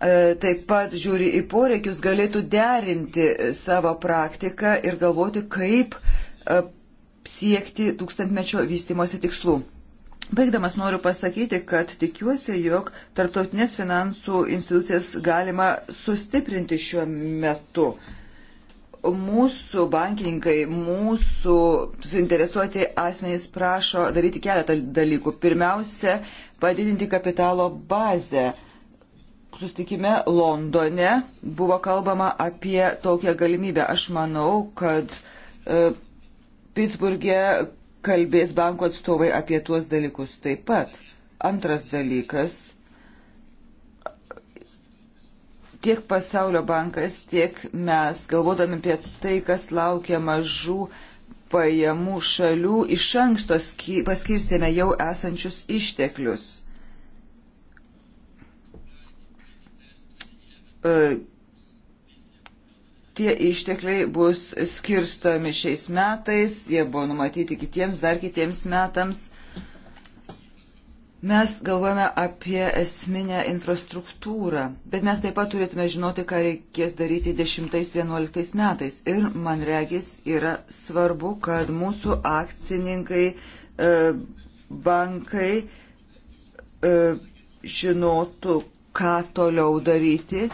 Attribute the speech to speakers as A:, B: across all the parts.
A: E, taip pat žiūri į poreikius, galėtų derinti savo praktiką ir galvoti, kaip e, siekti tūkstantmečio vystimosi tikslų. Baigdamas noriu pasakyti, kad tikiuosi, jog tarptautinės finansų institucijas galima sustiprinti šiuo metu. Mūsų bankininkai, mūsų suinteresuoti asmenys prašo daryti keletą dalykų. Pirmiausia, padidinti kapitalo bazę sustikime Londone buvo kalbama apie tokią galimybę. Aš manau, kad e, Pittsburgė kalbės banko atstovai apie tuos dalykus taip pat. Antras dalykas. Tiek pasaulio bankas, tiek mes, galvodami apie tai, kas laukia mažų pajamų šalių, iš anksto paskirstėme jau esančius išteklius E, tie ištekliai bus skirstomi šiais metais, jie buvo numatyti kitiems, dar kitiems metams. Mes galvojame apie esminę infrastruktūrą, bet mes taip pat turėtume žinoti, ką reikės daryti 10-11 metais. Ir man regis yra svarbu, kad mūsų akcininkai, e, bankai e, žinotų, ką toliau daryti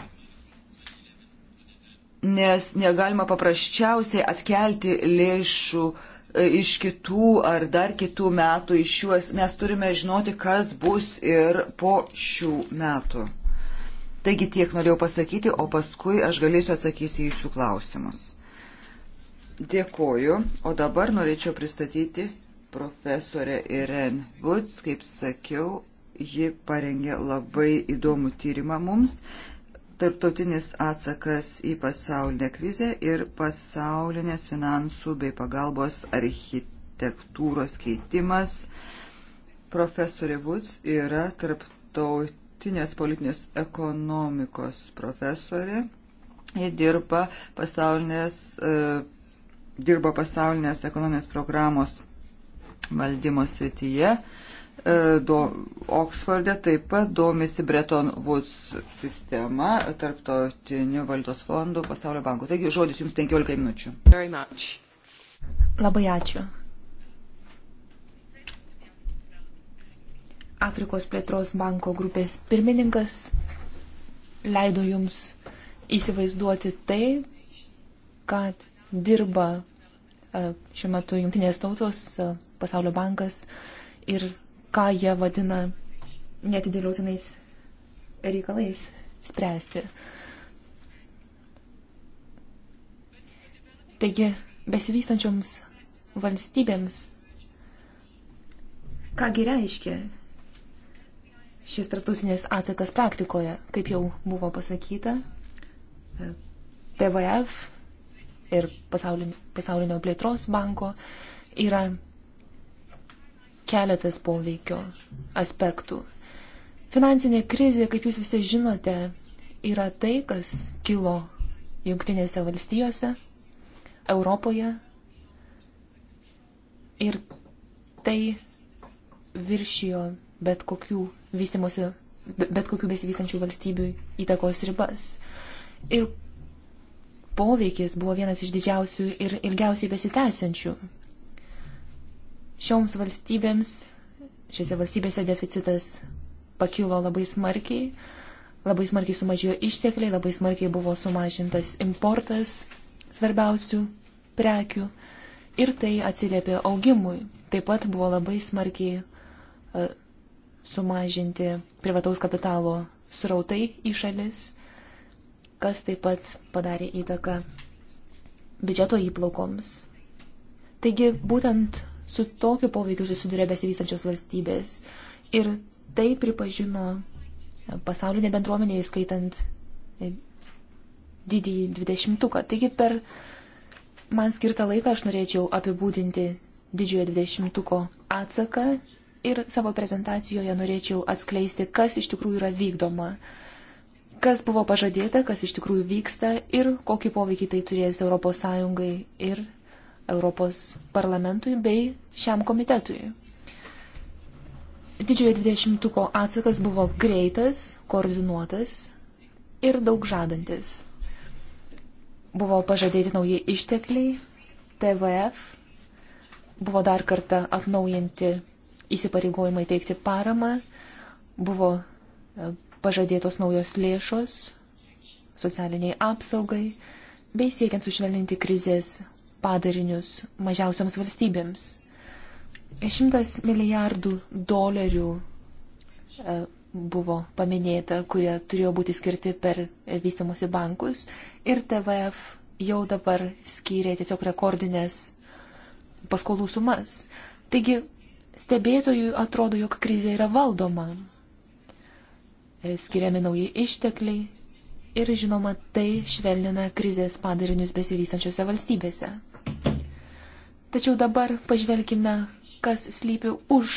A: nes negalima paprasčiausiai atkelti lėšų e, iš kitų ar dar kitų metų iš juos. Mes turime žinoti, kas bus ir po šių metų. Taigi tiek norėjau pasakyti, o paskui aš galėsiu atsakyti į jūsų klausimus. Dėkoju, o dabar norėčiau pristatyti profesorę Irene Woods, kaip sakiau, ji parengė labai įdomų tyrimą mums tarptautinis atsakas į pasaulinę krizę ir pasaulinės finansų bei pagalbos architektūros keitimas. Profesorė Vuds yra tarptautinės politinės ekonomikos profesorė. Ji dirba pasaulinės, e, dirbo pasaulinės ekonominės programos valdymo srityje. E, E, do, Oksforde taip pat domisi Bretton Woods sistema tarptautinių valdos fondų pasaulio bankų. Taigi žodis jums 15 minučių.
B: Labai ačiū. Afrikos plėtros banko grupės pirmininkas leido jums įsivaizduoti tai, kad dirba e, šiuo metu Junktinės tautos, e, pasaulio bankas ir ką jie vadina netidėliotinais reikalais spręsti. Taigi, besivystančioms valstybėms, kągi reiškia šis tarptautinės atsakas praktikoje, kaip jau buvo pasakyta, TVF ir pasaulinio, pasaulinio plėtros banko yra keletas poveikio aspektų. Finansinė krizė, kaip jūs visi žinote, yra tai, kas kilo Junktinėse valstijose, Europoje ir tai viršijo bet kokių vystimosi, bet kokių besivystančių valstybių įtakos ribas. Ir poveikis buvo vienas iš didžiausių ir ilgiausiai besitęsiančių Šioms valstybėms, šiose valstybėse deficitas pakilo labai smarkiai, labai smarkiai sumažėjo ištekliai, labai smarkiai buvo sumažintas importas svarbiausių prekių ir tai atsiliepė augimui. Taip pat buvo labai smarkiai e, sumažinti privataus kapitalo srautai į šalis, kas taip pat padarė įtaką biudžeto įplaukoms. Taigi būtent Su tokiu poveikiu susiduria besivystančios valstybės. Ir tai pripažino pasaulinė bendruomenė, įskaitant e, didįjį dvidešimtuką. Taigi per man skirtą laiką aš norėčiau apibūdinti didžiojo dvidešimtuko atsaką ir savo prezentacijoje norėčiau atskleisti, kas iš tikrųjų yra vykdoma, kas buvo pažadėta, kas iš tikrųjų vyksta ir kokį poveikį tai turės ES ir Europos parlamentui bei šiam komitetui. Didžiojo dvidešimtuko atsakas buvo greitas, koordinuotas ir daug žadantis. Buvo pažadėti nauji ištekliai, TVF, buvo dar kartą atnaujinti įsipareigojimai teikti paramą, buvo e, pažadėtos naujos lėšos socialiniai apsaugai bei siekiant sušvelninti krizės padarinius mažiausiams valstybėms. 100 milijardų dolerių e, buvo paminėta, kurie turėjo būti skirti per vystimusi bankus ir TVF jau dabar skyrė tiesiog rekordinės paskolų sumas. Taigi stebėtojui atrodo, jog krizė yra valdoma. E, skiriami nauji ištekliai, ir žinoma tai švelnina krizės padarinius besivystančiose valstybėse. Tačiau dabar pažvelkime, kas slypi už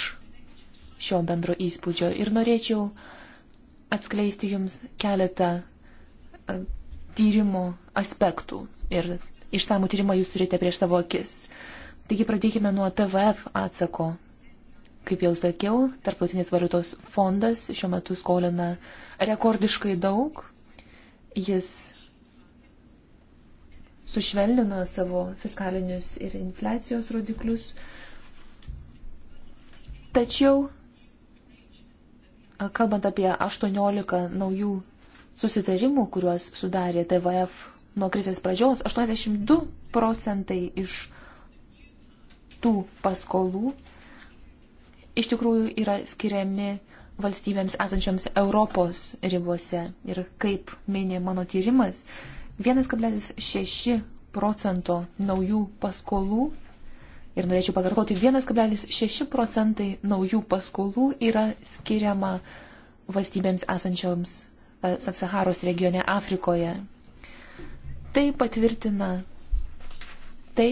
B: šio bendro įspūdžio ir norėčiau atskleisti Jums keletą e, tyrimo aspektų ir išsamų tyrimą Jūs turite prieš savo akis. Taigi pradėkime nuo TVF atsako. Kaip jau sakiau, Tarptautinis valiutos fondas šiuo metu skolina rekordiškai daug Jis sušvelnino savo fiskalinius ir infliacijos rodiklius. Tačiau, kalbant apie 18 naujų susitarimų, kuriuos sudarė TVF nuo krizės pradžios, 82 procentai iš tų paskolų iš tikrųjų yra skiriami valstybėms esančioms Europos ribose. Ir kaip mini mano tyrimas, 1,6 procento naujų paskolų ir norėčiau pakartoti, 1,6 procentai naujų paskolų yra skiriama valstybėms esančioms e, Sapsaharos regione Afrikoje. Tai patvirtina tai,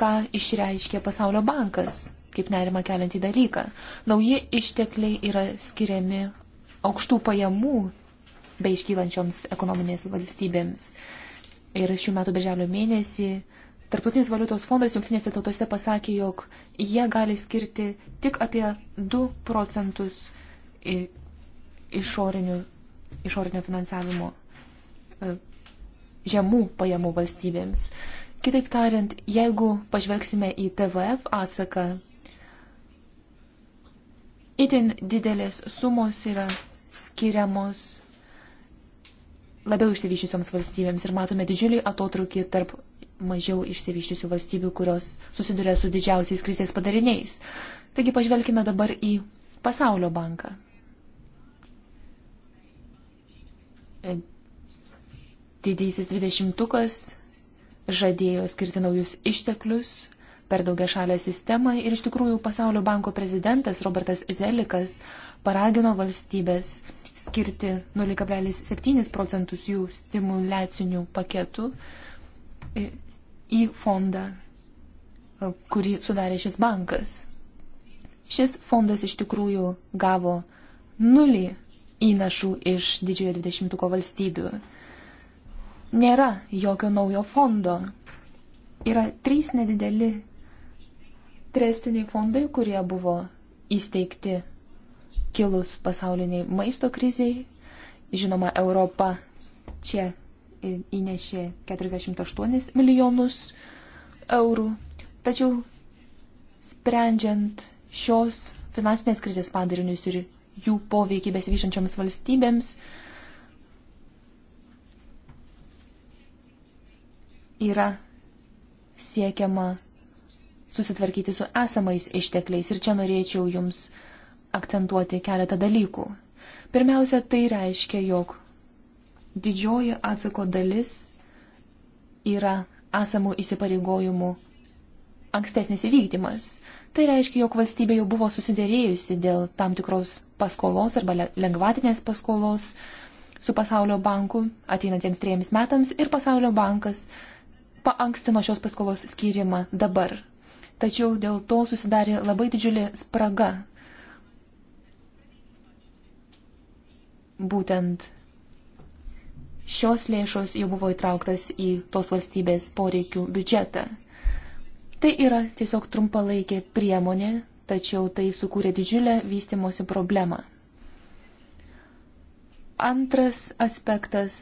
B: ką išreiškė Pasaulio bankas kaip nerima keliantį dalyką. Nauji ištekliai yra skiriami aukštų pajamų bei iškylančioms ekonominės valstybėms. Ir šių metų beželio mėnesį Tarptautinis valiutos fondas jungtinėse tautose pasakė, jog jie gali skirti tik apie 2 procentus išorinių, išorinio finansavimo e, žemų pajamų valstybėms. Kitaip tariant, jeigu pažvelgsime į TVF atsaką, itin didelės sumos yra skiriamos labiau išsivyščiusioms valstybėms ir matome didžiulį atotrukį tarp mažiau išsivyščiusių valstybių, kurios susiduria su didžiausiais krizės padariniais. Taigi pažvelkime dabar į Pasaulio banką. Didysis dvidešimtukas žadėjo skirti naujus išteklius per daugia šalę sistemą ir iš tikrųjų Pasaulio banko prezidentas Robertas Zelikas paragino valstybės skirti 0,7 procentus jų stimulacinių paketų į fondą, e, kurį sudarė šis bankas. Šis fondas iš tikrųjų gavo nulį įnašų iš didžiojo dvidešimtuko valstybių. Nėra jokio naujo fondo. Yra trys nedideli Trestiniai fondai, kurie buvo įsteigti kilus pasauliniai maisto kriziai, žinoma, Europa čia įnešė 48 milijonus eurų. Tačiau sprendžiant šios finansinės krizės padarinius ir jų poveikį besivyšančioms valstybėms, yra siekiama susitvarkyti su esamais ištekliais ir čia norėčiau Jums akcentuoti keletą dalykų. Pirmiausia, tai reiškia, jog didžioji atsako dalis yra esamų įsipareigojimų ankstesnis įvykdymas. Tai reiškia, jog valstybė jau buvo susidėrėjusi dėl tam tikros paskolos arba lengvatinės paskolos su pasaulio banku ateinantiems trejams metams ir pasaulio bankas paankstino šios paskolos skyrimą dabar tačiau dėl to susidarė labai didžiulė spraga. Būtent šios lėšos jau buvo įtrauktas į tos valstybės poreikių biudžetą. Tai yra tiesiog trumpalaikė priemonė, tačiau tai sukūrė didžiulę vystimosi problemą. Antras aspektas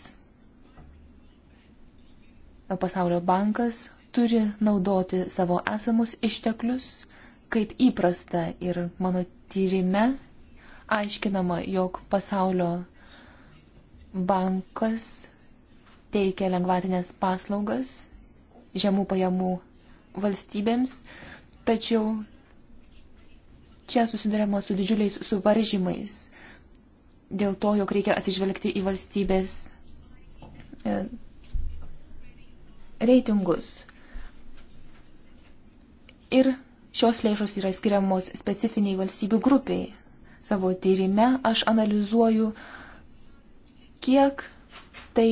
B: - pasaulio bankas turi naudoti savo esamus išteklius, kaip įprasta ir mano tyrime aiškinama, jog pasaulio bankas teikia lengvatinės paslaugas žemų pajamų valstybėms, tačiau čia susidurėma su didžiuliais suvaržymais dėl to, jog reikia atsižvelgti į valstybės e, reitingus ir šios lėšos yra skiriamos specifiniai valstybių grupiai. Savo tyrime aš analizuoju, kiek tai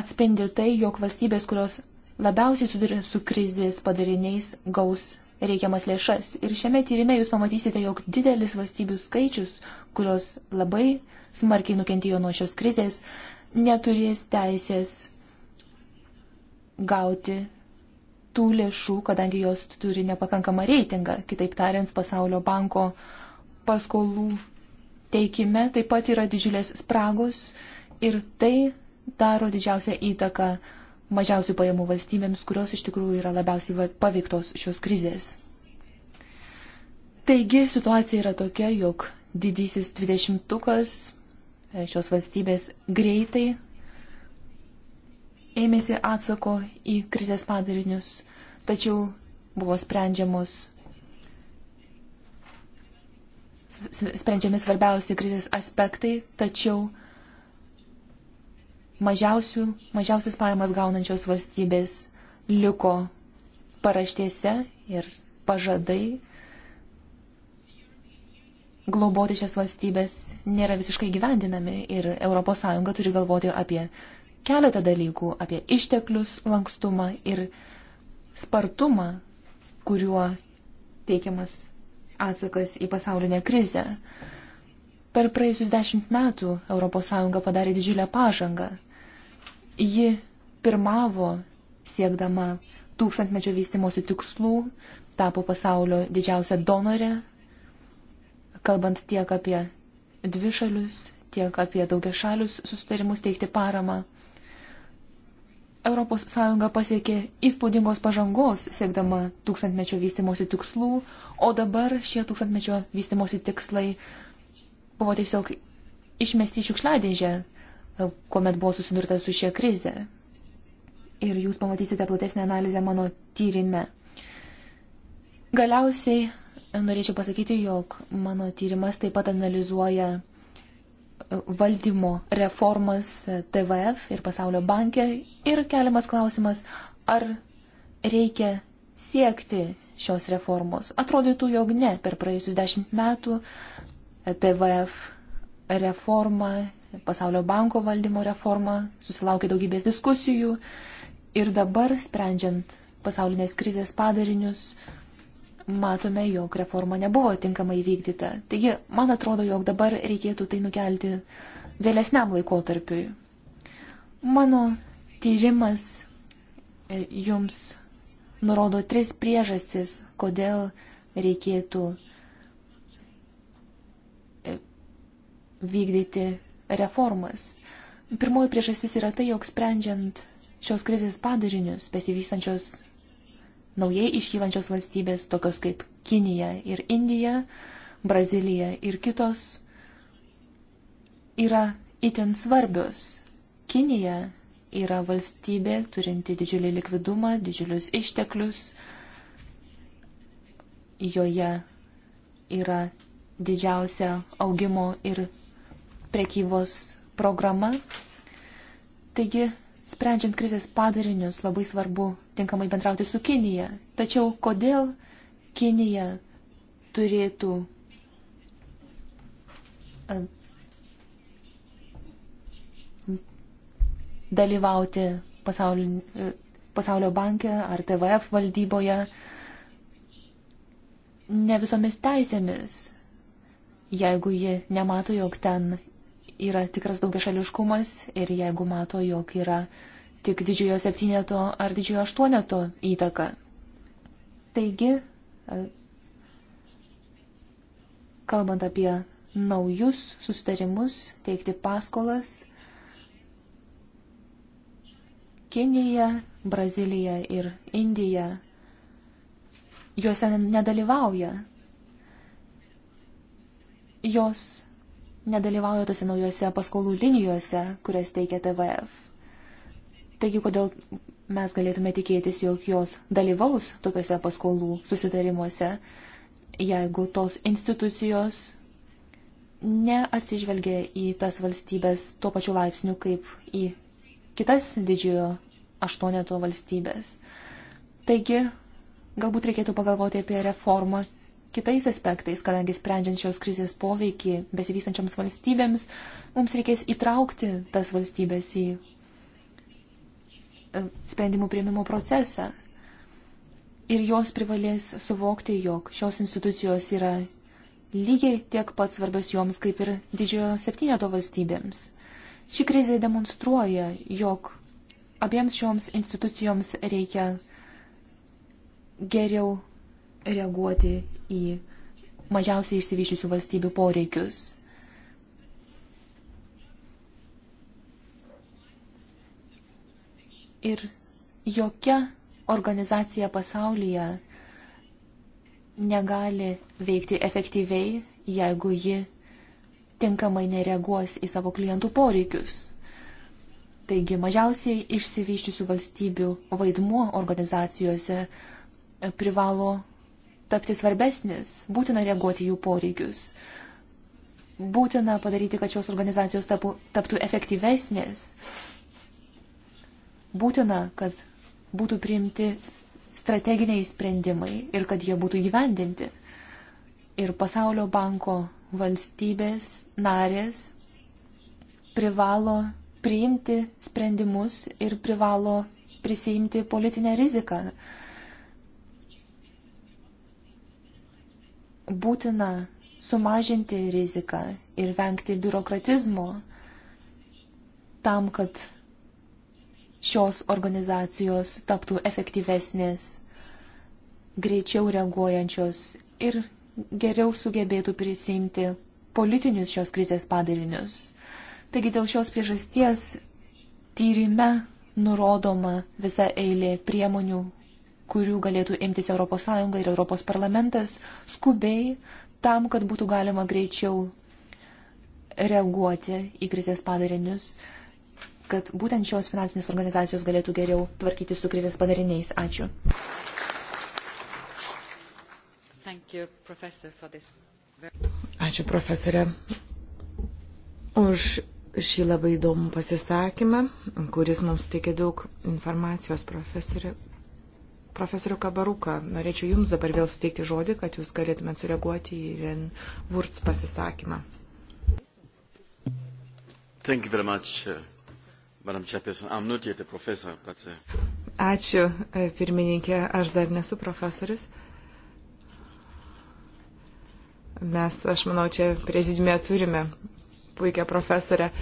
B: atspindi tai, jog valstybės, kurios labiausiai suduria su krizės padariniais, gaus reikiamas lėšas. Ir šiame tyrime jūs pamatysite, jog didelis valstybių skaičius, kurios labai smarkiai nukentėjo nuo šios krizės, neturės teisės gauti tų lėšų, kadangi jos turi nepakankamą reitingą. Kitaip tariant, pasaulio banko paskolų teikime taip pat yra didžiulės spragos ir tai daro didžiausią įtaką mažiausių pajamų valstybėms, kurios iš tikrųjų yra labiausiai paveiktos šios krizės. Taigi situacija yra tokia, jog didysis dvidešimtukas e, šios valstybės greitai ėmėsi atsako į krizės padarinius, tačiau buvo sprendžiamos sprendžiami svarbiausi krizės aspektai, tačiau mažiausių, mažiausias pajamas gaunančios valstybės liko paraštėse ir pažadai globoti šias valstybės nėra visiškai gyvendinami ir ES turi galvoti apie keletą dalykų apie išteklius, lankstumą ir spartumą, kuriuo teikiamas atsakas į pasaulinę krizę. Per praėjusius dešimt metų ES padarė didžiulę pažangą. Ji pirmavo siekdama tūkstantmečio vystimosi tikslų, tapo pasaulio didžiausia donore, kalbant tiek apie dvišalius, tiek apie daugiašalius susitarimus teikti paramą. ES pasiekė įspūdingos pažangos, siekdama tūkstantmečio vystimosi tikslų, o dabar šie tūkstantmečio vystimosi tikslai buvo tiesiog išmesti šiukšliadėžę, kuomet buvo susidurta su šia krize. Ir jūs pamatysite platesnę analizę mano tyrime. Galiausiai norėčiau pasakyti, jog mano tyrimas taip pat analizuoja valdymo reformas e, TVF ir Pasaulio bankė ir keliamas klausimas, ar reikia siekti šios reformos. Atrodytų, jog ne, per praėjusius dešimt metų e, TVF reforma, Pasaulio banko valdymo reforma susilaukė daugybės diskusijų ir dabar, sprendžiant pasaulinės krizės padarinius, matome, jog reforma nebuvo tinkamai vykdyta. Taigi, man atrodo, jog dabar reikėtų tai nukelti vėlesniam laikotarpiui. Mano tyrimas e, jums nurodo tris priežastis, kodėl reikėtų e, vykdyti reformas. Pirmoji priežastis yra tai, jog sprendžiant šios krizės padarinius, besivystančios naujai iškylančios valstybės, tokios kaip Kinija ir Indija, Brazilija ir kitos, yra itin svarbios. Kinija yra valstybė turinti didžiulį likvidumą, didžiulius išteklius. Joje yra didžiausia augimo ir prekybos programa. Taigi Sprendžiant krizės padarinius, labai svarbu tinkamai bendrauti su Kinija. Tačiau kodėl Kinija turėtų e, dalyvauti pasaulio, e, pasaulio banke ar TVF valdyboje ne visomis teisėmis, jeigu ji nemato, jog ten yra tikras daugiašališkumas ir jeigu mato, jog yra tik didžiojo septyneto ar didžiojo aštuoneto įtaka. Taigi, e, kalbant apie naujus susitarimus, teikti paskolas, Kinija, Brazilija ir Indija juose nedalyvauja. Jos nedalyvauja tose naujose paskolų linijose, kurias teikia TVF. Taigi, kodėl mes galėtume tikėtis, jog jos dalyvaus tokiuose paskolų susitarimuose, jeigu tos institucijos neatsižvelgia į tas valstybės tuo pačiu laipsniu kaip į kitas didžiojo aštuoneto valstybės. Taigi, galbūt reikėtų pagalvoti apie reformą kitais aspektais, kadangi sprendžiant šios krizės poveikį besivystančioms valstybėms, mums reikės įtraukti tas valstybės į e, sprendimų prieimimo procesą. Ir jos privalės suvokti, jog šios institucijos yra lygiai tiek pat svarbios joms kaip ir didžiojo septyneto valstybėms. Ši krizė demonstruoja, jog abiems šioms institucijoms reikia geriau reaguoti į mažiausiai išsivyščiusių valstybių poreikius. Ir jokia organizacija pasaulyje negali veikti efektyviai, jeigu ji tinkamai nereaguos į savo klientų poreikius. Taigi mažiausiai išsivyščiusių valstybių vaidmuo organizacijose privalo tapti svarbesnis, būtina reaguoti jų poreikius, būtina padaryti, kad šios organizacijos tapu, taptų efektyvesnės, būtina, kad būtų priimti strateginiai sprendimai ir kad jie būtų įgyvendinti. Ir pasaulio banko valstybės narės privalo priimti sprendimus ir privalo prisijimti politinę riziką būtina sumažinti riziką ir vengti biurokratizmo tam, kad šios organizacijos taptų efektyvesnės, greičiau reaguojančios ir geriau sugebėtų prisimti politinius šios krizės padarinius. Taigi dėl šios priežasties tyrime nurodoma visa eilė priemonių, kurių galėtų imtis ES ir ES parlamentas skubiai tam, kad būtų galima greičiau reaguoti į krizės padarinius, kad būtent šios finansinės organizacijos galėtų geriau tvarkyti su krizės padariniais. Ačiū.
C: You, professor,
D: Ačiū profesorė už šį labai įdomų pasisakymą, kuris mums teikia daug informacijos profesorė Profesoriu Kabaruka, norėčiau Jums dabar vėl suteikti žodį, kad Jūs galėtumėte sureaguoti į Ren Wurz pasisakymą.
E: Much, uh, professor, but... Uh,
D: Ačiū, e, pirmininkė, aš dar nesu profesorius. Mes, aš manau, čia prezidiume turime puikią profesorę. Uh,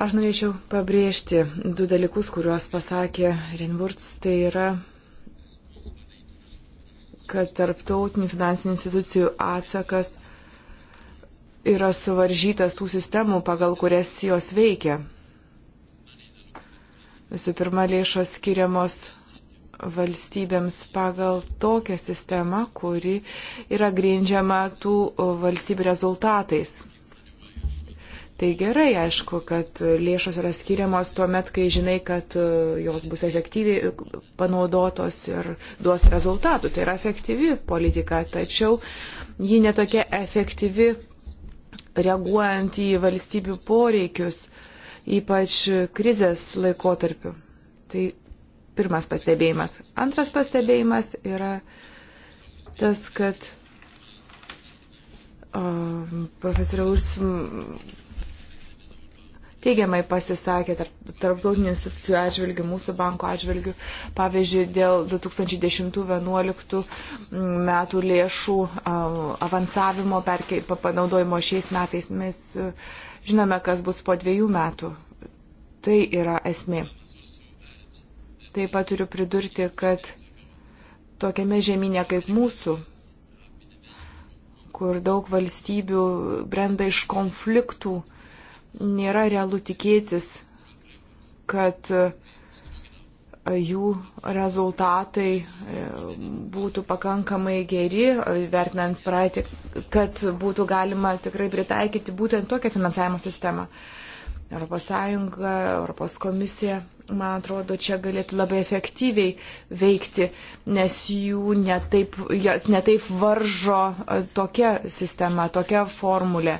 D: Aš norėčiau pabrėžti du dalykus, kuriuos pasakė Renvurts. Tai yra, kad tarptautinių finansinių institucijų atsakas yra suvaržytas tų sistemų, pagal kurias jos veikia. Visų pirma, lėšos skiriamos valstybėms pagal tokią sistemą, kuri yra grindžiama tų valstybių rezultatais. Tai gerai, aišku, kad lėšos yra skiriamos tuo met, kai žinai, kad e, jos bus efektyviai e, panaudotos ir duos rezultatų. Tai yra efektyvi politika, tačiau ji netokia efektyvi reaguojant į valstybių poreikius, ypač krizės laikotarpiu. Tai pirmas pastebėjimas. Antras pastebėjimas yra tas, kad profesoriaus teigiamai pasisakė tarptautinių institucijų atžvilgių, mūsų banko atžvilgių, pavyzdžiui, dėl 2010-2011 mm, metų lėšų avansavimo panaudojimo šiais metais. Mes žinome, kas bus po dviejų metų. Tai yra esmė. Taip pat turiu pridurti, kad tokiame žemynė kaip mūsų, kur daug valstybių brenda iš konfliktų, nėra realu tikėtis, kad e, jų rezultatai e, būtų pakankamai geri, e, vertinant praeitį, kad būtų galima tikrai pritaikyti būtent tokią finansavimo sistemą. ES, ES komisija, man atrodo, čia galėtų labai efektyviai veikti, nes jų netaip, netaip varžo tokia sistema, tokia formulė.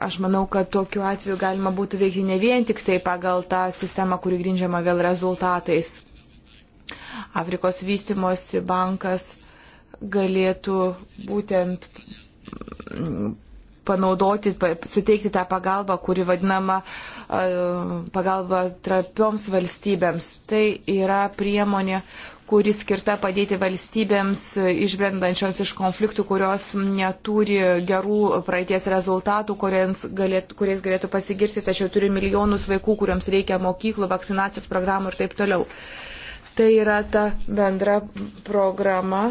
D: Aš manau, kad tokiu atveju galima būtų veikti ne vien tik tai pagal tą sistemą, kuri grindžiama vėl rezultatais. Afrikos vystimosi bankas galėtų būtent panaudoti, suteikti tą pagalbą, kuri vadinama e, pagalba trapioms valstybėms. Tai yra priemonė, kuri skirta padėti valstybėms išbrendančioms iš konfliktų, kurios neturi gerų praeities rezultatų, galėtų, kuriais galėtų pasigirsti, tačiau turi milijonus vaikų, kuriams reikia mokyklų, vakcinacijos programų ir taip toliau. Tai yra ta bendra programa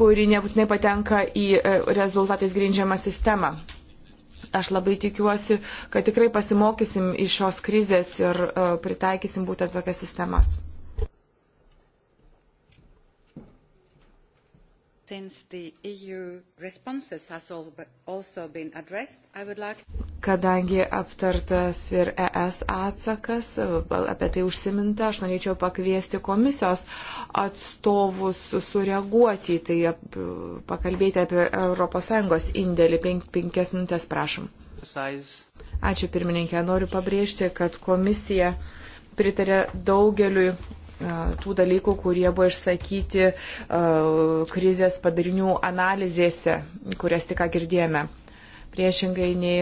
D: kuri nebūtinai patenka į e, rezultatais grindžiamą sistemą aš labai tikiuosi, kad tikrai pasimokysim iš šios krizės ir e, pritaikysim būtent tokias sistemas.
C: E like...
D: Kadangi aptartas ir ES atsakas, apie tai užsiminta, aš norėčiau pakviesti komisijos atstovus sureaguoti į tai, pakalbėti apie ES indėlį. Penk, penkias minutės prašom. Ačiū pirmininkė, noriu pabrėžti, kad komisija pritarė daugeliui E, tų dalykų, kurie buvo išsakyti e, krizės padarinių analizėse, kurias tik ką girdėjome. Priešingai nei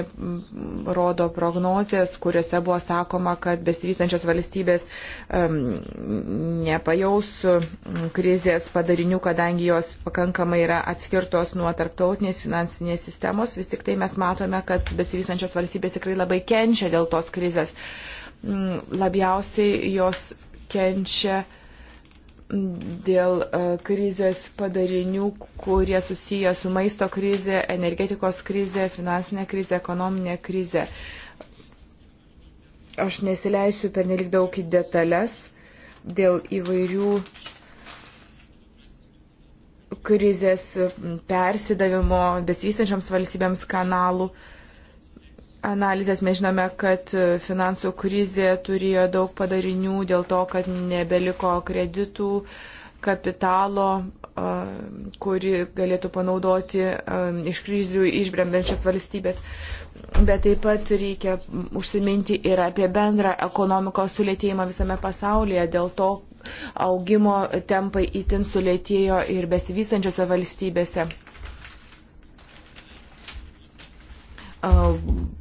D: rodo prognozijas, kuriuose buvo sakoma, kad besivystančios valstybės um, nepajaus krizės padarinių, kadangi jos pakankamai yra atskirtos nuo tarptautinės finansinės sistemos, vis tik tai mes matome, kad besivystančios valstybės tikrai labai kenčia dėl tos krizės. Um, labiausiai jos kenčia dėl e, krizės padarinių, kurie susiję su maisto krize, energetikos krize, finansinė krize, ekonominė krize. Aš nesileisiu per nelik daug į detalės dėl įvairių krizės persidavimo besivystančiams valstybėms kanalų. Uh, analizės mes žinome, kad finansų krizė turėjo daug padarinių dėl to, kad nebeliko kreditų, kapitalo, kuri galėtų panaudoti iš krizių išbrendančias valstybės. Bet taip pat reikia užsiminti ir apie bendrą ekonomikos sulėtėjimą visame pasaulyje dėl to, augimo tempai itin sulėtėjo ir besivystančiose valstybėse.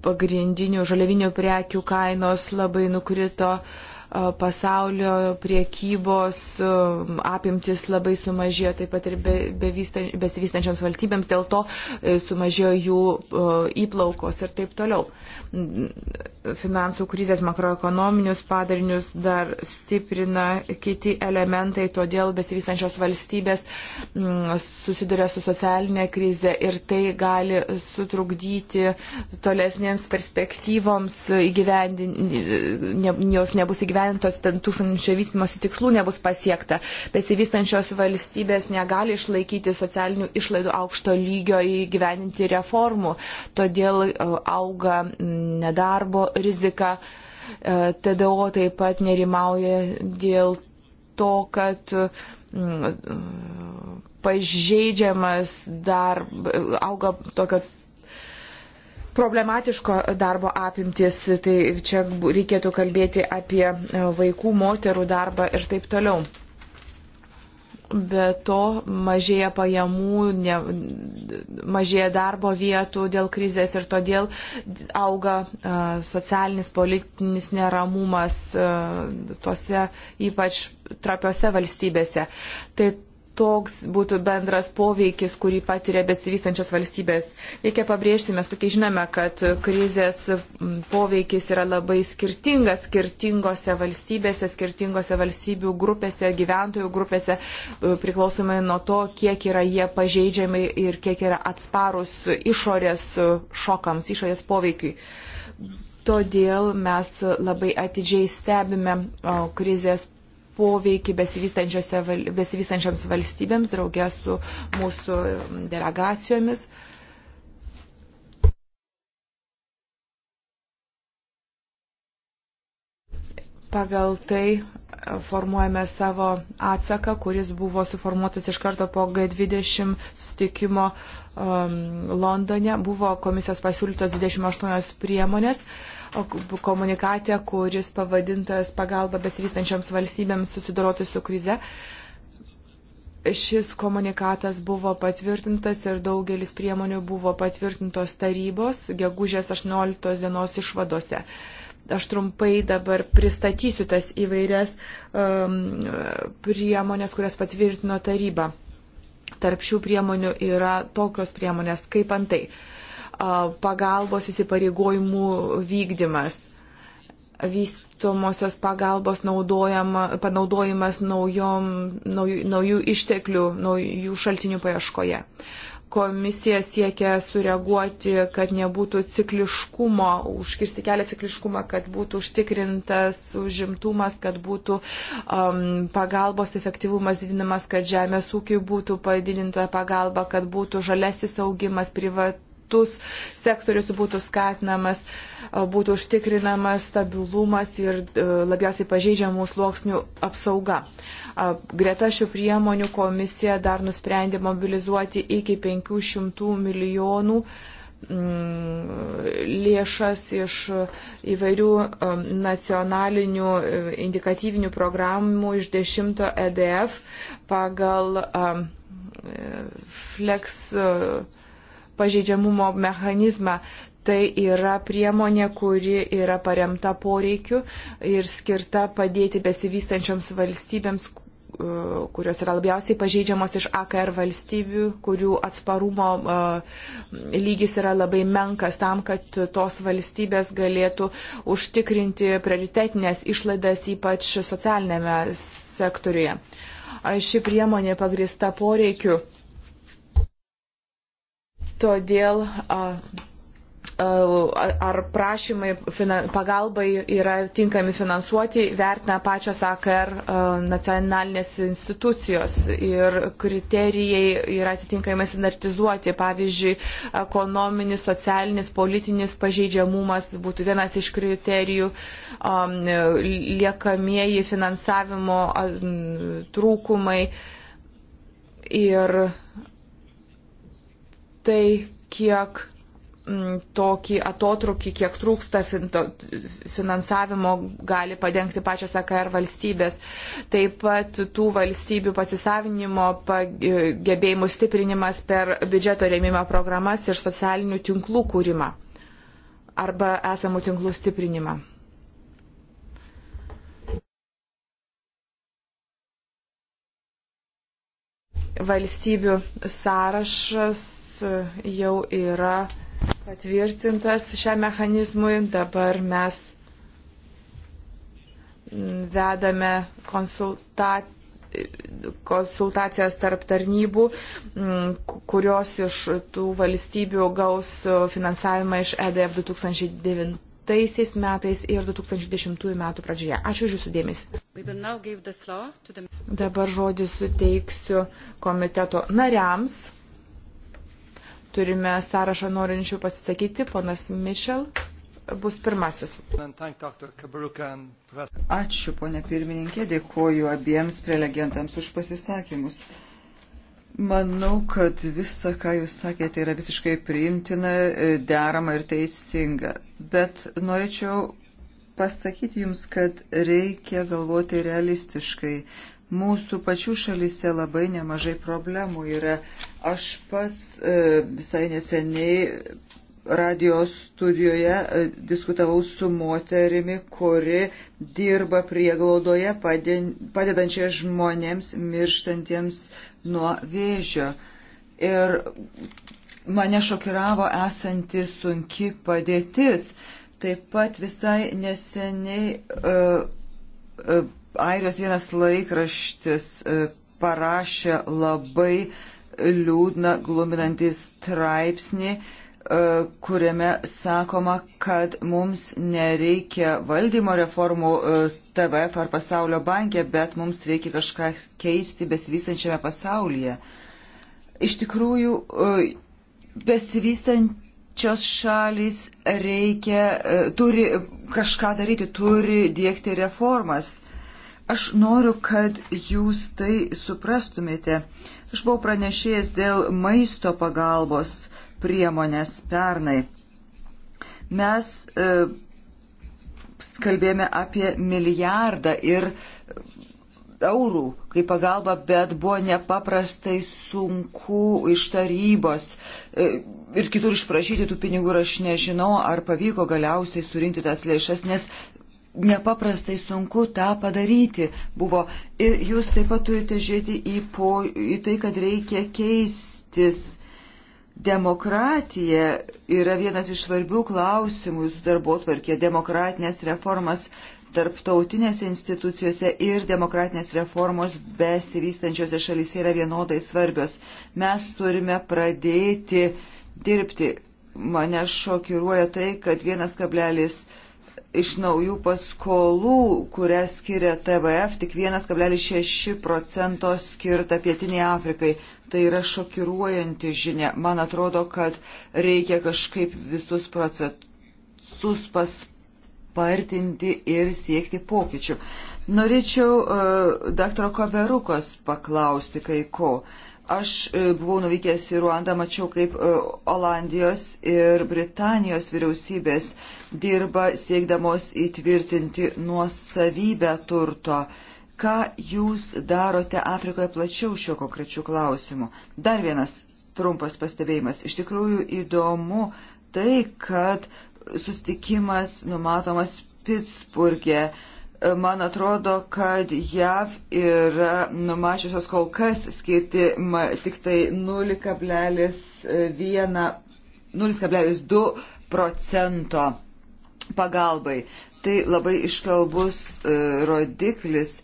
D: pagrindinių žaliavinių prekių kainos labai nukrito. Uh, pasaulio priekybos apimtis labai sumažėjo, taip pat ir be, be besivystančioms valstybėms, dėl to e, sumažėjo jų įplaukos ir taip toliau. Finansų krizės makroekonominius padarinius dar stiprina kiti elementai, todėl besivystančios valstybės susiduria su socialinė krize ir tai gali sutrukdyti tolesnėms perspektyvoms, jos nebus įgyvendinti įgyventos ten tūkstančio vystimosi tikslų nebus pasiekta. Besivystančios valstybės negali išlaikyti socialinių išlaidų aukšto lygio įgyveninti reformų, todėl e, auga nedarbo rizika. E, TDO taip pat nerimauja dėl to, kad e, pažeidžiamas dar auga tokio problematiško darbo apimtis, tai čia reikėtų kalbėti apie e, vaikų, moterų darbą ir taip toliau. Be to mažėja pajamų, ne, mažėja darbo vietų dėl krizės ir todėl auga a, e, socialinis, politinis neramumas a, e, tose ypač trapiose valstybėse. Tai toks būtų bendras poveikis, kurį patiria besivystančios valstybės. Reikia pabrėžti, mes puikiai žinome, kad krizės poveikis yra labai skirtingas skirtingose valstybėse, skirtingose valstybių grupėse, gyventojų grupėse, e, priklausomai nuo to, kiek yra jie pažeidžiami ir kiek yra atsparus išorės e, šokams, išorės poveikiui. Todėl mes labai atidžiai stebime krizės poveikį besivystančiams valstybėms draugė su mūsų um, delegacijomis. Pagal tai uh, formuojame savo atsaką, kuris buvo suformuotas iš karto po G20 sutikimo um, Londone. Buvo komisijos pasiūlytos 28 priemonės. Uh, komunikate, kuris pavadintas pagalba besivystančioms valstybėms susidoroti su krize. Šis komunikatas buvo patvirtintas ir daugelis priemonių buvo patvirtintos tarybos gegužės 18 dienos išvadose. Aš trumpai dabar pristatysiu tas įvairias um, priemonės, kurias patvirtino taryba. Tarp šių priemonių yra tokios priemonės kaip antai. Uh, pagalbos įsipareigojimų vykdymas, vystomosios pagalbos panaudojimas naujom, naujų, naujų išteklių, naujų šaltinių paieškoje. Komisija siekia sureaguoti, kad nebūtų cikliškumo, užkirsti kelią cikliškumą, kad būtų užtikrintas užimtumas, kad būtų um, pagalbos efektyvumas didinamas, kad žemės ūkiai būtų padidintoje pagalba, kad būtų žalesis augimas, privat, privatus sektorius būtų skatinamas, būtų užtikrinamas stabilumas ir e, labiausiai pažeidžiamų sluoksnių apsauga. Greta šių priemonių komisija dar nusprendė mobilizuoti iki 500 milijonų mm, lėšas iš įvairių nacionalinių e, indikatyvinių programų iš 10 EDF pagal e, Flex pažeidžiamumo mechanizmą. Tai yra priemonė, kuri yra paremta poreikiu ir skirta padėti besivystančioms valstybėms, kurios yra labiausiai pažeidžiamos iš AKR valstybių, kurių atsparumo lygis yra labai menkas tam, kad tos valstybės galėtų užtikrinti prioritetinės išlaidas ypač socialinėme sektoriuje. Ši priemonė pagrista poreikiu Todėl ar prašymai pagalbai yra tinkami finansuoti, vertina pačios AKR nacionalinės institucijos ir kriterijai yra atitinkamai standartizuoti. Pavyzdžiui, ekonominis, socialinis, politinis pažeidžiamumas būtų vienas iš kriterijų, liekamieji finansavimo trūkumai ir tai, kiek m, mm, tokį atotrukį, kiek trūksta finto, finansavimo gali padengti pačios AKR valstybės. Taip pat tų valstybių pasisavinimo e, gebėjimų stiprinimas per biudžeto rėmimo programas ir socialinių tinklų kūrimą arba esamų tinklų stiprinimą. valstybių sąrašas jau yra patvirtintas šiam mechanizmui. Dabar mes vedame konsultaciją konsultacijas tarp tarnybų, kurios iš tų valstybių gaus finansavimą iš EDF 2009 metais ir 2010 metų pradžioje. Ačiū už Jūsų dėmesį. Dabar žodį suteiksiu komiteto nariams. Turime sąrašą norinčių pasisakyti. Ponas Mišel bus pirmasis. Ačiū, ponė
A: pirmininkė, dėkoju abiems prelegentams už pasisakymus. Manau, kad visa, ką jūs sakėte, yra visiškai priimtina, derama ir teisinga. Bet norėčiau pasakyti jums, kad reikia galvoti realistiškai mūsų pačių šalyse labai nemažai problemų yra. Aš pats e, visai neseniai radijos studijoje e, diskutavau su moterimi, kuri dirba prieglaudoje padedančia žmonėms mirštantiems nuo vėžio. Ir mane šokiravo esanti sunki padėtis. Taip pat visai neseniai uh, uh, Airijos vienas laikraštis e, parašė labai liūdną, gluminantį straipsnį, e, kuriame sakoma, kad mums nereikia valdymo reformų e, TVF ar pasaulio bankė, bet mums reikia kažką keisti besivystančiame pasaulyje. Iš tikrųjų, besivystančios šalis reikia, turi kažką daryti, turi dėkti reformas Aš noriu, kad jūs tai suprastumėte. Aš buvau pranešėjęs dėl maisto pagalbos priemonės pernai. Mes e, kalbėjome apie milijardą ir eurų kaip pagalba, bet buvo nepaprastai sunku iš tarybos e, ir kitur išprašyti tų pinigų ir aš nežinau, ar pavyko galiausiai surinkti tas lėšas, nes nepaprastai sunku tą padaryti buvo. Ir jūs taip pat turite žiūrėti į, po, į tai, kad reikia keistis. Demokratija yra vienas iš svarbių klausimų jūsų darbo tvarkė. Demokratinės reformas tarptautinėse institucijose ir demokratinės reformos besivystančiose šalyse yra vienodai svarbios. Mes turime pradėti dirbti. Mane šokiruoja tai, kad 1,5 iš naujų paskolų, kurias skiria TVF, tik 1,6 procento skirta Pietiniai Afrikai. Tai yra šokiruojanti žinia. Man atrodo, kad reikia kažkaip visus procesus paspartinti ir siekti pokyčių. Norėčiau uh, e, dr. Kaverukos paklausti kai ko. Aš e, buvau nuvykęs į Ruandą, mačiau, kaip e, Olandijos ir Britanijos vyriausybės uh, dirba siekdamos įtvirtinti nuosavybę turto. Ką jūs darote Afrikoje plačiau šiuo konkrečiu klausimu? Dar vienas trumpas pastebėjimas. Iš tikrųjų įdomu tai, kad sustikimas numatomas Pittsburgė. Man atrodo, kad JAV yra numačiusios kol kas skirti tik tai 0,1, 0,2 procento pagalbai. Tai labai iškalbus e, rodiklis.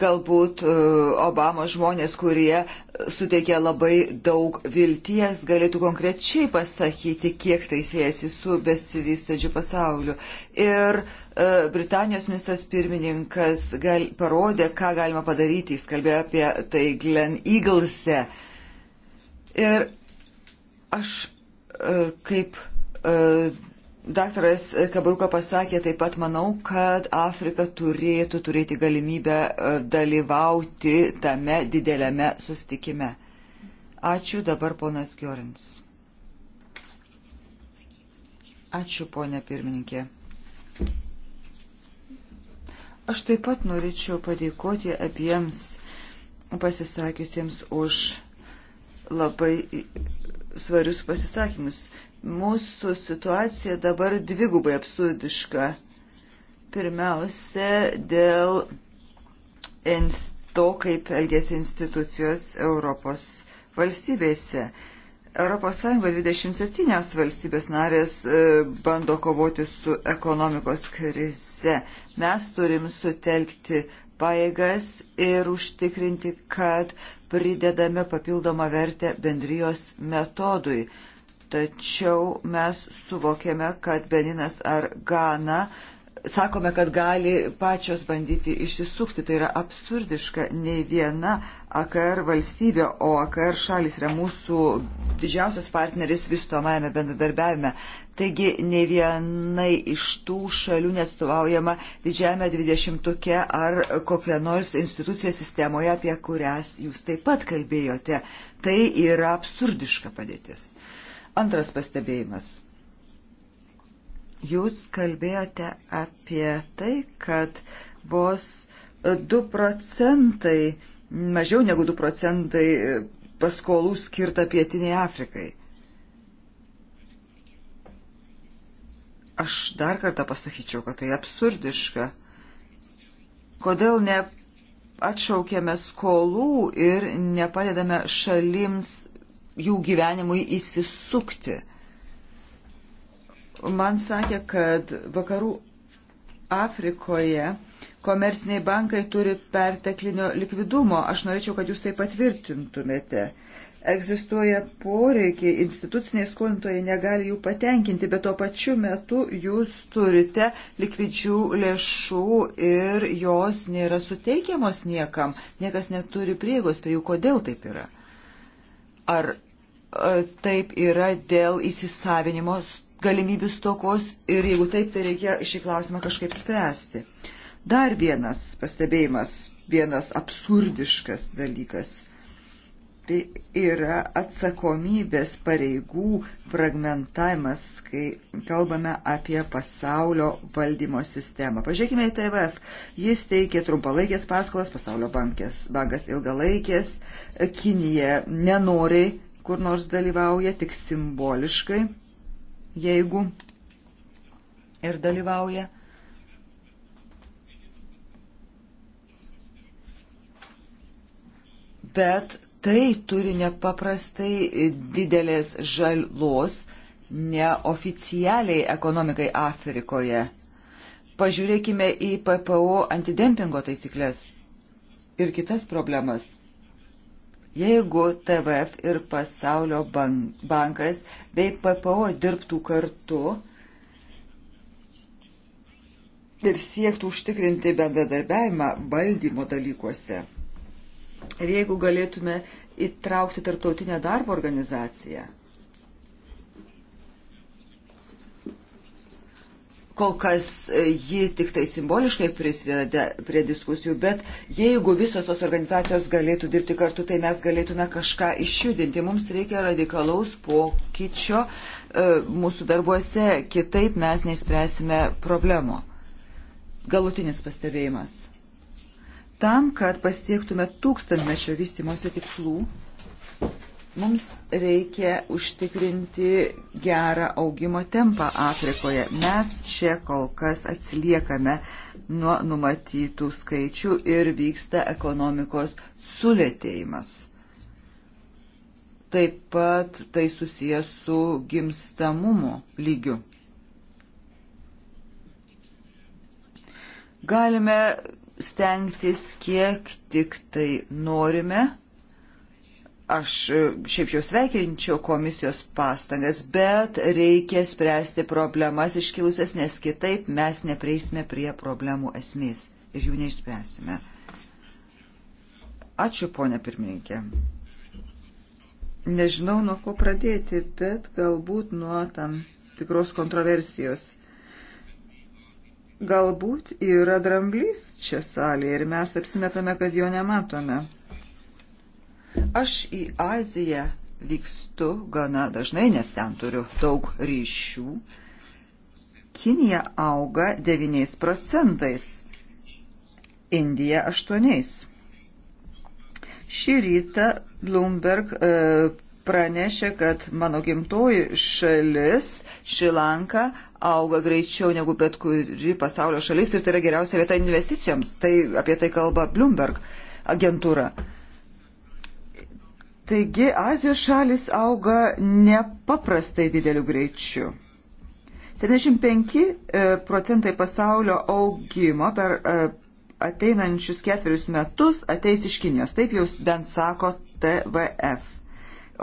A: Galbūt e, Obama žmonės, kurie suteikia labai daug vilties, galėtų konkrečiai pasakyti, kiek tai siejasi su besivystančiu pasauliu. Ir e, Britanijos ministras pirmininkas gal, parodė, ką galima padaryti. Jis kalbėjo apie tai Glen Eaglese. Ir aš e, kaip e, Daktaras Kabruka pasakė taip pat, manau, kad Afrika turėtų turėti galimybę e, dalyvauti tame dideliame sustikime. Ačiū dabar ponas Giorins. Ačiū ponė pirmininkė. Aš taip pat norėčiau padėkoti abiems pasisakiusiems už labai svarius pasisakymus. Mūsų situacija dabar dvigubai absurdiška. Pirmiausia, dėl to, kaip elgėsi institucijos Europos valstybėse. ES 27 valstybės narės e, bando kovoti su ekonomikos krize. Mes turim sutelkti paėgas ir užtikrinti, kad pridedame papildomą vertę bendrijos metodui tačiau mes suvokėme, kad Beninas ar Gana, sakome, kad gali pačios bandyti išsisukti. Tai yra absurdiška, nei viena AKR valstybė, o AKR šalis yra mūsų didžiausias partneris vystomajame bendradarbiavime. Taigi ne vienai iš tų šalių nestovaujama didžiame dvidešimtuke ar kokia nors institucija sistemoje, apie kurias jūs taip pat kalbėjote. Tai yra absurdiška padėtis. Antras pastebėjimas. Jūs kalbėjote apie tai, kad vos 2 procentai, mažiau negu 2 procentai paskolų skirta pietiniai Afrikai. Aš dar kartą pasakyčiau, kad tai absurdiška. Kodėl ne atšaukėme skolų ir nepadedame šalims jų gyvenimui įsisukti. Man sakė, kad vakarų Afrikoje komerciniai bankai turi perteklinio likvidumo. Aš norėčiau, kad jūs tai patvirtintumėte. Egzistuoja poreikiai, instituciniai skolintojai negali jų patenkinti, bet tuo pačiu metu jūs turite likvidžių lėšų ir jos nėra suteikiamos niekam. Niekas neturi prieigos prie jų. Kodėl taip yra? Ar E, taip yra dėl įsisavinimo galimybių stokos ir jeigu taip, tai reikia šį klausimą kažkaip spręsti. Dar vienas pastebėjimas, vienas absurdiškas dalykas. Tai yra atsakomybės pareigų fragmentavimas, kai kalbame apie pasaulio valdymo sistemą. Pažiūrėkime į TVF. Jis teikia trumpalaikės paskolas, pasaulio bankės, bankas ilgalaikės, Kinija nenori kur nors dalyvauja tik simboliškai, jeigu ir dalyvauja. Bet tai turi nepaprastai didelės žalos neoficialiai ekonomikai Afrikoje. Pažiūrėkime į PPO antidempingo taisyklės ir kitas problemas. Jeigu TVF ir Pasaulio bankas bei PPO dirbtų kartu ir siektų užtikrinti bendradarbiavimą valdymo dalykuose, ir jeigu galėtume įtraukti tarptautinę darbo organizaciją, Kol kas e, ji tik tai simboliškai prisideda prie diskusijų, bet jeigu visos tos organizacijos galėtų dirbti kartu, tai mes galėtume kažką išjudinti. Mums reikia radikalaus pokyčio e, mūsų darbuose, kitaip mes neįspręsime problemo. Galutinis pastebėjimas. Tam, kad pasiektume tūkstantmečio vystimosi tikslų, Mums reikia užtikrinti gerą augimo tempą Afrikoje. Mes čia kol kas atsiliekame nuo numatytų skaičių ir vyksta ekonomikos sulėtėjimas. Taip pat tai susijęs su gimstamumo lygiu. Galime stengtis kiek tik tai norime Aš e, šiaip jau sveikinčiau komisijos pastangas, bet reikia spręsti problemas iškilusias, nes kitaip mes neprieisime prie problemų esmės ir jų neišspręsime. Ačiū, ponė pirmininkė. Nežinau, nuo ko pradėti, bet galbūt nuo tam tikros kontroversijos. Galbūt yra dramblys čia salėje ir mes apsimetame, kad jo nematome. Aš į Aziją vykstu gana dažnai, nes ten turiu daug ryšių. Kinija auga 9 procentais, Indija 8. Šį rytą Bloomberg e, pranešė, kad mano gimtoji šalis Šilanka auga greičiau negu bet kuri pasaulio šalis ir tai yra geriausia vieta investicijoms. Tai apie tai kalba Bloomberg agentūra. E, Taigi Azijos šalis auga nepaprastai dideliu greičiu. 75 e, procentai pasaulio augimo per e, ateinančius ketverius metus ateis iš Kinijos, taip jau bent sako TVF.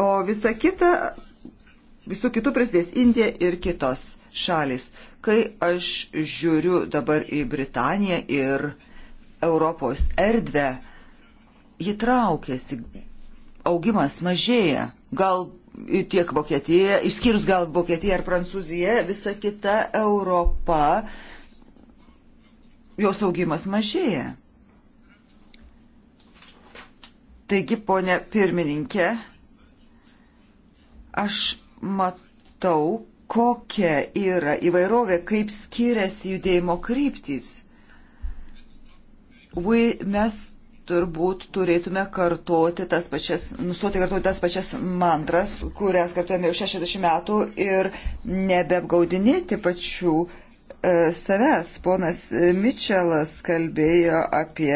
A: O visa kita, visų kitų prasidės Indija ir kitos šalis. Kai aš žiūriu dabar į Britaniją ir Europos erdvę, ji traukėsi augimas mažėja. Gal tiek Vokietija, išskyrus gal Vokietija ar Prancūzija, visa kita Europa, jos augimas mažėja. Taigi, ponė pirmininkė, aš matau, kokia yra įvairovė, kaip skiriasi judėjimo kryptys. We, mes turbūt turėtume kartoti tas pačias, nustoti kartoti tas pačias mantras, kurias kartuojame jau 60 metų ir nebeapgaudinėti pačių e, savęs. Ponas Mičelas kalbėjo apie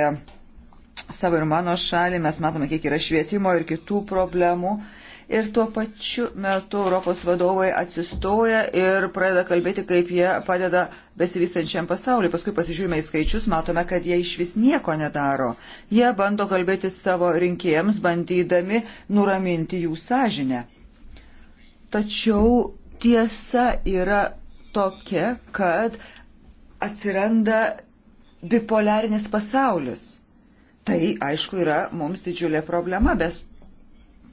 A: savo ir mano šalį, mes matome, kiek yra švietimo ir kitų problemų. E, ir tuo pačiu metu Europos vadovai atsistoja ir pradeda kalbėti, kaip jie padeda besivystančiam pasauliu. Paskui pasižiūrime į skaičius, matome, kad jie iš vis nieko nedaro. Jie bando kalbėti savo rinkėjams, bandydami nuraminti jų sąžinę. Tačiau tiesa yra tokia, kad atsiranda bipolarinis pasaulis. Tai, aišku, yra mums didžiulė problema, bet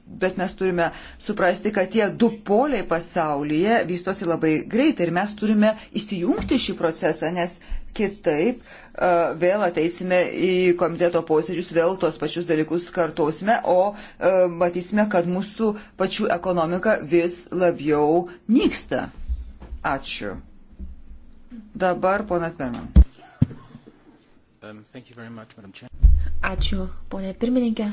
A: bet mes turime suprasti, kad tie du poliai pasaulyje vystosi labai greitai ir mes turime įsijungti šį procesą, nes kitaip uh, vėl ateisime į komiteto posėdžius, vėl tos pačius dalykus kartosime, o uh, matysime, kad mūsų pačių ekonomika vis labiau nyksta. Ačiū. Dabar ponas Berman.
E: Um, much,
B: Ačiū, ponė pirmininkė.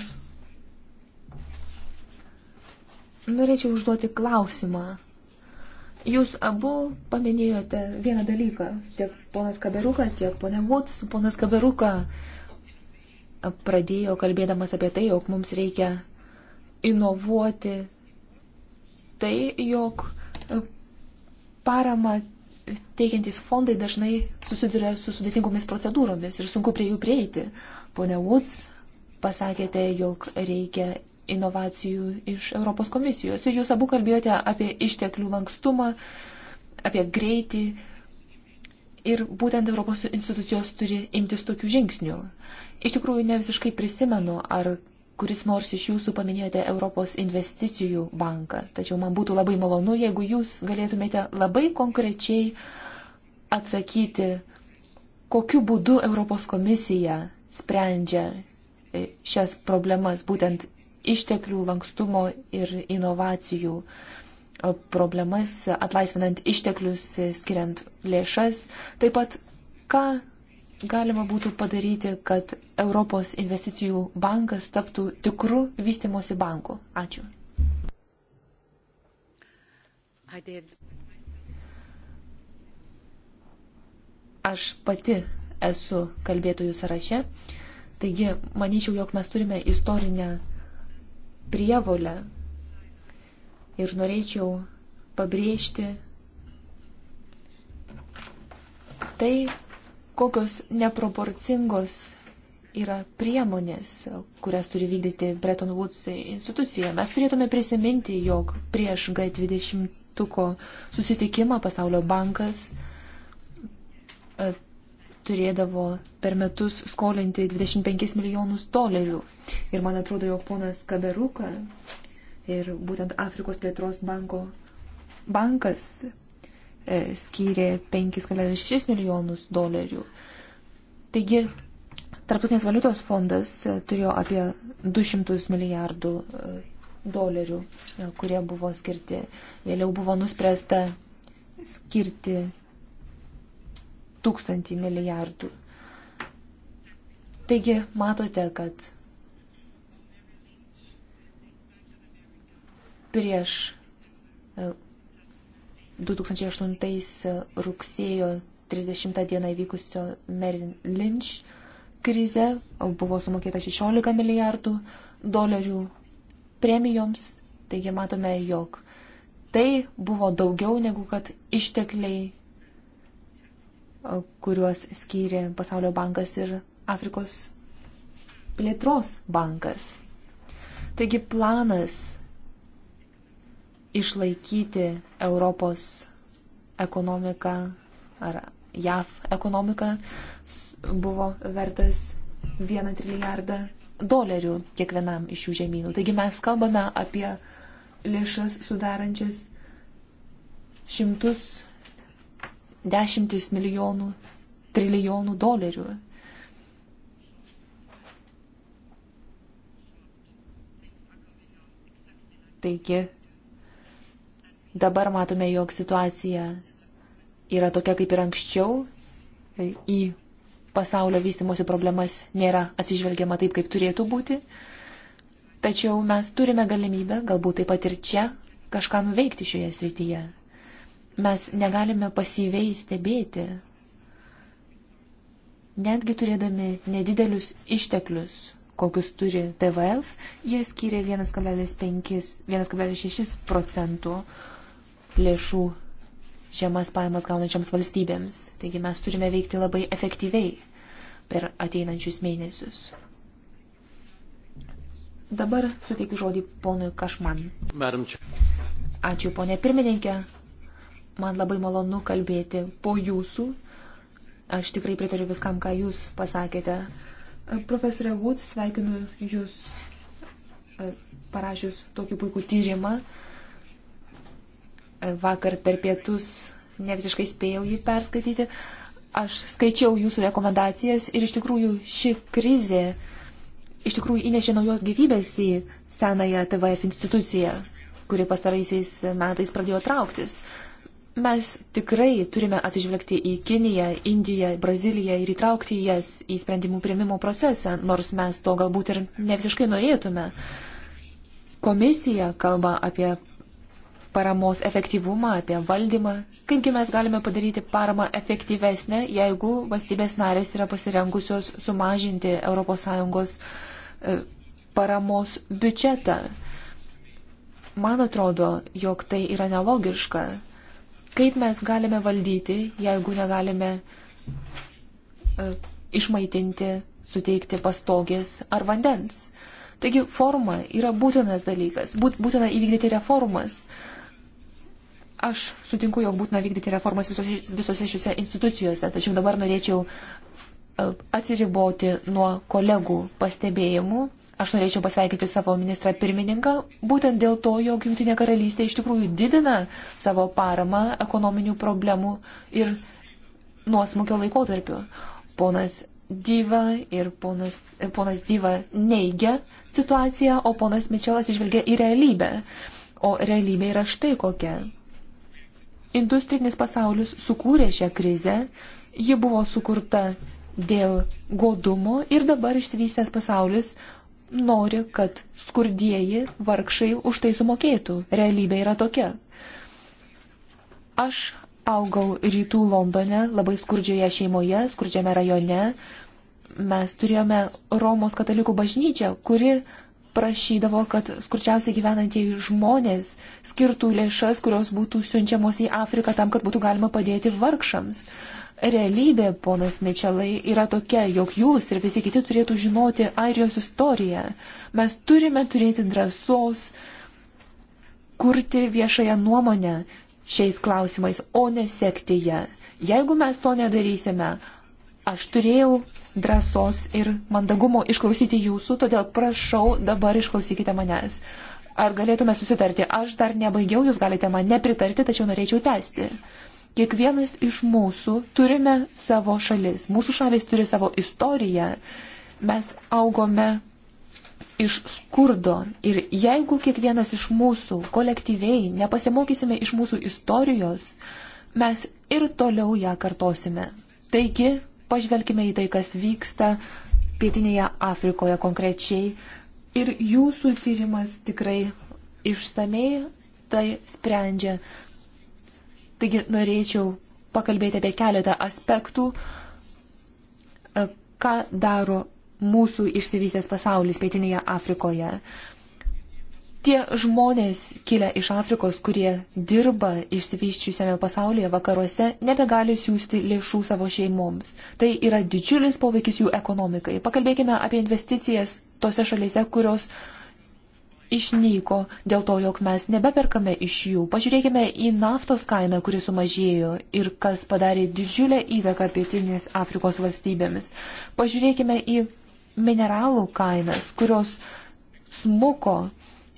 B: Norėčiau užduoti klausimą. Jūs abu paminėjote vieną dalyką, tiek ponas Kaberuka, tiek ponė Woods. Ponas Kaberuka pradėjo kalbėdamas apie tai, jog mums reikia inovuoti tai, jog parama teikiantys fondai dažnai susiduria su sudėtingomis procedūromis ir sunku prie jų prieiti. Pone Woods, pasakėte, jog reikia inovacijų iš Europos komisijos. Ir jūs abu kalbėjote apie išteklių lankstumą, apie greitį. Ir būtent Europos institucijos turi imtis tokių žingsnių. Iš tikrųjų, ne visiškai prisimenu, ar kuris nors iš jūsų paminėjote Europos investicijų banką. Tačiau man būtų labai malonu, jeigu jūs galėtumėte labai konkrečiai atsakyti, kokiu būdu Europos komisija sprendžia e, šias problemas, būtent išteklių lankstumo ir inovacijų e, problemas, atlaisvinant išteklius, e, skiriant lėšas. Taip pat, ką galima būtų padaryti, kad Europos investicijų bankas taptų tikrų vystimosi banku. Ačiū. Aš pati esu kalbėtojų sąraše, taigi manyčiau, jog mes turime istorinę prievolę. Ir norėčiau pabrėžti tai, kokios neproporcingos yra priemonės, kurias turi vykdyti Bretton Woods institucija. Mes turėtume prisiminti, jog prieš G20 susitikimą Pasaulio bankas turėdavo per metus skolinti 25 milijonus dolerių. Ir man atrodo, jog ponas Kaberuka ir būtent Afrikos plėtros banko bankas e, skyrė 5,6 milijonus dolerių. Taigi, Tarptautinės valiutos fondas e, turėjo apie 200 milijardų e, dolerių, e, kurie buvo skirti. Vėliau buvo nuspręsta skirti tūkstantį milijardų. Taigi matote, kad prieš 2008 e, rugsėjo 30 dieną įvykusio Merlin Lynch krize buvo sumokėta 16 milijardų dolerių premijoms, taigi matome, jog tai buvo daugiau negu kad ištekliai kuriuos skyrė Pasaulio bankas ir Afrikos plėtros bankas. Taigi planas išlaikyti Europos ekonomiką ar JAV ekonomiką buvo vertas 1 trilijardą dolerių kiekvienam iš šių žemynų. Taigi mes kalbame apie lėšas sudarančias šimtus dešimtis milijonų, trilijonų dolerių. Taigi, dabar matome, jog situacija yra tokia kaip ir anksčiau. Į pasaulio vystimosi problemas nėra atsižvelgiama taip, kaip turėtų būti. Tačiau mes turime galimybę, galbūt taip pat ir čia, kažką nuveikti šioje srityje. Mes negalime pasyviai stebėti, netgi turėdami nedidelius išteklius, kokius turi TVF, jie skiria 1,5-1,6 procentų lėšų žemas pajamas gaunančiams valstybėms. Taigi mes turime veikti labai efektyviai per ateinančius mėnesius. Dabar suteikiu žodį ponui Kašman. Ačiū, ponė pirmininkė. Man labai malonu kalbėti po jūsų. Aš tikrai pritariu viskam, ką jūs pasakėte. Profesorė Wood, sveikinu jūs e, parašius tokį puikų tyrimą. E, vakar per pietus ne visiškai spėjau jį perskaityti. Aš skaičiau jūsų rekomendacijas ir iš tikrųjų ši krizė iš tikrųjų įnešė naujos gyvybės į senąją TVF instituciją, kuri pastaraisiais metais pradėjo trauktis. Mes tikrai turime atsižvelgti į Kiniją, Indiją, Braziliją ir įtraukti jas į sprendimų prieimimo procesą, nors mes to galbūt ir ne visiškai norėtume. Komisija kalba apie paramos efektyvumą, apie valdymą, kaipgi mes galime padaryti paramą efektyvesnę, jeigu valstybės narės yra pasirengusios sumažinti ES e, paramos biudžetą. Man atrodo, jog tai yra nelogiška Kaip mes galime valdyti, jeigu negalime e, išmaitinti, suteikti pastogės ar vandens? Taigi forma yra būtinas dalykas, būt, būtina įvykdyti reformas. Aš sutinku, jog būtina vykdyti reformas visose, visose šiuose institucijose, tačiau dabar norėčiau e, atsiriboti nuo kolegų pastebėjimų Aš norėčiau pasveikinti savo ministrą pirmininką, būtent dėl to, jog Junktinė karalystė iš tikrųjų didina savo paramą ekonominių problemų ir nuosmukio laikotarpiu. Ponas Dyva ir ponas, ponas Dyva neigia situaciją, o ponas Mičelas išvelgia į realybę. O realybė yra štai kokia. Industrinis pasaulis sukūrė šią krizę, ji buvo sukurta dėl godumo ir dabar išsivystęs pasaulis nori, kad skurdieji vargšai už tai sumokėtų. Realybė yra tokia. Aš augau rytų Londone, labai skurdžioje šeimoje, skurdžiame rajone. Mes turėjome Romos katalikų bažnyčią, kuri prašydavo, kad skurčiausiai gyvenantieji žmonės skirtų lėšas, kurios būtų siunčiamos į Afriką tam, kad būtų galima padėti vargšams. Uh, realybė, ponas Mečelai, yra tokia, jog jūs ir visi kiti turėtų žinoti Airijos istoriją. Mes turime turėti drąsos kurti viešąją nuomonę šiais klausimais, o nesekti ją. Jeigu mes to nedarysime, aš turėjau drąsos ir mandagumo išklausyti jūsų, todėl prašau dabar išklausykite manęs. Ar galėtume susitarti? Aš dar nebaigiau, jūs galite man nepritarti, tačiau norėčiau tęsti. Kiekvienas iš mūsų turime savo šalis. Mūsų šalis turi savo istoriją. Mes augome iš skurdo. Ir jeigu kiekvienas iš mūsų kolektyviai nepasimokysime iš mūsų istorijos, mes ir toliau ją kartosime. Taigi, pažvelkime į tai, kas vyksta pietinėje Afrikoje konkrečiai. Ir jūsų tyrimas tikrai išsamei tai sprendžia. Taigi norėčiau pakalbėti apie keletą aspektų, e, ką daro mūsų išsivystęs pasaulis pietinėje Afrikoje. Tie žmonės kilę iš Afrikos, kurie dirba išsivyščiusiame pasaulyje vakaruose, nebegali siūsti lėšų savo šeimoms. Tai yra didžiulis poveikis jų ekonomikai. Pakalbėkime apie investicijas tose šalyse, kurios uh, išnyko dėl to, jog mes nebeperkame iš jų. Pažiūrėkime į naftos kainą, kuri sumažėjo ir kas padarė didžiulę įtaką pietinės Afrikos valstybėmis. Pažiūrėkime į mineralų kainas, kurios smuko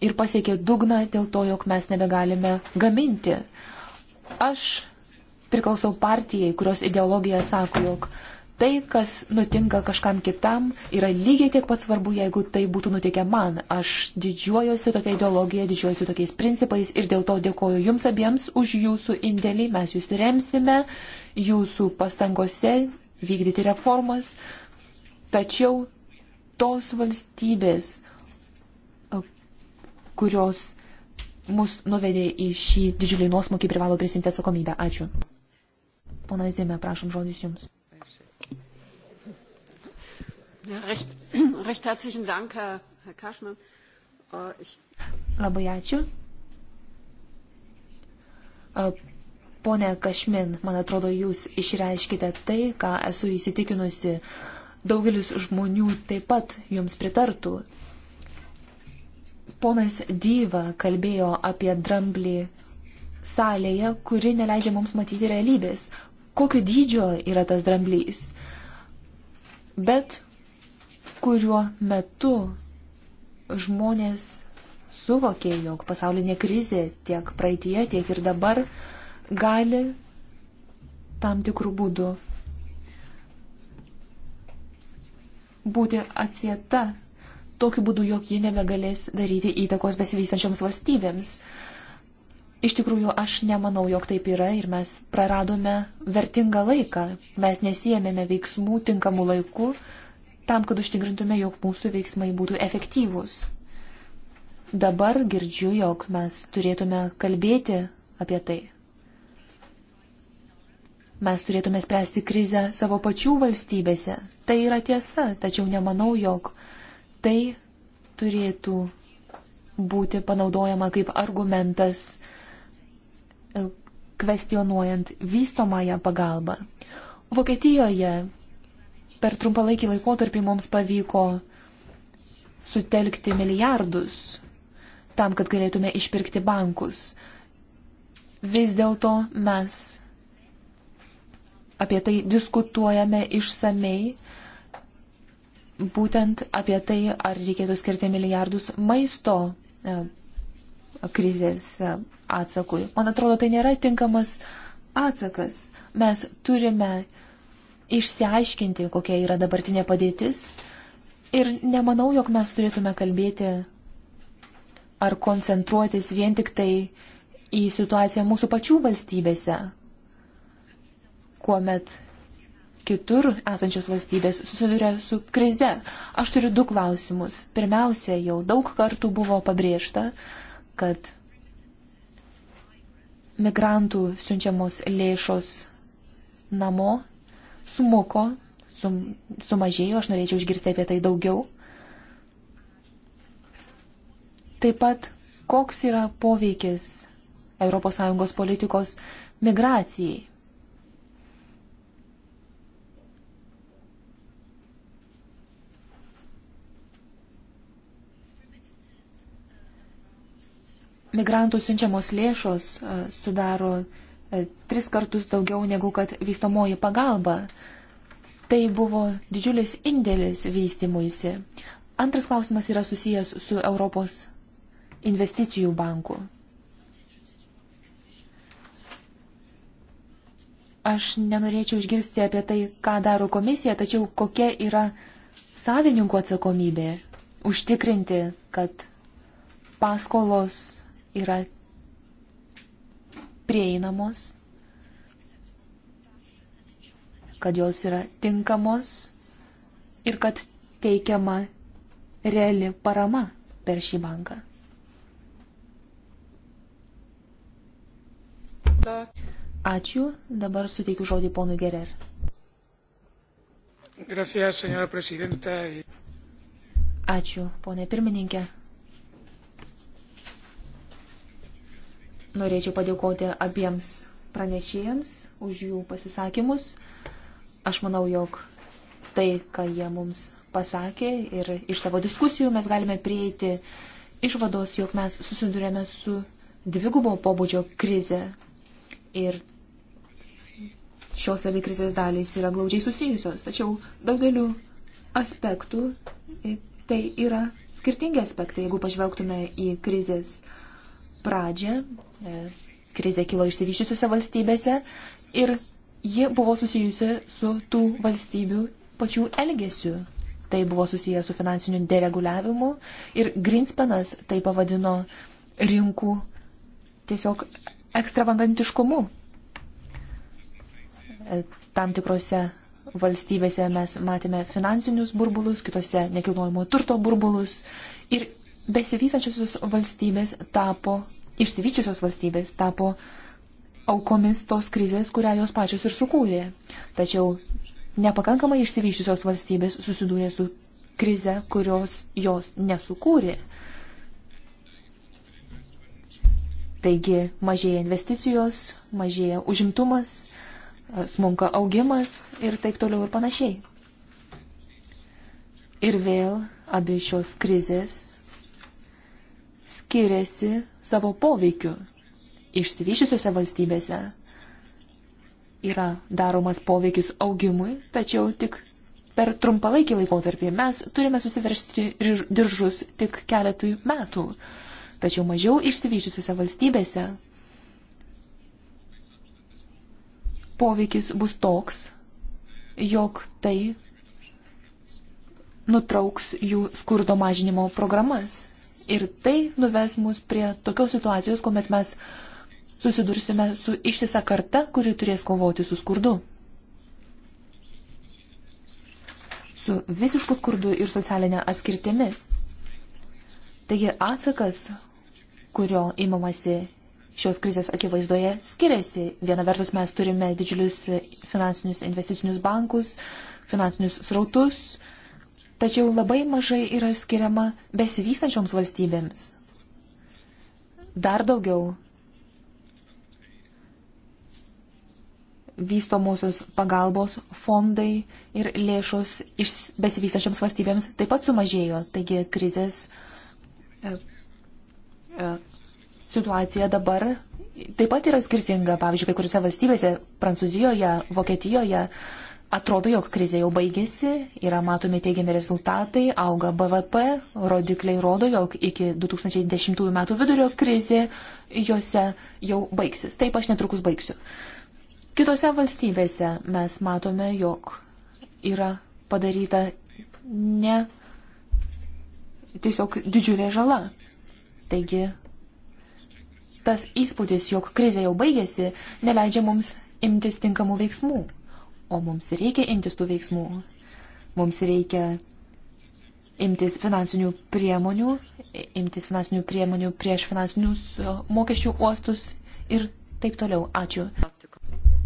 B: ir pasiekė dugną dėl to, jog mes nebegalime gaminti. Aš priklausau partijai, kurios ideologija sako, jog uh, tai, kas nutinka kažkam kitam, yra lygiai tiek pat svarbu, jeigu tai būtų nutikę man. Aš didžiuojuosi tokia ideologija, didžiuojuosi tokiais principais ir dėl to dėkoju jums abiems už jūsų indėlį. Mes jūs remsime jūsų pastangose vykdyti reformas. Tačiau tos valstybės, kurios mus nuvedė į šį didžiulį nuosmokį, privalo prisimti atsakomybę. Ačiū. Pana Zėme, prašom žodis jums.
E: Ja, recht,
A: recht herzlichen Dank, Herr, Herr Kaschmann. Uh, ich...
B: Labai ačiū. Uh, Pone Kašmin, man atrodo, jūs išreiškite tai, ką esu įsitikinusi. Daugelis žmonių taip pat jums pritartų. Ponas Dyva kalbėjo apie dramblį salėje, kuri neleidžia mums matyti realybės. Kokio dydžio yra tas dramblys? Bet kuriuo metu žmonės suvokė, jog pasaulinė krizė tiek praeitie, tiek ir dabar gali tam tikrų būdų būti atsieta tokiu būdu, jog ji nebegalės daryti įtakos besivystančioms valstybėms. Iš tikrųjų, aš nemanau, jog taip yra ir mes praradome vertingą laiką. Mes nesijėmėme veiksmų tinkamų laikų, tam, kad užtikrintume, jog mūsų veiksmai būtų efektyvūs. Dabar girdžiu, jog mes turėtume kalbėti apie tai. Mes turėtume spręsti krizę savo pačių valstybėse. Tai yra tiesa, tačiau nemanau, jog tai turėtų būti panaudojama kaip argumentas e, kvestionuojant vystomąją pagalbą. Vokietijoje per trumpalaikį laikotarpį mums pavyko sutelkti milijardus tam, kad galėtume išpirkti bankus. Vis dėlto mes apie tai diskutuojame išsamei, būtent apie tai, ar reikėtų skirti milijardus maisto e, krizės e, atsakui. Man atrodo, tai nėra tinkamas atsakas. Mes turime uh, išsiaiškinti, kokia yra dabartinė padėtis. Ir nemanau, jog mes turėtume kalbėti ar koncentruotis vien tik tai į situaciją mūsų pačių valstybėse, kuomet kitur esančios valstybės susiduria su krize. Aš turiu du klausimus. Pirmiausia, jau daug kartų buvo pabrėžta, kad migrantų siunčiamos lėšos namo smuko, sum, sumažėjo, aš norėčiau išgirsti apie tai daugiau. Taip pat, koks yra poveikis ES politikos migracijai. Migrantų siunčiamos lėšos e, sudaro E, tris kartus daugiau negu kad vystomoji pagalba. Tai buvo didžiulis indėlis vystimuisi. Antras klausimas yra susijęs su Europos investicijų banku. Aš nenorėčiau išgirsti apie tai, ką daro komisija, tačiau kokia yra savininkų atsakomybė užtikrinti, kad paskolos yra prieinamos, kad jos yra tinkamos ir kad teikiama reali parama per šį banką. Ačiū. Dabar suteikiu žodį ponui Gerer. Gracias, Ačiū, ponė pirmininkė. Norėčiau padėkoti abiems pranešėjams už jų pasisakymus. Aš manau, jog tai, ką jie mums pasakė ir iš savo diskusijų mes galime prieiti išvados, jog mes susidurėme su dvigubo pobūdžio krize. Ir šios abi krizės dalys yra glaudžiai susijusios, tačiau daugeliu aspektų tai yra skirtingi aspektai, jeigu pažvelgtume į krizės uh, pradžią. E, krizė kilo išsivyščiusiuose valstybėse ir ji buvo susijusi su tų valstybių pačių elgesiu. Tai buvo susiję su finansiniu dereguliavimu ir Greenspanas tai pavadino rinkų tiesiog ekstravagantiškumu. E, tam tikrose valstybėse mes matėme finansinius burbulus, kitose nekilnojimo turto burbulus ir besivysančiosios valstybės tapo, išsivyčiusios valstybės tapo aukomis tos krizės, kurią jos pačios ir sukūrė. Tačiau nepakankamai išsivyščiusios valstybės susidūrė su krize, kurios jos nesukūrė. Taigi mažėja investicijos, mažėja užimtumas, smunka augimas ir taip toliau ir panašiai. Ir vėl abi šios krizės skiriasi savo poveikiu. Išsivyšiusiuose valstybėse yra daromas poveikis augimui, tačiau tik per trumpalaikį laikotarpį mes turime susiversti diržus tik keletui metų. Tačiau mažiau išsivyšiusiuose valstybėse poveikis bus toks, jog tai nutrauks jų skurdo mažinimo programas. Ir tai nuves mus prie tokios situacijos, kuomet mes susidursime su ištisa karta, kuri turės kovoti su skurdu. Su visišku skurdu ir socialinė atskirtimi. Taigi atsakas, kurio įmamasi šios krizės akivaizdoje, skiriasi. Viena vertus mes turime didžiulius finansinius investicinius bankus, finansinius srautus, tačiau labai mažai yra skiriama besivystančioms valstybėms. Dar daugiau vystomosios pagalbos fondai ir lėšos iš besivystačiams valstybėms taip pat sumažėjo. Taigi krizės e, e, situacija dabar taip pat yra skirtinga. Pavyzdžiui, kai kuriuose valstybėse, Prancūzijoje, Vokietijoje, e, Atrodo, jog krizė jau baigėsi, yra matomi teigiami rezultatai, auga BVP, rodikliai rodo, jog iki 2010 metų vidurio krizė juose jau baigsis. Taip aš netrukus baigsiu. Kitose valstybėse mes matome, jog yra padaryta ne tiesiog didžiulė žala. Taigi tas įspūdis, jog krizė jau baigėsi, neleidžia mums imtis tinkamų veiksmų o mums reikia imtis tų veiksmų. Mums reikia imtis finansinių priemonių, imtis finansinių priemonių prieš finansinius e, mokesčių uostus ir taip toliau. Ačiū.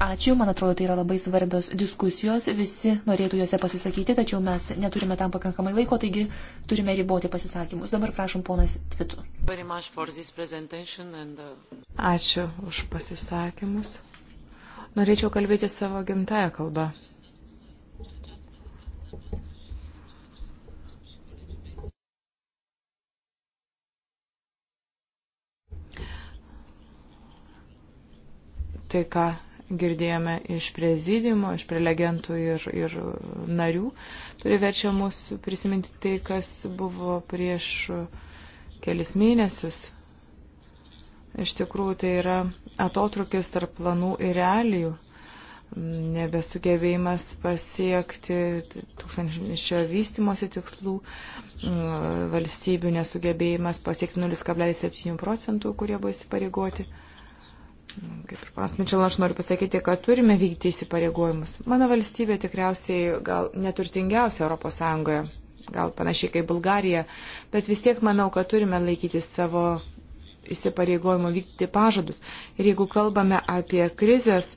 B: Ačiū, man atrodo, tai yra labai svarbios diskusijos, visi norėtų juose pasisakyti, tačiau mes neturime tam pakankamai laiko, taigi turime riboti pasisakymus. Dabar prašom ponas Tvitu.
E: Uh,
B: Ačiū už pasisakymus. Norėčiau kalbėti savo gimtają
D: kalbą. Tai ką girdėjome iš prezidimo, iš prelegentų ir, ir narių, priverčia mus prisiminti tai, kas buvo prieš kelis mėnesius. Iš tikrųjų, tai yra atotrukis tarp planų ir realijų, nebesugebėjimas pasiekti tūkstančio vystimosi tikslų, valstybių nesugebėjimas pasiekti 0,7 procentų, kurie buvo įsipareigoti. Kaip ir panas Mičel, aš noriu pasakyti, kad turime vykti įsipareigojimus. Mano valstybė tikriausiai gal neturtingiausia Europos Sąjungoje, gal panašiai kaip Bulgarija, bet vis tiek manau, kad turime laikytis savo įsipareigojimo vykdyti pažadus. Ir jeigu kalbame apie krizės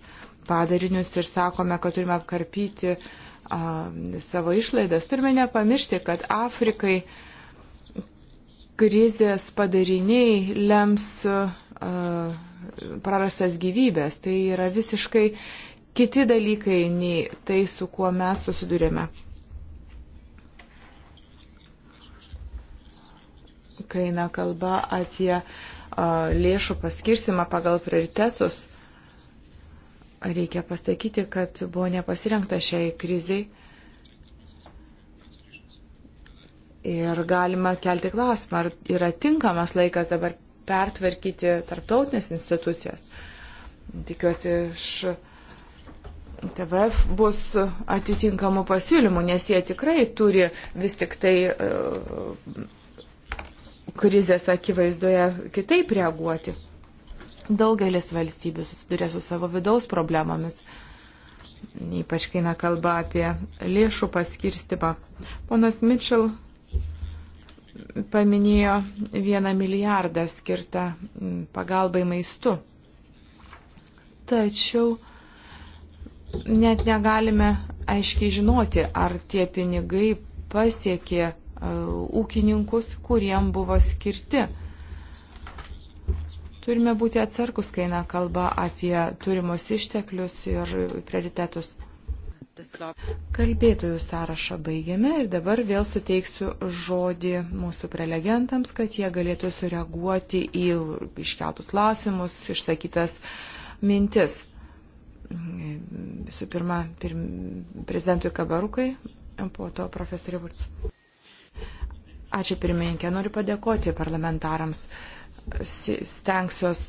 D: padarinius ir sakome, kad turime apkarpyti a, savo išlaidas, turime nepamiršti, kad Afrikai krizės padariniai lems a, prarastas gyvybės. Tai yra visiškai kiti dalykai nei tai, su kuo mes susidurėme. kai eina kalba apie lėšų paskirsimą pagal prioritetus, reikia pasakyti, kad buvo nepasirinkta šiai kriziai. Ir galima kelti klausimą, ar yra tinkamas laikas dabar pertvarkyti tarptautinės institucijas. Tikiuosi, iš TVF bus atitinkamų pasiūlymų, nes jie tikrai turi vis tik tai uh, krizės akivaizdoje kitaip reaguoti. Daugelis valstybių susiduria su savo vidaus problemomis, ypač kai na kalba apie lėšų paskirstimą. Ponas Mitchell paminėjo vieną milijardą skirtą pagalbai maistu. Tačiau net negalime aiškiai žinoti, ar tie pinigai pasiekė ūkininkus, kuriem buvo skirti. Turime būti atsargus, kai eina kalba apie turimus išteklius ir prioritetus. Kalbėtojų sąrašą baigiame ir dabar vėl suteiksiu žodį mūsų prelegentams, kad jie galėtų sureaguoti į iškeltus klausimus, išsakytas mintis. Visų pirma, pirm, prezidentui Kabarukai, po to profesoriui Vurts. Ačiū pirmininkė, noriu padėkoti parlamentarams. Stengsiuos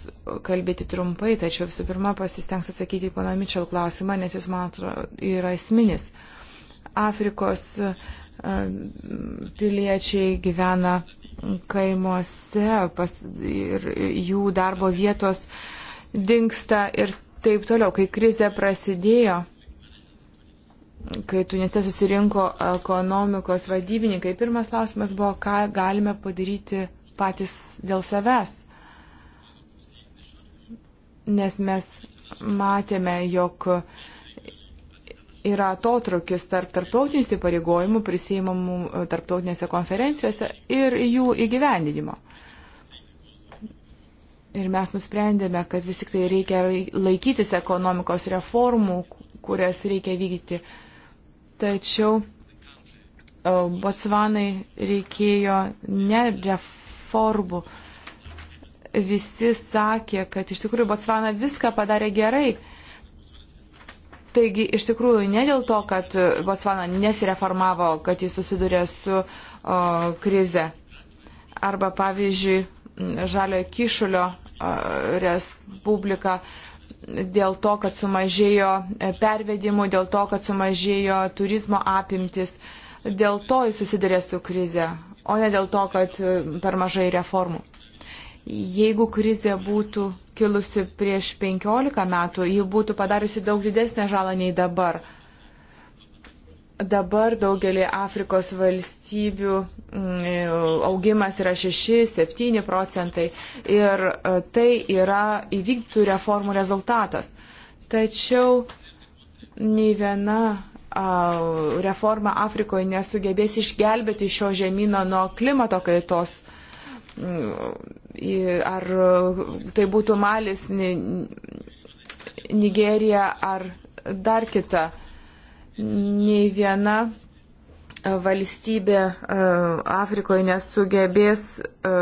D: kalbėti trumpai, tačiau visų pirma pasistengsiu atsakyti į pana Mičel klausimą, nes jis, man atrodo, yra esminis. Afrikos piliečiai gyvena kaimuose pas, ir jų darbo vietos dinksta ir taip toliau. Kai krizė prasidėjo, kai Tuniste susirinko ekonomikos vadybininkai, pirmas klausimas buvo, ką galime padaryti patys dėl savęs. Nes mes matėme, jog yra atotrukis tarp tarptautinių įsipareigojimų prisėmamų e, tarptautinėse konferencijose ir jų įgyvendinimo. Ir mes nusprendėme, kad vis tik tai reikia laikytis ekonomikos reformų, kurias reikia vykdyti Tačiau Botsvanai reikėjo ne reformų. Visi sakė, kad iš tikrųjų Botsvana viską padarė gerai. Taigi, iš tikrųjų, ne dėl to, kad Botsvana nesireformavo, kad jis susidurė su o, krize. Arba, pavyzdžiui, Žaliojo Kišulio Respublika dėl to, kad sumažėjo e, pervedimų, dėl to, kad sumažėjo turizmo apimtis. Dėl to jis susidurė su krize, o ne dėl to, kad e, per mažai reformų. Jeigu krize būtų kilusi prieš 15 metų, ji būtų padariusi daug didesnę žalą nei dabar. Dabar daugelį Afrikos valstybių mm, augimas yra 6-7 procentai ir e, tai yra įvykdytų reformų rezultatas. Tačiau nei viena reforma Afrikoje nesugebės išgelbėti šio žemyno nuo klimato kaitos. Mm, ar tai būtų Malis, Nigerija ar dar kita nei viena e, valstybė e, Afrikoje nesugebės e,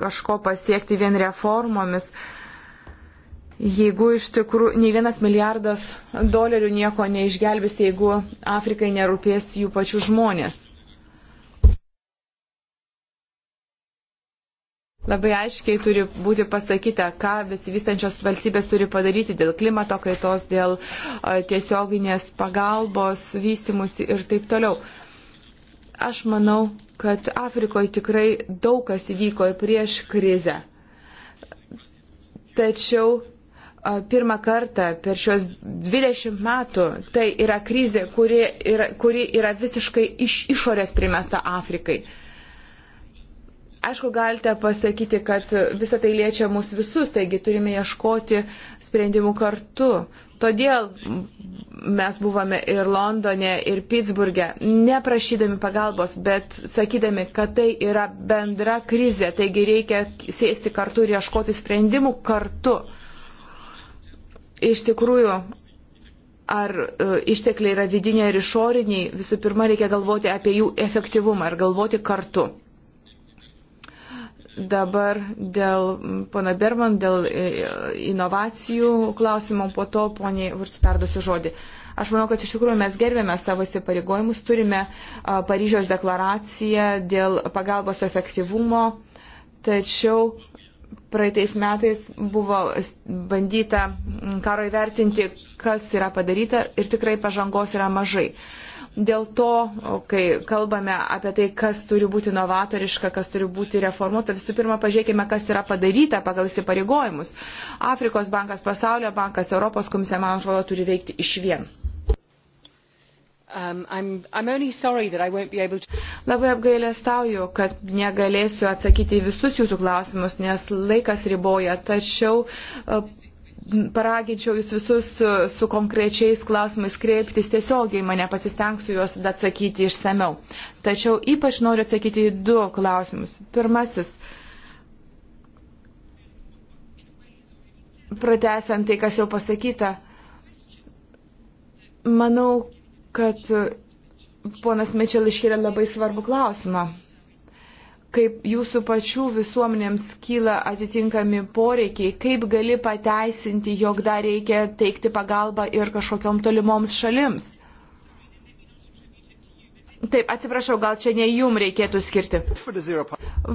D: kažko pasiekti vien reformomis. Jeigu iš tikrųjų nei vienas milijardas dolerių nieko neišgelbės, jeigu Afrikai nerūpės jų pačių žmonės. Labai aiškiai turi būti pasakyta, ką besivystančios valstybės turi padaryti dėl klimato kaitos, dėl tiesioginės pagalbos, vystimusi ir taip toliau. Aš manau, kad Afrikoje tikrai daug kas įvyko ir prieš krizę. Tačiau pirmą kartą per šios 20 metų tai yra krizė, kuri yra, kuri yra visiškai iš išorės primesta Afrikai. Uh, Aišku, galite pasakyti, kad visą tai liečia mus visus, taigi turime ieškoti sprendimų kartu. Todėl mes buvome ir Londone, ir Pittsburghe, neprašydami pagalbos, bet sakydami, kad tai yra bendra krizė, taigi reikia sėsti kartu ir ieškoti sprendimų kartu. Iš tikrųjų, ar e, ištekliai yra vidiniai ar išoriniai, visų pirma reikia galvoti apie jų efektyvumą ir galvoti kartu. Dabar dėl pana Berman, dėl e, inovacijų klausimo, po to poniai Vurs perduosiu žodį. Aš manau, kad iš tikrųjų mes gerbėme savo įsipareigojimus, turime Paryžiaus deklaraciją dėl pagalbos efektyvumo, tačiau praeitais metais buvo bandyta karo įvertinti, kas yra padaryta ir tikrai pažangos yra mažai. Dėl to, kai kalbame apie tai, kas turi būti novatoriška, kas turi būti reformuota, visų pirma, pažiūrėkime, kas yra padaryta pagal įsipareigojimus. Afrikos bankas, pasaulio bankas, Europos komisija, man atrodo, turi veikti iš vien. Um, I'm, I'm to... Labai apgailėstauju, kad negalėsiu atsakyti į visus jūsų klausimus, nes laikas riboja, tačiau uh, paraginčiau jūs visus su, su konkrečiais klausimais kreiptis tiesiogiai, mane pasistengsiu juos atsakyti išsameu. Tačiau ypač noriu atsakyti į du klausimus. Pirmasis. Pratesiant tai, kas jau pasakyta, manau, kad ponas Mečel iškėlė labai svarbų klausimą kaip jūsų pačių visuomenėms kyla atitinkami poreikiai, kaip gali pateisinti, jog dar reikia teikti pagalbą ir kažkokiam tolimoms šalims. Taip, atsiprašau, gal čia ne jum reikėtų skirti.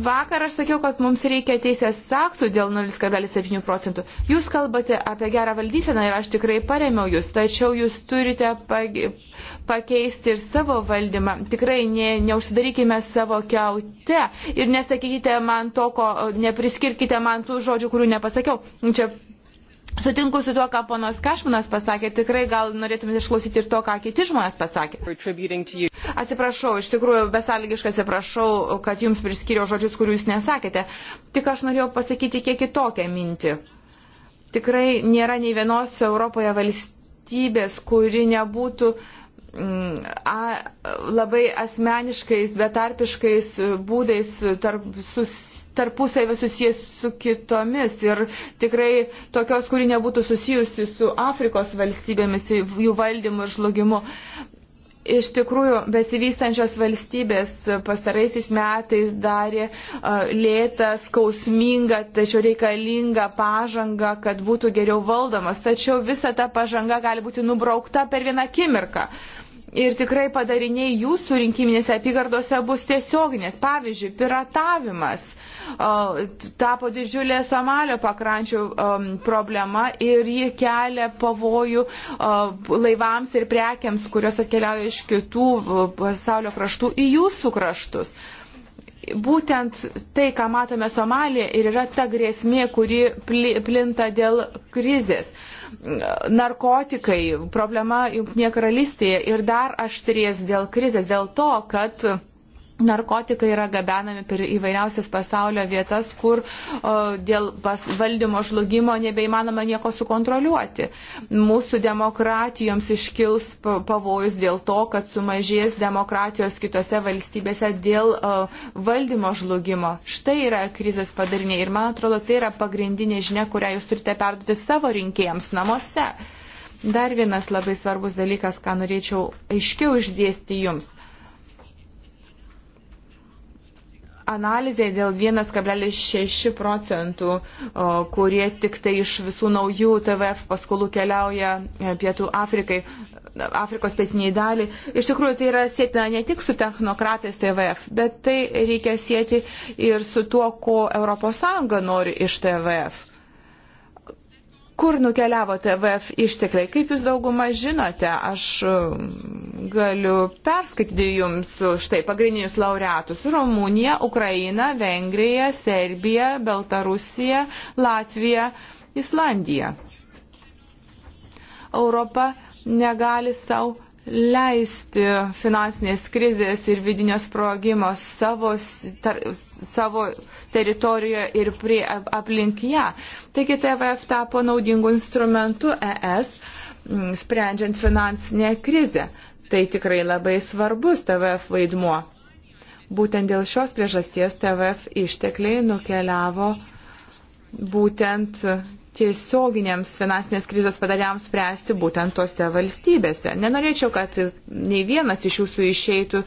D: Vakar aš sakiau, kad mums reikia teisės aktų dėl 0,7 procentų. Jūs kalbate apie gerą valdyseną ir aš tikrai paremiau jūs, tačiau jūs turite pakeisti ir savo valdymą. Tikrai ne, neužsidarykime savo keute ir nesakykite man to, ko nepriskirkite man tų žodžių, kurių nepasakiau. Čia Sutinku su tuo, ką ponas Kašmanas pasakė, tikrai gal norėtumėte išklausyti ir to, ką kiti žmonės pasakė. Atsiprašau, iš tikrųjų besąlygiškai atsiprašau, kad jums priskyriau žodžius, kurių jūs nesakėte. Tik aš norėjau pasakyti kiek kitokią mintį. Tikrai nėra nei vienos Europoje valstybės, kuri nebūtų mm, a, labai asmeniškais, betarpiškais būdais tarp, sus, tarpusavį susijęs su kitomis ir tikrai tokios, kuri nebūtų susijusi su Afrikos valstybėmis, jų valdymu ir žlugimu. Iš tikrųjų, besivystančios valstybės pastaraisiais metais darė lėtą, skausmingą, tačiau reikalingą pažangą, kad būtų geriau valdomas. Tačiau visa ta pažanga gali būti nubraukta per vieną akimirką. Ir tikrai padariniai jūsų rinkiminėse apygardose bus tiesioginės. Pavyzdžiui, piratavimas o, tapo didžiulė Somalio pakrančių o, um, problema ir ji kelia pavojų o, laivams ir prekiams, kurios atkeliauja iš kitų pasaulio kraštų į jūsų kraštus. O, būtent tai, ką matome Somalija, ir yra ta grėsmė, kuri plinta dėl krizės. Narkotikai, problema Junktinėje karalystėje ir dar aštrės dėl krizės, dėl to, kad narkotikai yra gabenami per įvairiausias pasaulio vietas, kur o, dėl valdymo žlugimo nebeįmanoma nieko sukontroliuoti. Mūsų demokratijoms iškils pavojus dėl to, kad sumažės demokratijos kitose valstybėse dėl o, valdymo žlugimo. Štai yra krizės padariniai ir man atrodo, tai yra pagrindinė žinia, kurią jūs turite perduoti savo rinkėjams namuose. Dar vienas labai svarbus dalykas, ką norėčiau aiškiau išdėsti jums analizė dėl 1,6 procentų, kurie tik tai iš visų naujų TVF paskolų keliauja e, Pietų Afrikai, Afrikos pietiniai dalį. Iš tikrųjų, tai yra sėtina ne tik su technokratais TVF, bet tai reikia sėti ir su tuo, ko ES nori iš TVF kur nukeliavo TVF ištekliai. Kaip jūs daugumą žinote, aš um, galiu perskaityti jums štai pagrindinius laureatus. Rumunija, Ukraina, Vengrija, Serbija, Baltarusija, Latvija, Islandija. Europa negali savo leisti finansinės krizės ir vidinio sprogimo savo, tar, savo teritorijoje ir prie aplink ją. Taigi TVF tapo naudingu instrumentu ES, sprendžiant finansinę krizę. Tai tikrai labai svarbus TVF vaidmuo. Būtent dėl šios priežasties TVF ištekliai nukeliavo būtent tiesioginiams finansinės krizės padariams spręsti būtent tose valstybėse. Nenorėčiau, kad nei vienas iš jūsų išeitų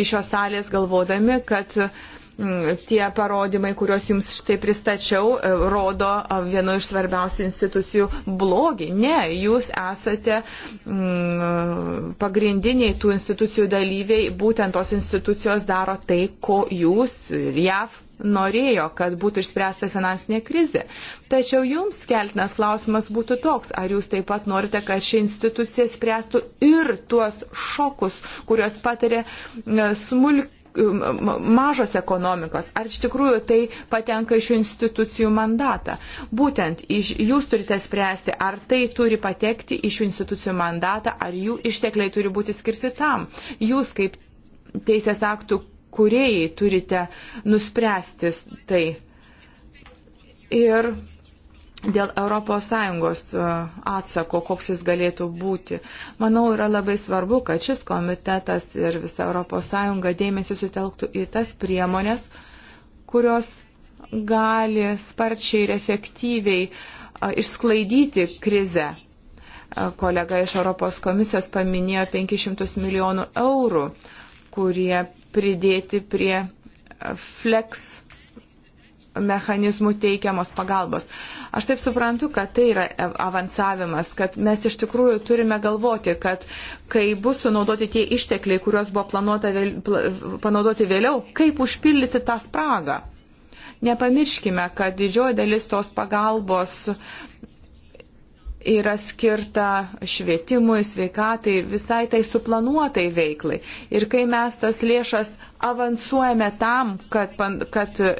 D: iš šios salės galvodami, kad mm, tie parodymai, kuriuos jums štai pristačiau, e, rodo vieno iš svarbiausių institucijų blogį. Ne, jūs esate mm, pagrindiniai tų institucijų dalyviai, būtent tos institucijos daro tai, ko jūs ir JAV norėjo, kad būtų išspręsta finansinė krizė. Tačiau jums keltinas klausimas būtų toks, ar jūs taip pat norite, kad ši institucija spręstų ir tuos šokus, kuriuos patiria e, smulk e, mažos ekonomikos, ar iš tikrųjų tai patenka iš institucijų mandatą. Būtent iš, jūs turite spręsti, ar tai turi patekti iš institucijų mandatą, ar jų ištekliai turi būti skirti tam. Jūs kaip teisės aktų kuriejai turite nuspręsti tai. Ir dėl ES e, atsako, koks jis galėtų būti. Manau, yra labai svarbu, kad šis komitetas ir visa ES dėmesį sutelktų į tas priemonės, kurios gali sparčiai ir efektyviai e, išsklaidyti krizę. E, kolega iš Europos komisijos paminėjo 500 milijonų eurų, kurie pridėti prie flex mechanizmų teikiamos pagalbos. Aš taip suprantu, kad tai yra avansavimas, kad mes iš tikrųjų turime galvoti, kad kai bus sunaudoti tie ištekliai, kuriuos buvo vėl, panaudoti vėliau, kaip užpildyti tą spragą. Nepamirškime, kad didžioji dalis tos pagalbos yra skirta švietimui, sveikatai, visai tai suplanuotai veiklai. Ir kai mes tas lėšas avansuojame tam, kad, kad e,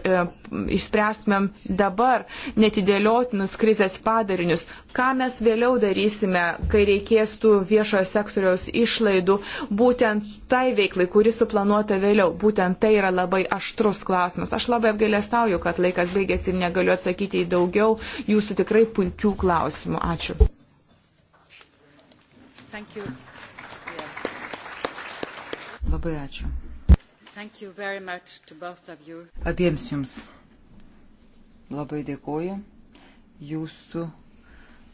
D: išspręstumėm dabar netidėliotinus krizės padarinius. Ką mes vėliau darysime, kai reikės tų viešojo sektoriaus išlaidų, būtent tai veiklai, kuri suplanuota vėliau, būtent tai yra labai aštrus klausimas. Aš labai apgailestauju, kad laikas baigėsi ir negaliu atsakyti į daugiau jūsų tikrai puikių klausimų. Ačiū. Labai ačiū.
C: Abiems
A: jums labai dėkoju. Jūsų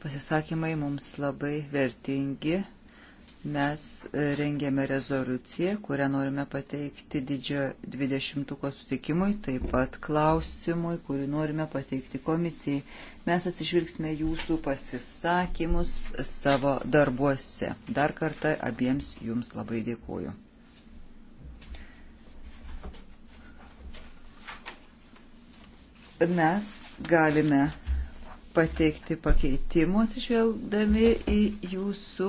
A: pasisakymai mums labai vertingi. Mes e, rengėme rezoliuciją, kurią norime pateikti didžiojo 20-ko sutikimui, taip pat klausimui, kurį norime pateikti komisijai. Mes atsižvilgsime jūsų pasisakymus savo darbuose. Dar kartą abiems jums labai dėkuoju. mes galime pateikti pakeitimų atsižvelgdami į jūsų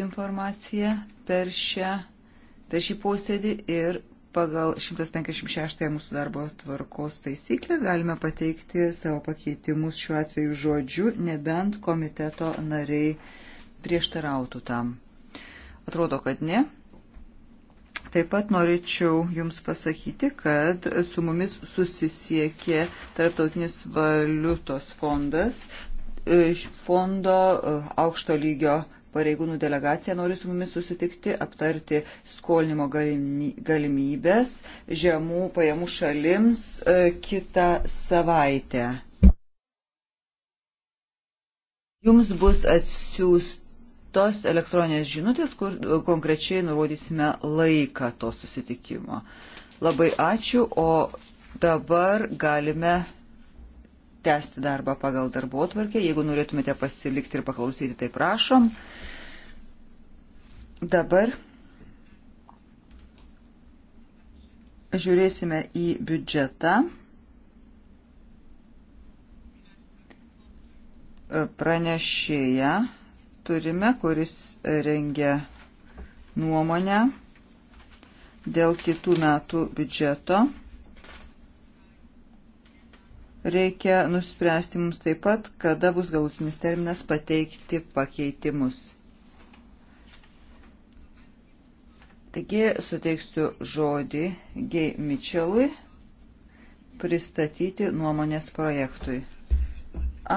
A: informaciją per, šią, per šį posėdį ir pagal 156 mūsų darbo tvarkos taisyklę galime pateikti savo pakeitimus šiuo atveju žodžiu, nebent komiteto nariai prieštarautų tam. Atrodo, kad ne. Taip pat norėčiau Jums pasakyti, kad su mumis susisiekė Tarptautinis valiutos fondas. E, fondo e, aukšto lygio pareigūnų delegacija nori su mumis susitikti, aptarti skolinimo galimybės žemų pajamų šalims e, kitą savaitę. Jums bus atsiųst tos elektroninės žinutės, kur konkrečiai nurodysime laiką to susitikimo. Labai ačiū, o dabar galime tęsti darbą pagal darbo atvarkę. Jeigu norėtumėte pasilikti ir paklausyti, tai prašom. Dabar žiūrėsime į biudžetą. Pranešėja turime, kuris rengia nuomonę dėl kitų metų biudžeto. Reikia nuspręsti mums taip pat, kada bus galutinis terminas pateikti pakeitimus. Taigi suteiksiu žodį Gei Mitchellui pristatyti nuomonės projektui.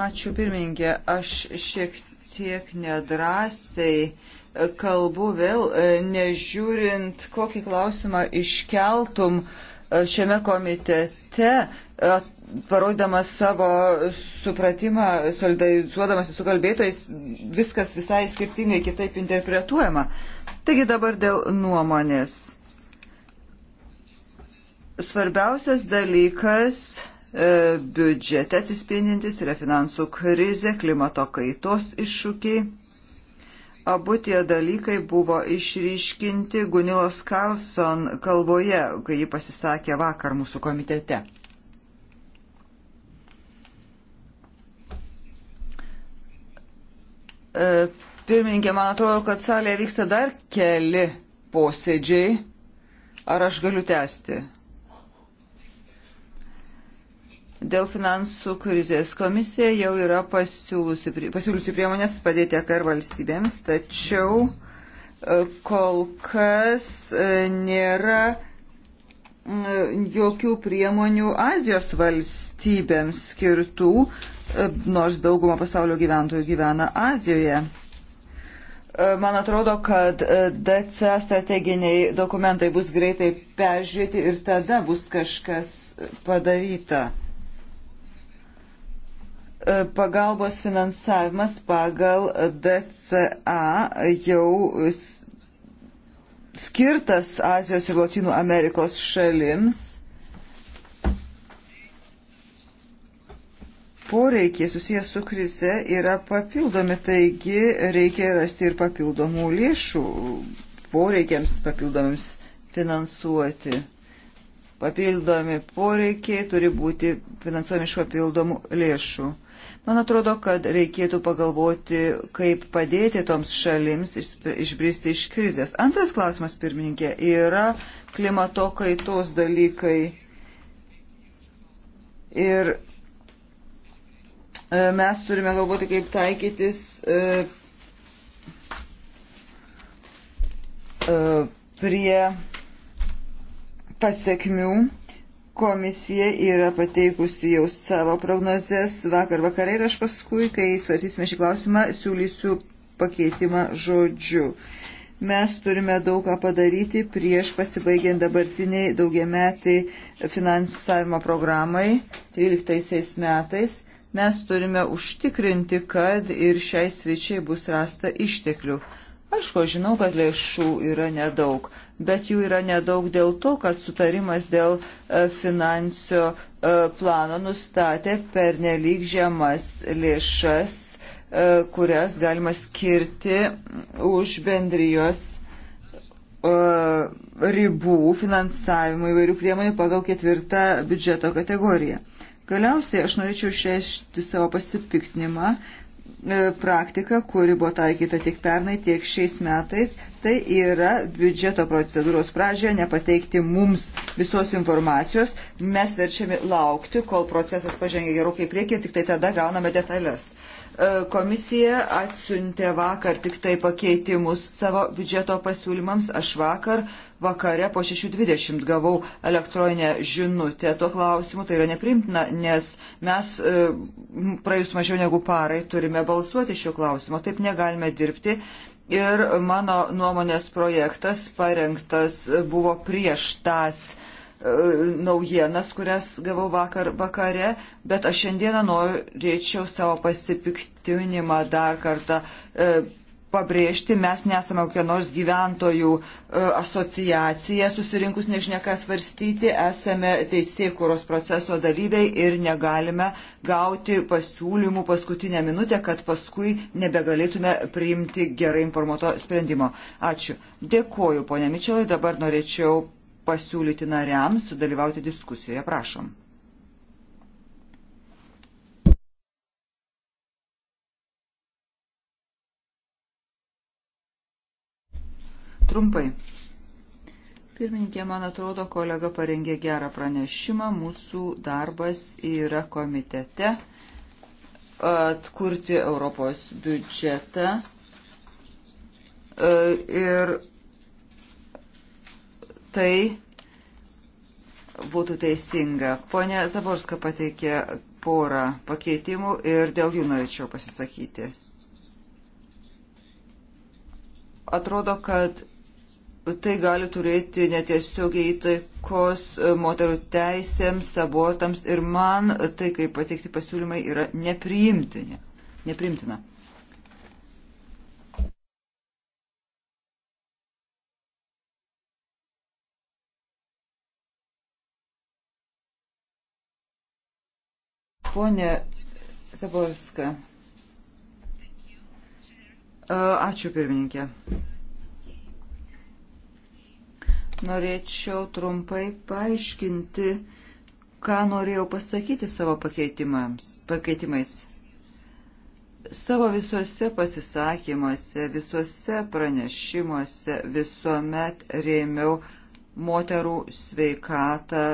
A: Ačiū pirmininkė, aš šiek tiek nedrasiai kalbu vėl, e, nežiūrint, kokį klausimą iškeltum e, šiame komitete, e, parodydamas savo supratimą, solidarizuodamas su kalbėtojais, viskas visai skirtingai kitaip interpretuojama. Taigi dabar dėl nuomonės. Svarbiausias dalykas E, biudžete atsispindintis yra finansų krizė, klimato kaitos iššūkiai. Abu tie dalykai buvo išryškinti Gunilos Karlson kalboje, kai ji pasisakė vakar mūsų komitete. E, pirmininkė, man atrodo, kad salėje vyksta dar keli posėdžiai. Ar aš galiu tęsti? Dėl finansų krizės komisija jau yra pasiūlusi, pasiūlusi priemonės padėti AKR valstybėms, tačiau e, kol kas e, nėra e, jokių priemonių Azijos valstybėms skirtų, nors dauguma pasaulio gyventojų gyvena Azijoje. Man atrodo, kad DC strateginiai dokumentai bus greitai peržiūrėti ir tada bus kažkas padaryta. E, pagalbos finansavimas pagal DCA jau skirtas Azijos ir Latinų Amerikos šalims. Poreikiai susijęs su krize yra papildomi, taigi reikia rasti ir papildomų lėšų poreikiams papildomams finansuoti papildomi poreikiai turi būti finansuojami iš papildomų lėšų. Man atrodo, kad reikėtų pagalvoti, kaip padėti toms šalims išbristi iš krizės. Antras klausimas, pirmininkė, yra klimato kaitos dalykai. Ir e, mes turime galvoti, kaip taikytis e, e, prie pasiekmių Komisija yra pateikusi jau savo prognozes vakar vakarai ir aš paskui, kai svarsysime šį klausimą, siūlysiu pakeitimą žodžiu mes turime daug ką padaryti prieš pasibaigiant dabartiniai daugiametai finansavimo programai 13 metais. Mes turime užtikrinti, kad ir šiai sričiai bus rasta išteklių. Aišku, aš žinau, kad lėšų yra nedaug, bet jų yra nedaug dėl to, kad sutarimas dėl e, finansio e, plano nustatė per nelik žemas lėšas, e, kurias galima skirti už bendrijos ribų finansavimo įvairių priemonių pagal ketvirtą biudžeto kategoriją. Galiausiai aš norėčiau išreikšti savo pasipiktinimą E, praktika, kuri buvo taikyta tiek pernai, tiek šiais metais, tai yra biudžeto procedūros pradžioje nepateikti mums visos informacijos. Mes verčiami laukti, kol procesas pažengia gerokai priekį ir tik tai tada gauname detalės. Uh, E, komisija atsiuntė vakar tik tai pakeitimus savo biudžeto pasiūlymams. Aš vakar vakare po 6.20 gavau elektroninę žinutę tuo klausimu. Tai yra neprimtina, nes mes e, praėjus mažiau negu parai turime balsuoti šiuo klausimu. Taip negalime dirbti. Ir mano nuomonės projektas parengtas buvo prieš tas E, naujienas, kurias gavau vakar vakare, bet aš šiandieną norėčiau savo pasipiktinimą dar kartą e, pabrėžti, mes nesame kokia nors gyventojų e, asociacija, susirinkus nežinia ką svarstyti, esame teisėkuros proceso dalyviai ir negalime gauti pasiūlymų paskutinę minutę, kad paskui nebegalėtume priimti gerai informuoto sprendimo. Ačiū. Dėkoju, ponė Mičelai, dabar norėčiau pasiūlyti nariams sudalyvauti diskusijoje. Prašom. Trumpai. Pirmininkė, man atrodo, kolega parengė gerą pranešimą. Mūsų darbas yra komitete atkurti Europos biudžetą. E, ir tai būtų teisinga. Pone Zaborska pateikė porą pakeitimų ir dėl jų norėčiau pasisakyti. Atrodo, kad tai gali turėti netiesiogiai įtaikos moterų teisėms, abortams ir man tai, kaip pateikti pasiūlymai, yra nepriimtini. Nepriimtina. Pone Zaborska. E, ačiū pirmininkė. Norėčiau trumpai paaiškinti, ką norėjau pasakyti savo pakeitimais. Savo visuose pasisakymuose, visuose pranešimuose visuomet rėmiau moterų sveikatą,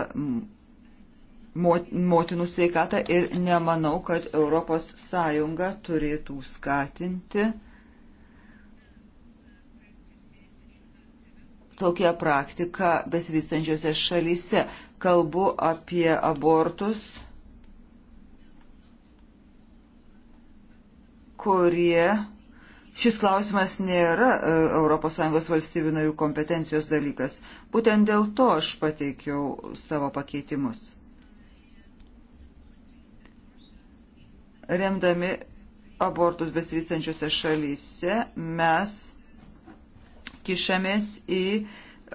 A: motinų sveikatą ir nemanau, kad ES turėtų skatinti tokią praktiką besivystančiose šalyse. Kalbu apie abortus, kurie Šis klausimas nėra ES valstybių narių kompetencijos dalykas. Būtent dėl to aš pateikiau savo pakeitimus. remdami abortus besivystančiose šalyse, mes kišamės į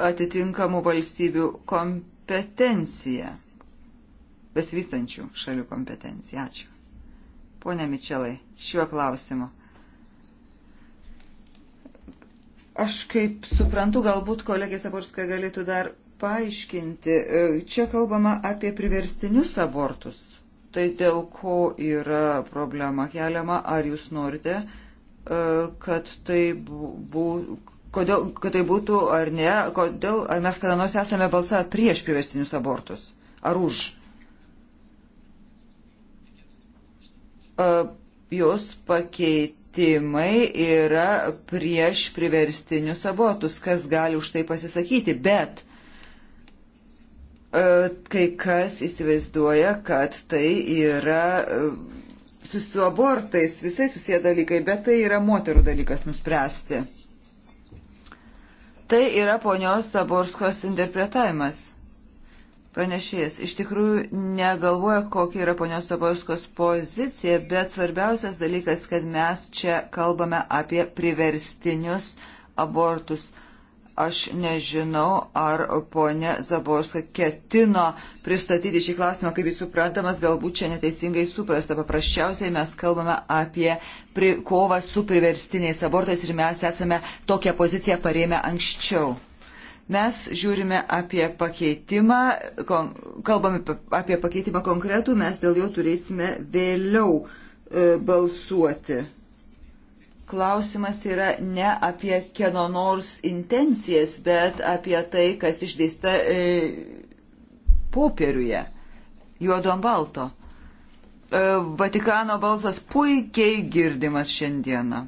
A: atitinkamų valstybių kompetenciją. Besivystančių šalių kompetenciją. Ačiū. Pone Mičelai, šiuo klausimu. Aš kaip suprantu, galbūt kolegė Saborska galėtų dar paaiškinti. Čia kalbama apie priverstinius abortus tai dėl ko yra problema keliama, ar jūs norite, e, kad tai, bū, kodėl, kad tai būtų ar ne, kodėl, ar mes kada nors esame balsavę prieš priverstinius abortus, ar už. E, jos pakeitimai yra prieš priverstinius abortus, kas gali už tai pasisakyti, bet uh, E, kai kas įsivaizduoja, kad tai yra e, su, su abortais visai susiję dalykai, bet tai yra moterų dalykas nuspręsti. Tai yra ponios Saborskos interpretavimas. Pranešėjas iš tikrųjų negalvoja, kokia yra ponios Saborskos pozicija, bet svarbiausias dalykas, kad mes čia kalbame apie priverstinius abortus. Aš nežinau, ar ponė Zaborska ketino pristatyti šį klausimą, kaip jis suprantamas, galbūt čia neteisingai suprasta. Paprasčiausiai mes kalbame apie pri, kovą su priverstiniais abortais ir mes esame tokią poziciją parėmę anksčiau. Mes žiūrime apie pakeitimą, kon, kalbame apie pakeitimą konkretų, mes dėl jo turėsime vėliau e, balsuoti klausimas yra ne apie kieno nors intencijas, bet apie tai, kas išdėsta e, popieriuje, juodo ant balto. E, Vatikano balsas puikiai girdimas šiandieną.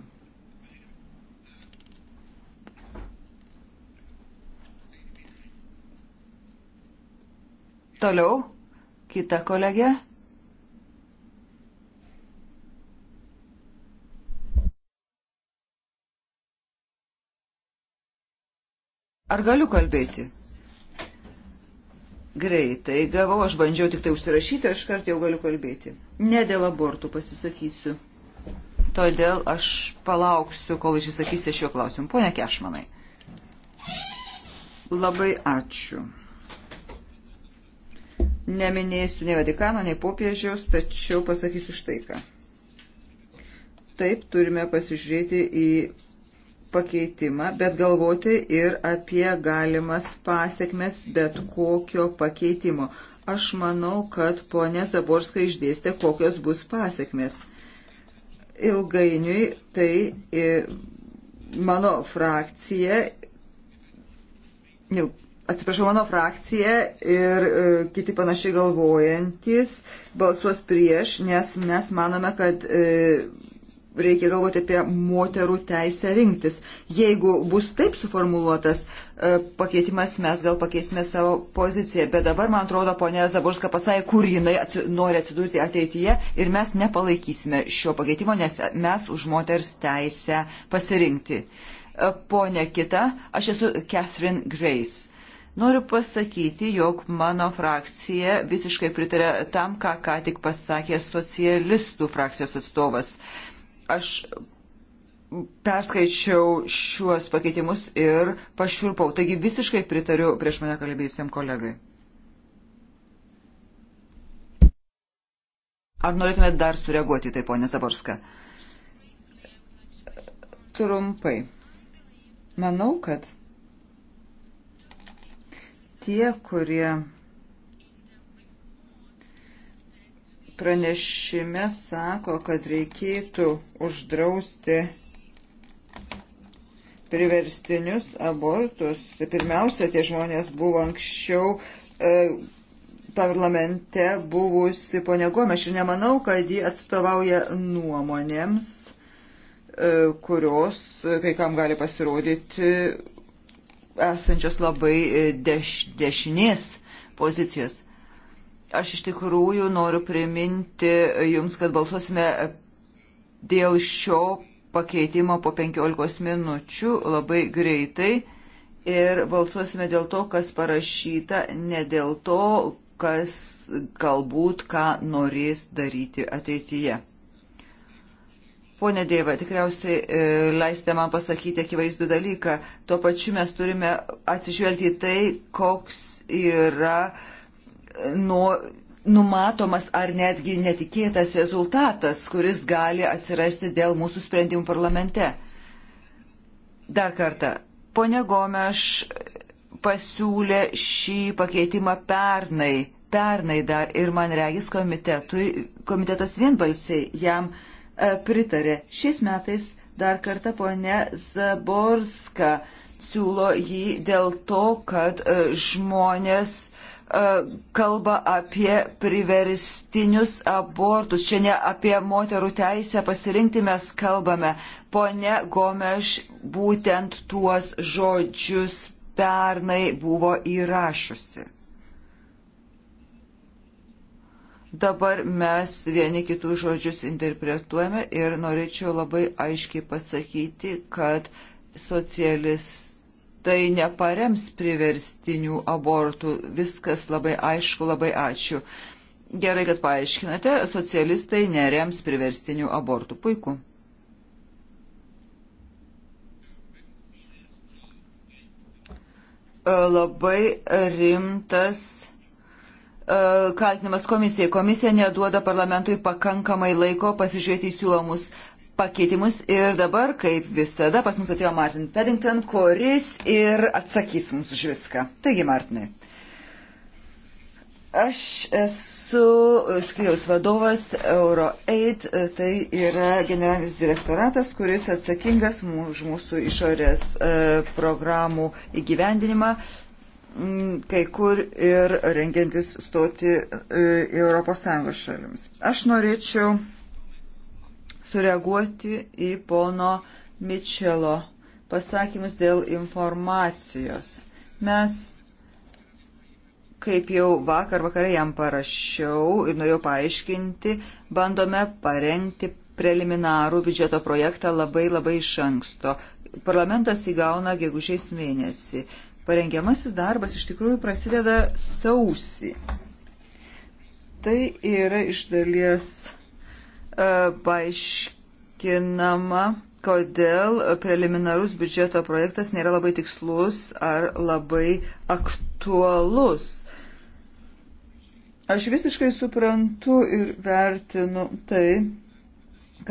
A: Toliau, kita kolegė. Ar galiu kalbėti? Greitai gavau, aš bandžiau tik tai užsirašyti, aš kart jau galiu kalbėti. Ne dėl abortų pasisakysiu. Todėl aš palauksiu, kol išsisakysite šiuo klausimu. Pone Kešmanai. Labai ačiū. Neminėsiu nei Vatikano, nei popiežiaus, tačiau pasakysiu štai ką. Taip turime pasižiūrėti į pakeitimą, bet galvoti ir apie galimas pasiekmes bet kokio pakeitimo. Aš manau, kad ponė Zaborska išdėstė, kokios bus pasiekmes. Ilgainiui tai e, mano frakcija, atsiprašau, mano frakcija ir e, kiti panašiai galvojantis balsuos prieš, nes mes manome, kad e, reikia galvoti apie moterų teisę rinktis. Jeigu bus taip suformuluotas e, pakeitimas, mes gal pakeisime savo poziciją. Bet dabar, man atrodo, ponė Zaborska pasakė, kur jinai atsi, nori atsidurti ateityje ir mes nepalaikysime šio pakeitimo, nes mes už moters teisę pasirinkti. E, Pone kita, aš esu Catherine Grace. Noriu pasakyti, jog mano frakcija visiškai pritarė tam, ką ką tik pasakė socialistų frakcijos atstovas. Uh, Aš perskaičiau šiuos pakeitimus ir pašiurpau. Taigi visiškai pritariu prieš mane kalbėjusiam kolegai. Ar norėtumėt dar sureaguoti tai, ponė Zaborska? Trumpai. Manau, kad tie, kurie pranešime sako, kad reikėtų uždrausti priverstinius abortus. Pirmiausia, tie žmonės buvo anksčiau e, parlamente buvusi ponė Gomeš ir nemanau, kad ji atstovauja nuomonėms, e, kurios kai kam gali pasirodyti esančios labai e, deš, dešinės pozicijos. Aš iš tikrųjų noriu priminti Jums, kad balsuosime dėl šio pakeitimo po 15 minučių labai greitai ir balsuosime dėl to, kas parašyta, ne dėl to, kas galbūt ką norės daryti ateityje. Pone Dėva, tikriausiai e, leiste man pasakyti akivaizdų dalyką. Tuo pačiu mes turime atsižvelgti į tai, koks yra e, nuo numatomas ar netgi netikėtas rezultatas, kuris gali atsirasti dėl mūsų sprendimų parlamente. Dar kartą, ponia Gomeš pasiūlė šį pakeitimą pernai, pernai dar ir man regis komitetui, komitetas vienbalsiai jam e, pritarė. Šiais metais dar kartą ponia Zaborska siūlo jį dėl to, kad e, žmonės E, kalba apie priverstinius abortus. Čia ne apie moterų teisę pasirinkti mes kalbame. Pone Gomeš būtent tuos žodžius pernai buvo įrašusi. Dabar mes vieni kitų žodžius interpretuojame ir norėčiau labai aiškiai pasakyti, kad socialistai tai neparems priverstinių abortų. Viskas labai aišku, labai ačiū. Gerai, kad paaiškinate, socialistai nerems priverstinių abortų. Puiku. E, labai rimtas e, kaltinimas komisijai. Komisija neduoda parlamentui pakankamai laiko pasižiūrėti į siūlomus pakeitimus ir dabar, kaip visada, pas mus atėjo Martin Paddington, kuris ir atsakys mums už viską. Taigi, Martinai, aš esu skiriaus vadovas EuroAid, tai yra generalinis direktoratas, kuris atsakingas už mūsų išorės e, programų įgyvendinimą kai kur ir rengiantis stoti e, į Europos Sąjungos šalims. Aš norėčiau sureaguoti į pono Mičelo pasakymus dėl informacijos. Mes, kaip jau vakar vakarai jam parašiau ir norėjau paaiškinti, bandome parengti preliminarų biudžeto projektą labai labai iš anksto. Parlamentas įgauna gegužės mėnesį. Parengiamasis darbas iš tikrųjų prasideda sausi. Tai yra iš dalies E, paaiškinama, kodėl preliminarus biudžeto projektas nėra labai tikslus ar labai aktualus. Aš visiškai suprantu ir vertinu tai,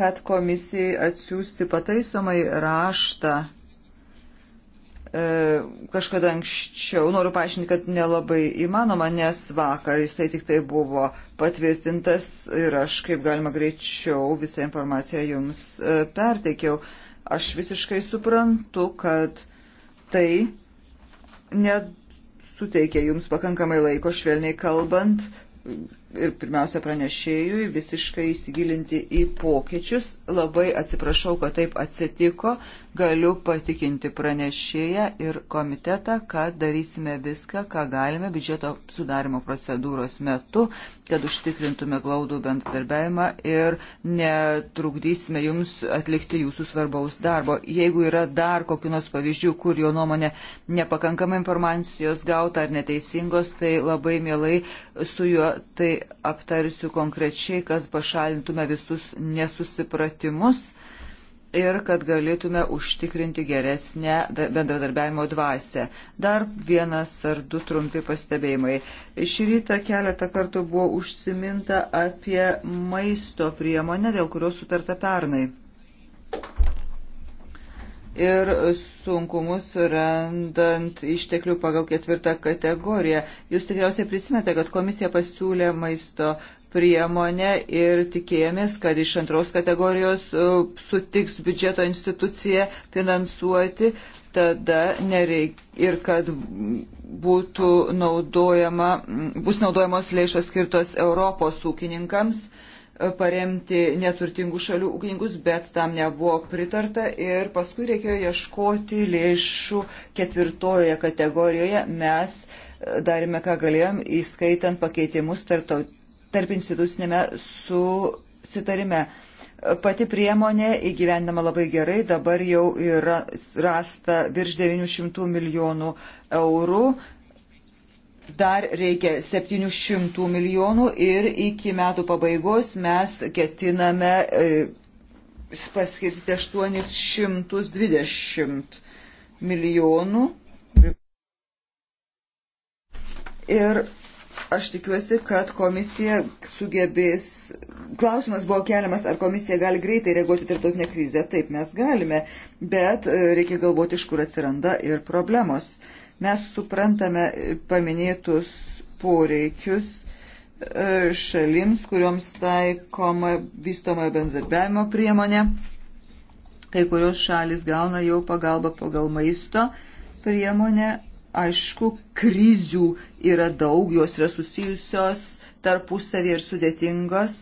A: kad komisijai atsiųsti pataisomai raštą E, kažkada anksčiau. Noriu paaiškinti, kad nelabai įmanoma, nes vakar jisai tik tai buvo patvirtintas ir aš kaip galima greičiau visą informaciją jums e, perteikiau. Aš visiškai suprantu, kad tai nesuteikia jums pakankamai laiko švelniai kalbant ir pirmiausia pranešėjui visiškai įsigilinti į pokyčius. Labai atsiprašau, kad taip atsitiko, Galiu patikinti pranešėją ir komitetą, kad darysime viską, ką galime biudžeto sudarimo procedūros metu, kad užtikrintume glaudų bendradarbiavimą ir netrukdysime jums atlikti jūsų svarbaus darbo. Jeigu yra dar kokių nors pavyzdžių, kur jo nuomonė nepakankamai informacijos gauta ar neteisingos, tai labai mielai su juo tai aptarsiu konkrečiai, kad pašalintume visus nesusipratimus ir kad galėtume užtikrinti geresnę bendradarbiavimo dvasę. Dar vienas ar du trumpi pastebėjimai. Šį rytą keletą kartų buvo užsiminta apie maisto priemonę, dėl kurios sutarta pernai. Ir sunkumus randant išteklių pagal ketvirtą kategoriją. Jūs tikriausiai prisimete, kad komisija pasiūlė maisto uh, priemonę ir tikėjomės, kad iš antros kategorijos e, sutiks biudžeto institucija finansuoti, tada nereik ir kad būtų naudojama, bus naudojamos lėšos skirtos Europos ūkininkams e, paremti neturtingų šalių ūkininkus, bet tam nebuvo pritarta ir paskui reikėjo ieškoti lėšų ketvirtojoje kategorijoje. Mes e, darėme, ką galėjom, įskaitant pakeitimus tarptautinių tarp institucinėme susitarime. Pati priemonė įgyvendama labai gerai, dabar jau yra rasta virš 900 milijonų eurų, dar reikia 700 milijonų ir iki metų pabaigos mes ketiname e, paskirti 820 milijonų. Ir Aš tikiuosi, kad komisija sugebės. Klausimas buvo keliamas, ar komisija gali greitai reaguoti tarptautinę krizę. Taip, mes galime, bet e, reikia galvoti, iš kur atsiranda ir problemos. Mes suprantame e, paminėtus poreikius e, šalims, kurioms taikoma vystoma bendarbiavimo priemonė. Kai kurios šalis gauna jau pagalbą pagal maisto priemonę, aišku, krizių yra daug, jos yra susijusios tarpusavį ir sudėtingos.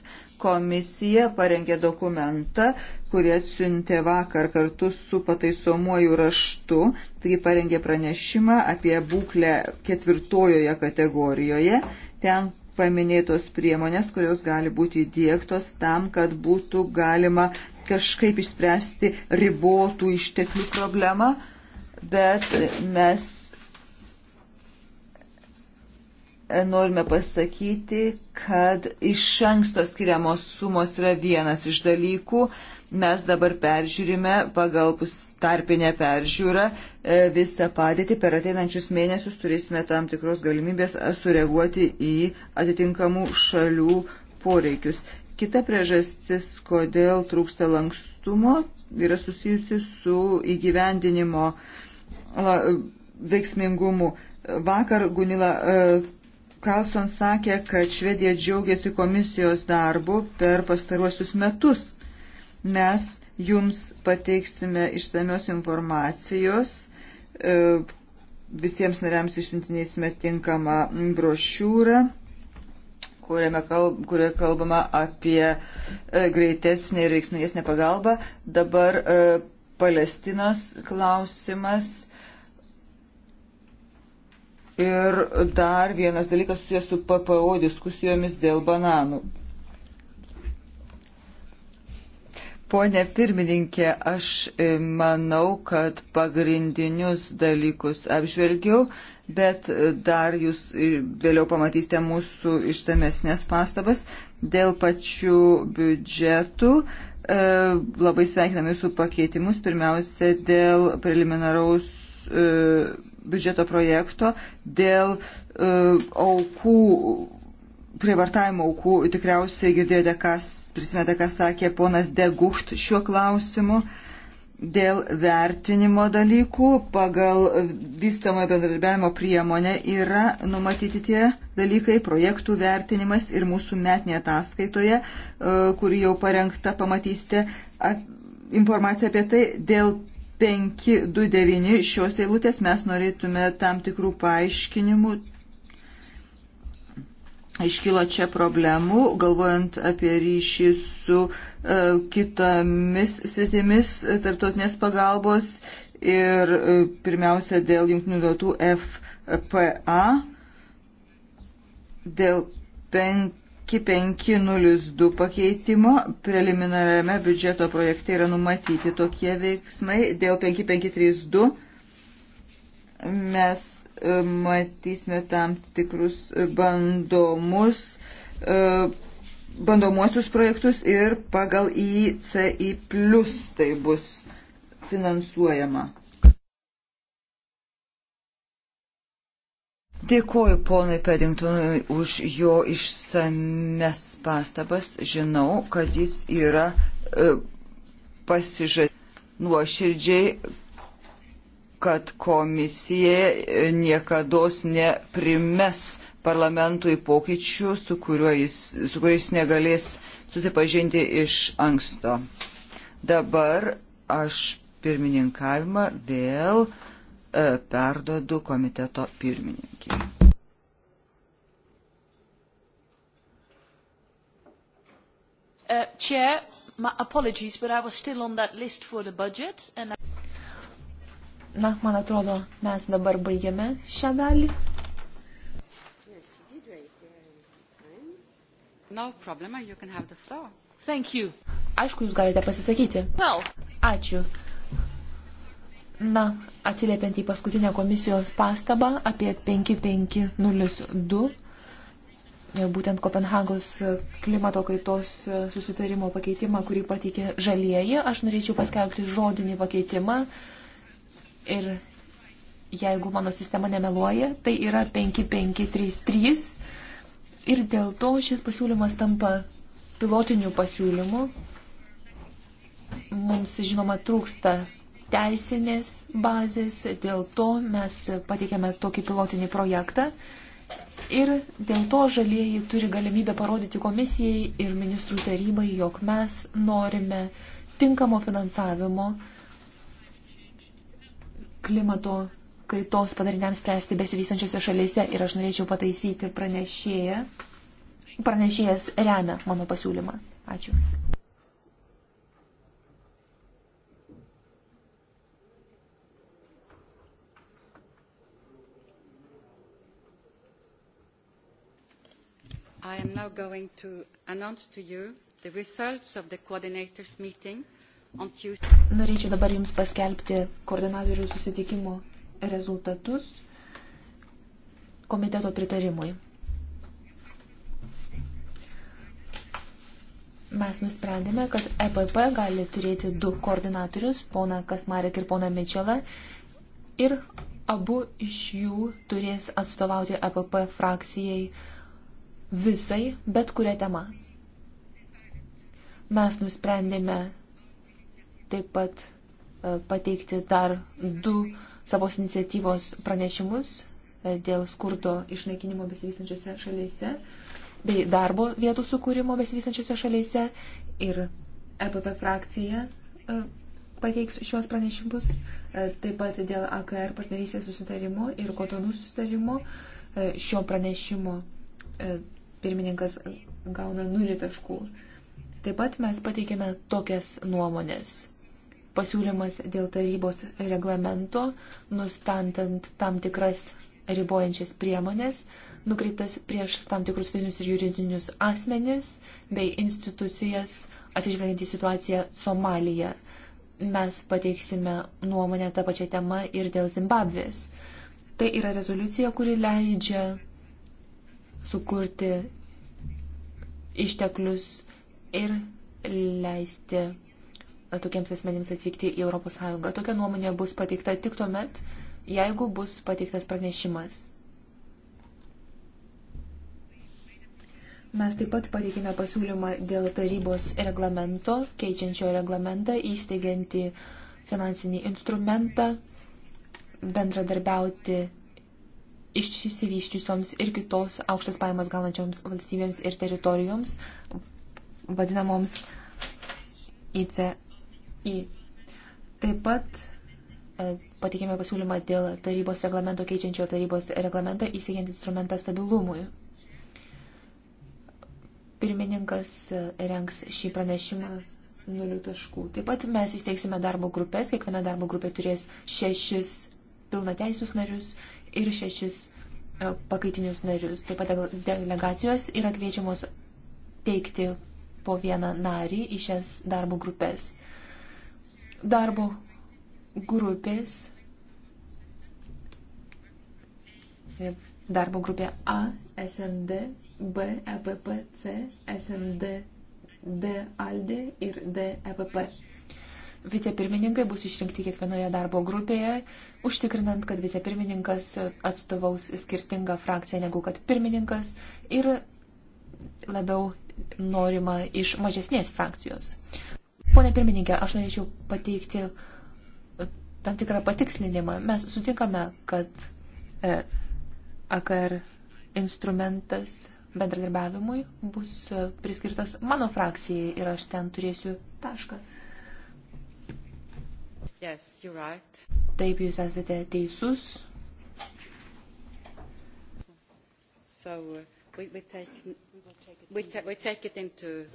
A: Komisija parengė dokumentą, kurį atsiuntė vakar kartu su pataisomuoju raštu. Taigi parengė pranešimą apie būklę ketvirtojoje kategorijoje. Ten paminėtos priemonės, kurios gali būti įdėktos tam, kad būtų galima kažkaip išspręsti ribotų išteklių problemą, bet mes norime pasakyti, kad iš anksto skiriamos sumos yra vienas iš dalykų. Mes dabar peržiūrime pagal tarpinę peržiūrą e, visą padėtį. Per ateinančius mėnesius turėsime tam tikros galimybės sureaguoti į atitinkamų šalių poreikius. Kita priežastis, kodėl trūksta lankstumo, yra susijusi su įgyvendinimo e, veiksmingumu. Vakar Gunila e, Karlson sakė, kad Švedija džiaugiasi komisijos darbu per pastaruosius metus. Mes jums pateiksime išsamios informacijos, e, visiems nariams išsiuntinėsime tinkamą brošiūrą, kurioje kalbama apie e, greitesnį ir veiksmingesnį pagalbą. Dabar e, Palestinos klausimas Ir dar vienas dalykas susijęs su PPO diskusijomis dėl bananų. Pone pirmininkė, aš e, manau, kad pagrindinius dalykus apžvelgiau, bet e, dar jūs e, vėliau pamatysite mūsų išsamesnės pastabas dėl pačių biudžetų. Labai sveikiname jūsų pakeitimus, pirmiausia, dėl preliminaraus biudžeto projekto dėl e, aukų, prievartavimo aukų. Tikriausiai girdėjote, kas, prisimėte, ką sakė ponas Degucht šiuo klausimu dėl vertinimo dalykų pagal vystamojo bendradarbiavimo priemonę yra numatyti tie dalykai, projektų vertinimas ir mūsų metinėje ataskaitoje, e, kuri jau parengta, pamatysite informaciją apie tai dėl 529 šios eilutės mes norėtume tam tikrų paaiškinimų. Iškilo čia problemų, galvojant apie ryšį su e, kitomis sritimis tarptautinės pagalbos ir e, pirmiausia dėl jungtinių tautų FPA, dėl pen, iki 502 pakeitimo preliminariame biudžeto projekte yra numatyti tokie veiksmai. Dėl 5532 mes e, matysime tam tikrus bandomus, e, bandomuosius projektus ir pagal ICI plus tai bus finansuojama. Dėkuoju ponui Pedingtonui už jo išsames pastabas. Žinau, kad jis yra e, pasižadėjęs nuoširdžiai, kad komisija e, niekada neprimes parlamentui pokyčių, su, jis, su kuriais negalės susipažinti iš anksto. Dabar aš pirmininkavimą vėl. Vėl E, perdodu komiteto pirmininkiai.
B: Uh, e, chair, my apologies, but I was still on that list for the budget. And I... Na, man atrodo, mes dabar baigiame šią dalį.
C: No problem, you can have the floor. Thank you.
B: Aišku, jūs galite pasisakyti. Well. Ačiū. Na, atsiliepiant į paskutinę komisijos pastabą apie 5502, e, būtent Kopenhagos klimato kaitos e, susitarimo pakeitimą, kurį pateikė žalieji, aš norėčiau paskelbti žodinį pakeitimą. Ir jeigu mano sistema nemeluoja, tai yra 5533. Ir dėl to šis pasiūlymas tampa pilotiniu pasiūlymu. Mums, žinoma, trūksta teisinės bazės, dėl to mes pateikėme tokį pilotinį projektą ir dėl to žalieji turi galimybę parodyti komisijai ir ministrų tarybai, jog mes norime tinkamo finansavimo klimato kaitos padariniams spręsti besivystančiose šalyse ir aš norėčiau pataisyti pranešėją. Pranešėjas remia mano pasiūlymą. Ačiū.
C: I am now going to announce to you the results of the coordinators meeting on Tuesday.
B: Norėčiau dabar Jums paskelbti koordinatorių susitikimo rezultatus komiteto pritarimui. Mes nusprendėme, kad EPP gali turėti du koordinatorius, poną Kasmarek ir poną Mičelą, ir abu iš jų turės atstovauti EPP frakcijai visai bet kurią temą. Mes nusprendėme taip pat e, pateikti dar du savos iniciatyvos pranešimus e, dėl skurdo išnaikinimo besivystančiose šalyse bei darbo vietų sukūrimo besivystančiose šalyse ir EPP frakcija e, pateiks šiuos pranešimus taip pat dėl AKR partnerystės susitarimo ir kotonų susitarimo šio pranešimo pirmininkas gauna nulį taškų. Taip pat mes pateikėme tokias nuomonės. Pasiūlymas dėl tarybos reglamento, nustantant tam tikras ribojančias priemonės, nukreiptas prieš tam tikrus fizinius ir juridinius asmenis bei institucijas, atsižvelgiant į situaciją Somalija. Mes pateiksime nuomonę tą pačią temą ir dėl Zimbabvės. Tai yra rezoliucija, kuri leidžia sukurti išteklius ir leisti tokiems asmenims atvykti į ES. Tokia nuomonė bus pateikta tik tuo met, jeigu bus pateiktas pranešimas. Mes taip pat pateikėme pasiūlymą dėl tarybos reglamento, keičiančio reglamentą, įsteigianti finansinį instrumentą, bendradarbiauti išsivyščiusioms ir kitos aukštas pajamas gaunančioms valstybėms ir teritorijoms, vadinamoms ICI. Taip pat e, pateikėme pasiūlymą dėl tarybos reglamento keičiančio tarybos reglamentą įsijant instrumentą stabilumui. Pirmininkas e, rengs šį pranešimą nulių taškų. Taip pat mes įsteigsime darbo grupės, kiekviena darbo grupė turės šešis pilnateisius narius ir šešis e, pakaitinius narius. Taip pat delegacijos yra kviečiamos teikti po vieną narį į šias darbo grupės. Darbo grupės. E, darbo grupė A, SND, B, EPPC, SND, D, ALDE ir D, EPP. Vicepirmininkai bus išrinkti kiekvienoje darbo grupėje, užtikrinant, kad vicepirmininkas atstovaus skirtingą frakciją negu kad pirmininkas ir labiau norima iš mažesnės frakcijos. Pone pirmininkė, aš norėčiau pateikti tam tikrą patikslinimą. Mes sutinkame, kad e, AKR instrumentas bendradarbiavimui bus e, priskirtas mano frakcijai ir aš ten turėsiu tašką.
C: Yes, you're right.
B: Taip, jūs esate teisus.
C: So, uh, we, we take, we ta, we take it into...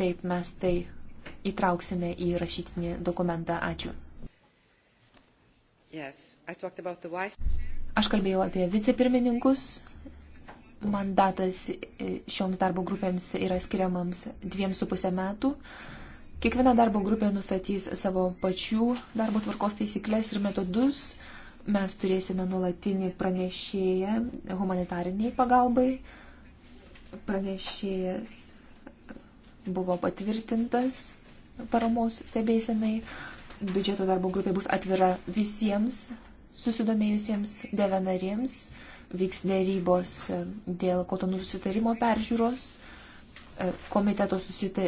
B: Taip, mes tai įtrauksime į rašytinį dokumentą. Ačiū. Yes, Aš kalbėjau apie vicepirmininkus. Mandatas e, šioms darbo grupėms yra skiriamams dviem su pusę metų. Uh, Kiekviena darbo grupė nustatys savo pačių darbo tvarkos taisyklės ir metodus. Mes turėsime nuolatinį pranešėją humanitariniai pagalbai. Pranešėjas buvo patvirtintas paramos stebėsenai. Biudžeto darbo grupė bus atvira visiems susidomėjusiems devenariems. Vyks dėrybos dėl kotonų susitarimo peržiūros E, komiteto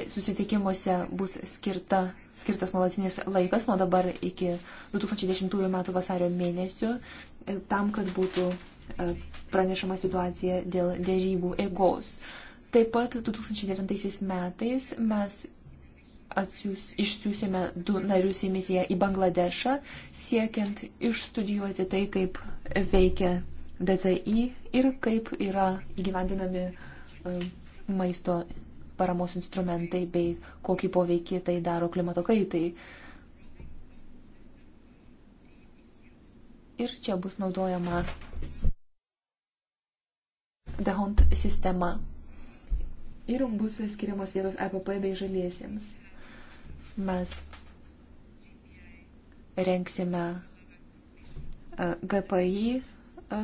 B: susitikimuose bus skirta, skirtas nuolatinis laikas nuo dabar iki 2010 m. vasario mėnesio e, tam, kad būtų e, pranešama situacija dėl dėrybų eigos. Taip pat 2009 metais mes atsiūs, išsiųsime du narius į misiją į Bangladešą, siekiant išstudijuoti tai, kaip veikia DCI ir kaip yra įgyvendinami uh, maisto paramos instrumentai bei kokį poveikį tai daro klimato kaitai. Ir čia bus naudojama Dehont sistema. Ir bus skiriamos vietos EPP bei žaliesiems. Mes renksime e, GPI e,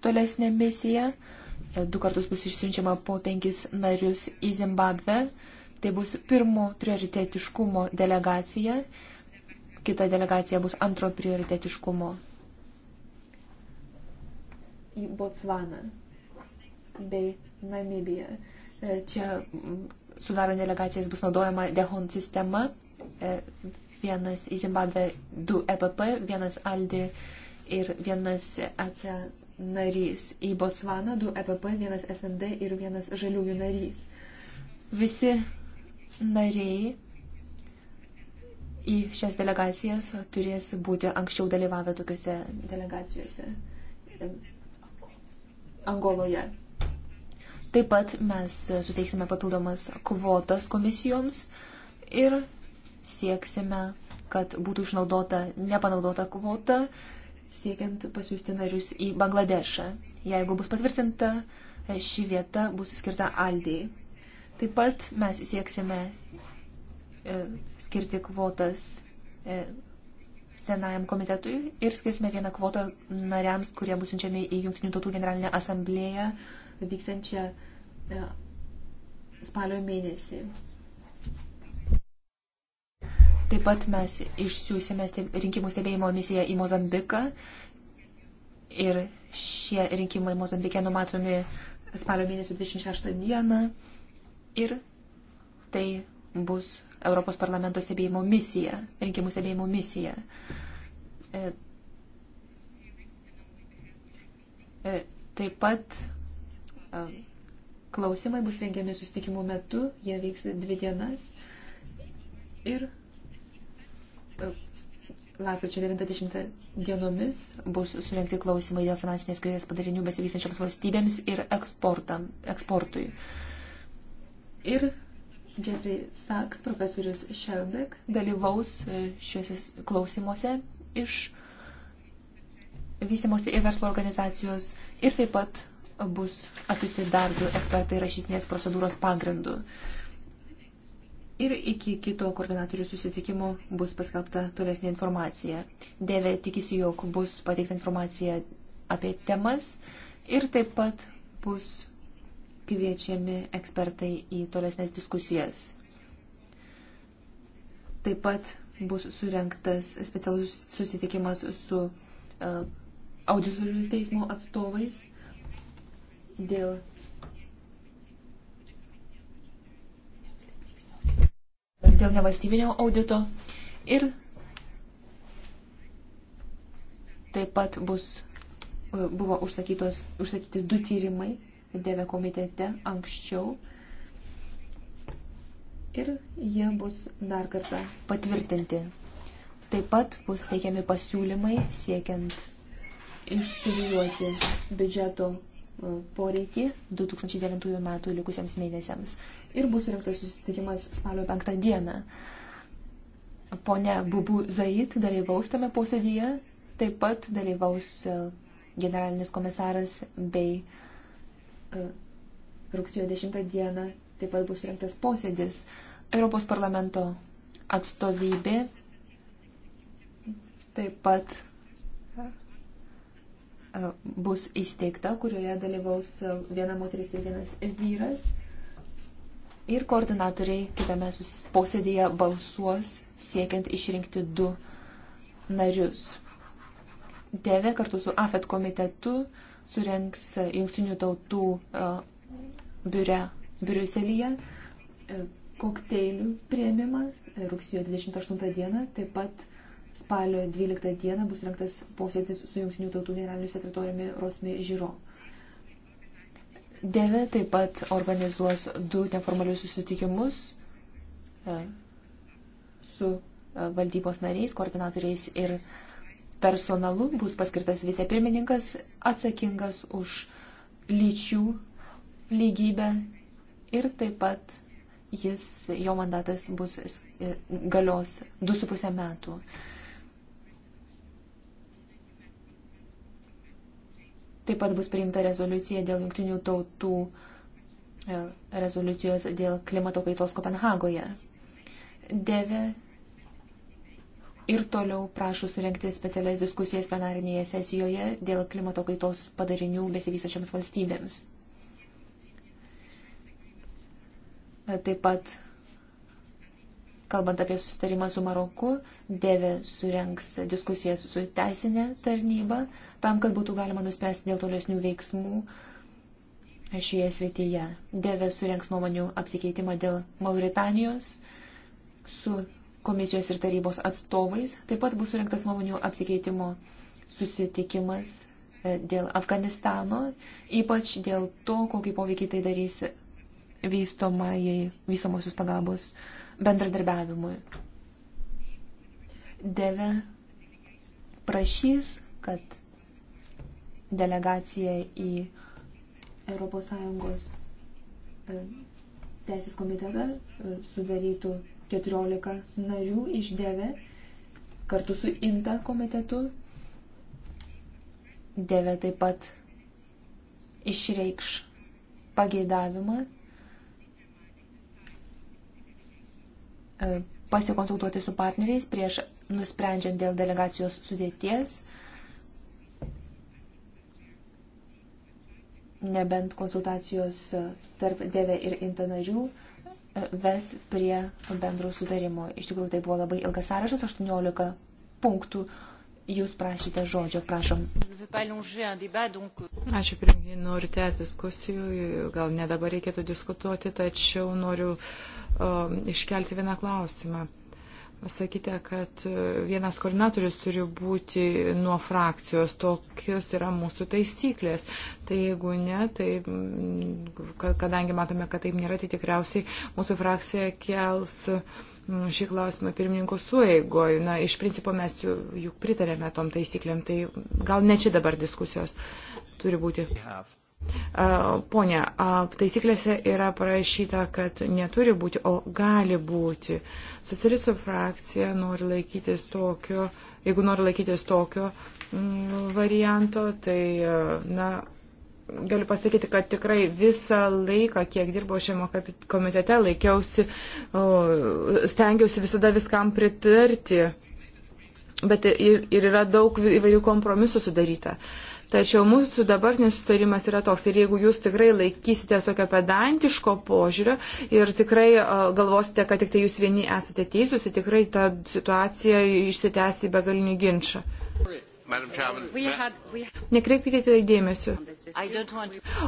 B: tolesnę misiją Du kartus bus išsiunčiama po penkis narius į Zimbabvę. Tai bus pirmo prioritetiškumo delegacija. Kita delegacija bus antro prioritetiškumo į Botsvaną bei Namibiją. Čia sudarant delegacijas bus naudojama Dehon sistema. E, vienas į Zimbabvę, du EPP, vienas Aldi ir vienas ECR narys, į Botsvaną 2 EPP, 1 SND ir 1 Žaliųjų narys. Visi nariai į šias delegacijas turės būti anksčiau dalyvavę tokiuose delegacijose Angoloje. Taip pat mes suteiksime papildomas kvotas komisijoms ir sieksime, kad būtų išnaudota nepanaudota kvota siekiant pasiūsti narius į Bangladešą. Jeigu bus patvirtinta, e, ši vieta bus skirta Aldijai. Taip pat mes sieksime e, skirti kvotas e, senajam komitetui ir skirsime vieną kvotą nariams, kurie bus siunčiami į Junktinių tautų generalinę asamblėją vyksiančią spalio mėnesį. Taip pat mes išsiųsime rinkimų stebėjimo misiją į Mozambiką ir šie rinkimai Mozambike numatomi spalio mėnesio 26 dieną ir tai bus Europos parlamento stebėjimo misija, rinkimų stebėjimo misija. E, e, taip pat e, klausimai bus rengiami susitikimų metu, jie vyks dvi dienas ir Lapkričio 90 dienomis bus surinkti klausimai dėl finansinės krizės padarinių besivystančioms valstybėms ir eksportam, eksportui. Ir Jeffrey Sachs, profesorius Sherbeck, dalyvaus e, šiuose klausimuose iš vystimosi ir verslo organizacijos ir taip pat bus atsiusti dar du ekspertai rašytinės procedūros pagrindu. Uh, ir iki kito koordinatorių susitikimo bus paskelbta tolesnė informacija. Deve tikisi, jog bus pateikta informacija apie temas ir taip pat bus kviečiami ekspertai į tolesnės diskusijas. Taip pat bus surinktas specialus susitikimas su uh, auditorių teismo atstovais dėl dėl nevalstybinio audito ir taip pat bus, buvo užsakyti du tyrimai Deve komitete anksčiau ir jie bus dar kartą patvirtinti. Taip pat bus teikiami pasiūlymai siekiant išstudijuoti biudžeto e, poreikį 2009 metų likusiems mėnesiams ir bus surinktas susitikimas spalio 5 dieną. Pone Bubu Zait dalyvaus tame posėdyje, taip pat dalyvaus e, generalinis komisaras bei e, rugsėjo 10 dieną taip pat bus surinktas posėdis Europos parlamento atstovybė taip pat e, bus įsteigta, kurioje dalyvaus viena moteris ir vienas vyras ir koordinatoriai kitame posėdėje balsuos siekiant išrinkti du narius. DV kartu su AFET komitetu surenks e, Junktinių tautų e, biure Briuselyje e, kokteilių prieimimą rugsėjo 28 dieną. Taip pat spalio 12 dieną bus rengtas posėdis su Junktinių tautų generaliniu sekretoriumi Rosmi Žiro. Deve taip pat organizuos du neformalius susitikimus e, su e, valdybos nariais, koordinatoriais ir personalu. Bus paskirtas vicepirmininkas atsakingas už lyčių lygybę ir taip pat jis, jo mandatas bus e, galios 2,5 metų. Taip pat bus priimta rezoliucija dėl jungtinių tautų e, rezoliucijos dėl klimato kaitos Kopenhagoje. Deve ir toliau prašo surenkti specialias diskusijas plenarinėje sesijoje dėl klimato kaitos padarinių besivysačiams valstybėms. E, taip pat, kalbant apie susitarimą su Maroku, Deve surenks diskusijas su teisinė tarnyba tam, kad būtų galima nuspręsti dėl tolesnių veiksmų šioje srityje. Deve surenks nuomonių apsikeitimą dėl Mauritanijos su komisijos ir tarybos atstovais. Taip pat bus surinktas nuomonių apsikeitimo susitikimas e, dėl Afganistano, ypač dėl to, kokį poveikį tai darys vystomosios pagalbos bendradarbiavimui. Deve prašys, kad delegaciją į ES e, teisės komitetą e, sudarytų 14 narių iš DV kartu su INTA komitetu. DV taip pat išreikš pageidavimą e, pasikonsultuoti su partneriais prieš nusprendžiant dėl delegacijos sudėties nebent konsultacijos tarp Deve ir Inta narių e, ves prie bendrų sutarimų. Iš tikrųjų, tai buvo labai ilgas sąrašas, 18 punktų. Jūs prašyte žodžio, prašom.
C: Ačiū,
B: pirmininkai, noriu tęsti diskusijų,
D: gal ne dabar reikėtų diskutuoti, tačiau noriu um, iškelti vieną klausimą. Uh, Pasakyte, kad e, vienas koordinatorius turi būti nuo frakcijos, tokios yra mūsų taisyklės. Tai jeigu ne, tai kadangi matome, kad taip nėra, tai tikriausiai mūsų frakcija kels šį klausimą pirmininkų sueigoje. Na, iš principo mes juk pritarėme tom taisyklėm, tai gal ne čia dabar diskusijos turi būti. We have. Pone, taisyklėse yra parašyta, kad neturi būti, o gali būti. Socialistų frakcija nori laikytis tokio, jeigu nori laikytis tokio mm, varianto, tai, na, galiu pasakyti, kad tikrai visą laiką, kiek dirbau šiame komitete, laikiausi, stengiausi visada viskam pritarti. Bet ir, ir yra daug įvairių kompromisų sudaryta. Tačiau mūsų dabartinis sutarimas yra toks. Ir jeigu jūs tikrai laikysite tokio pedantiško požiūrio ir tikrai e, galvosite, kad tik tai jūs vieni esate teisūs, tai tikrai ta situacija išsitęs į begalinį ginčą. Great. Nekreipkite į dėmesį.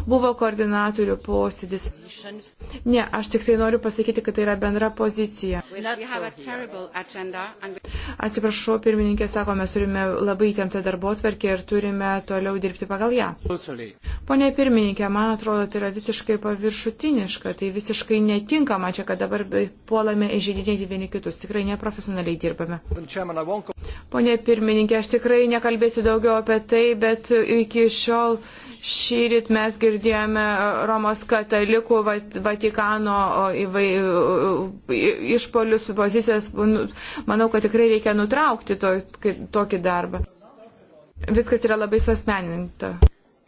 D: Buvo koordinatorių posėdis. Ne, aš tik tai noriu pasakyti, kad tai yra bendra pozicija. Atsiprašau, pirmininkė sako, mes turime labai įtemptą darbo tvarkę ir turime toliau dirbti pagal ją. Pone pirmininkė, man atrodo, tai yra visiškai paviršutiniška, tai visiškai netinkama čia, kad dabar puolame įžeidinėti vieni kitus. Tikrai neprofesionaliai dirbame. Pone pirmininkė, aš tikrai nekalbėjau kalbėsiu daugiau apie tai, bet iki šiol šį ryt mes girdėjome Romos katalikų Vatikano įvai, išpolius, pozicijas. Nu, manau, kad tikrai reikia nutraukti to, tokį darbą. Viskas yra labai suosmeninta.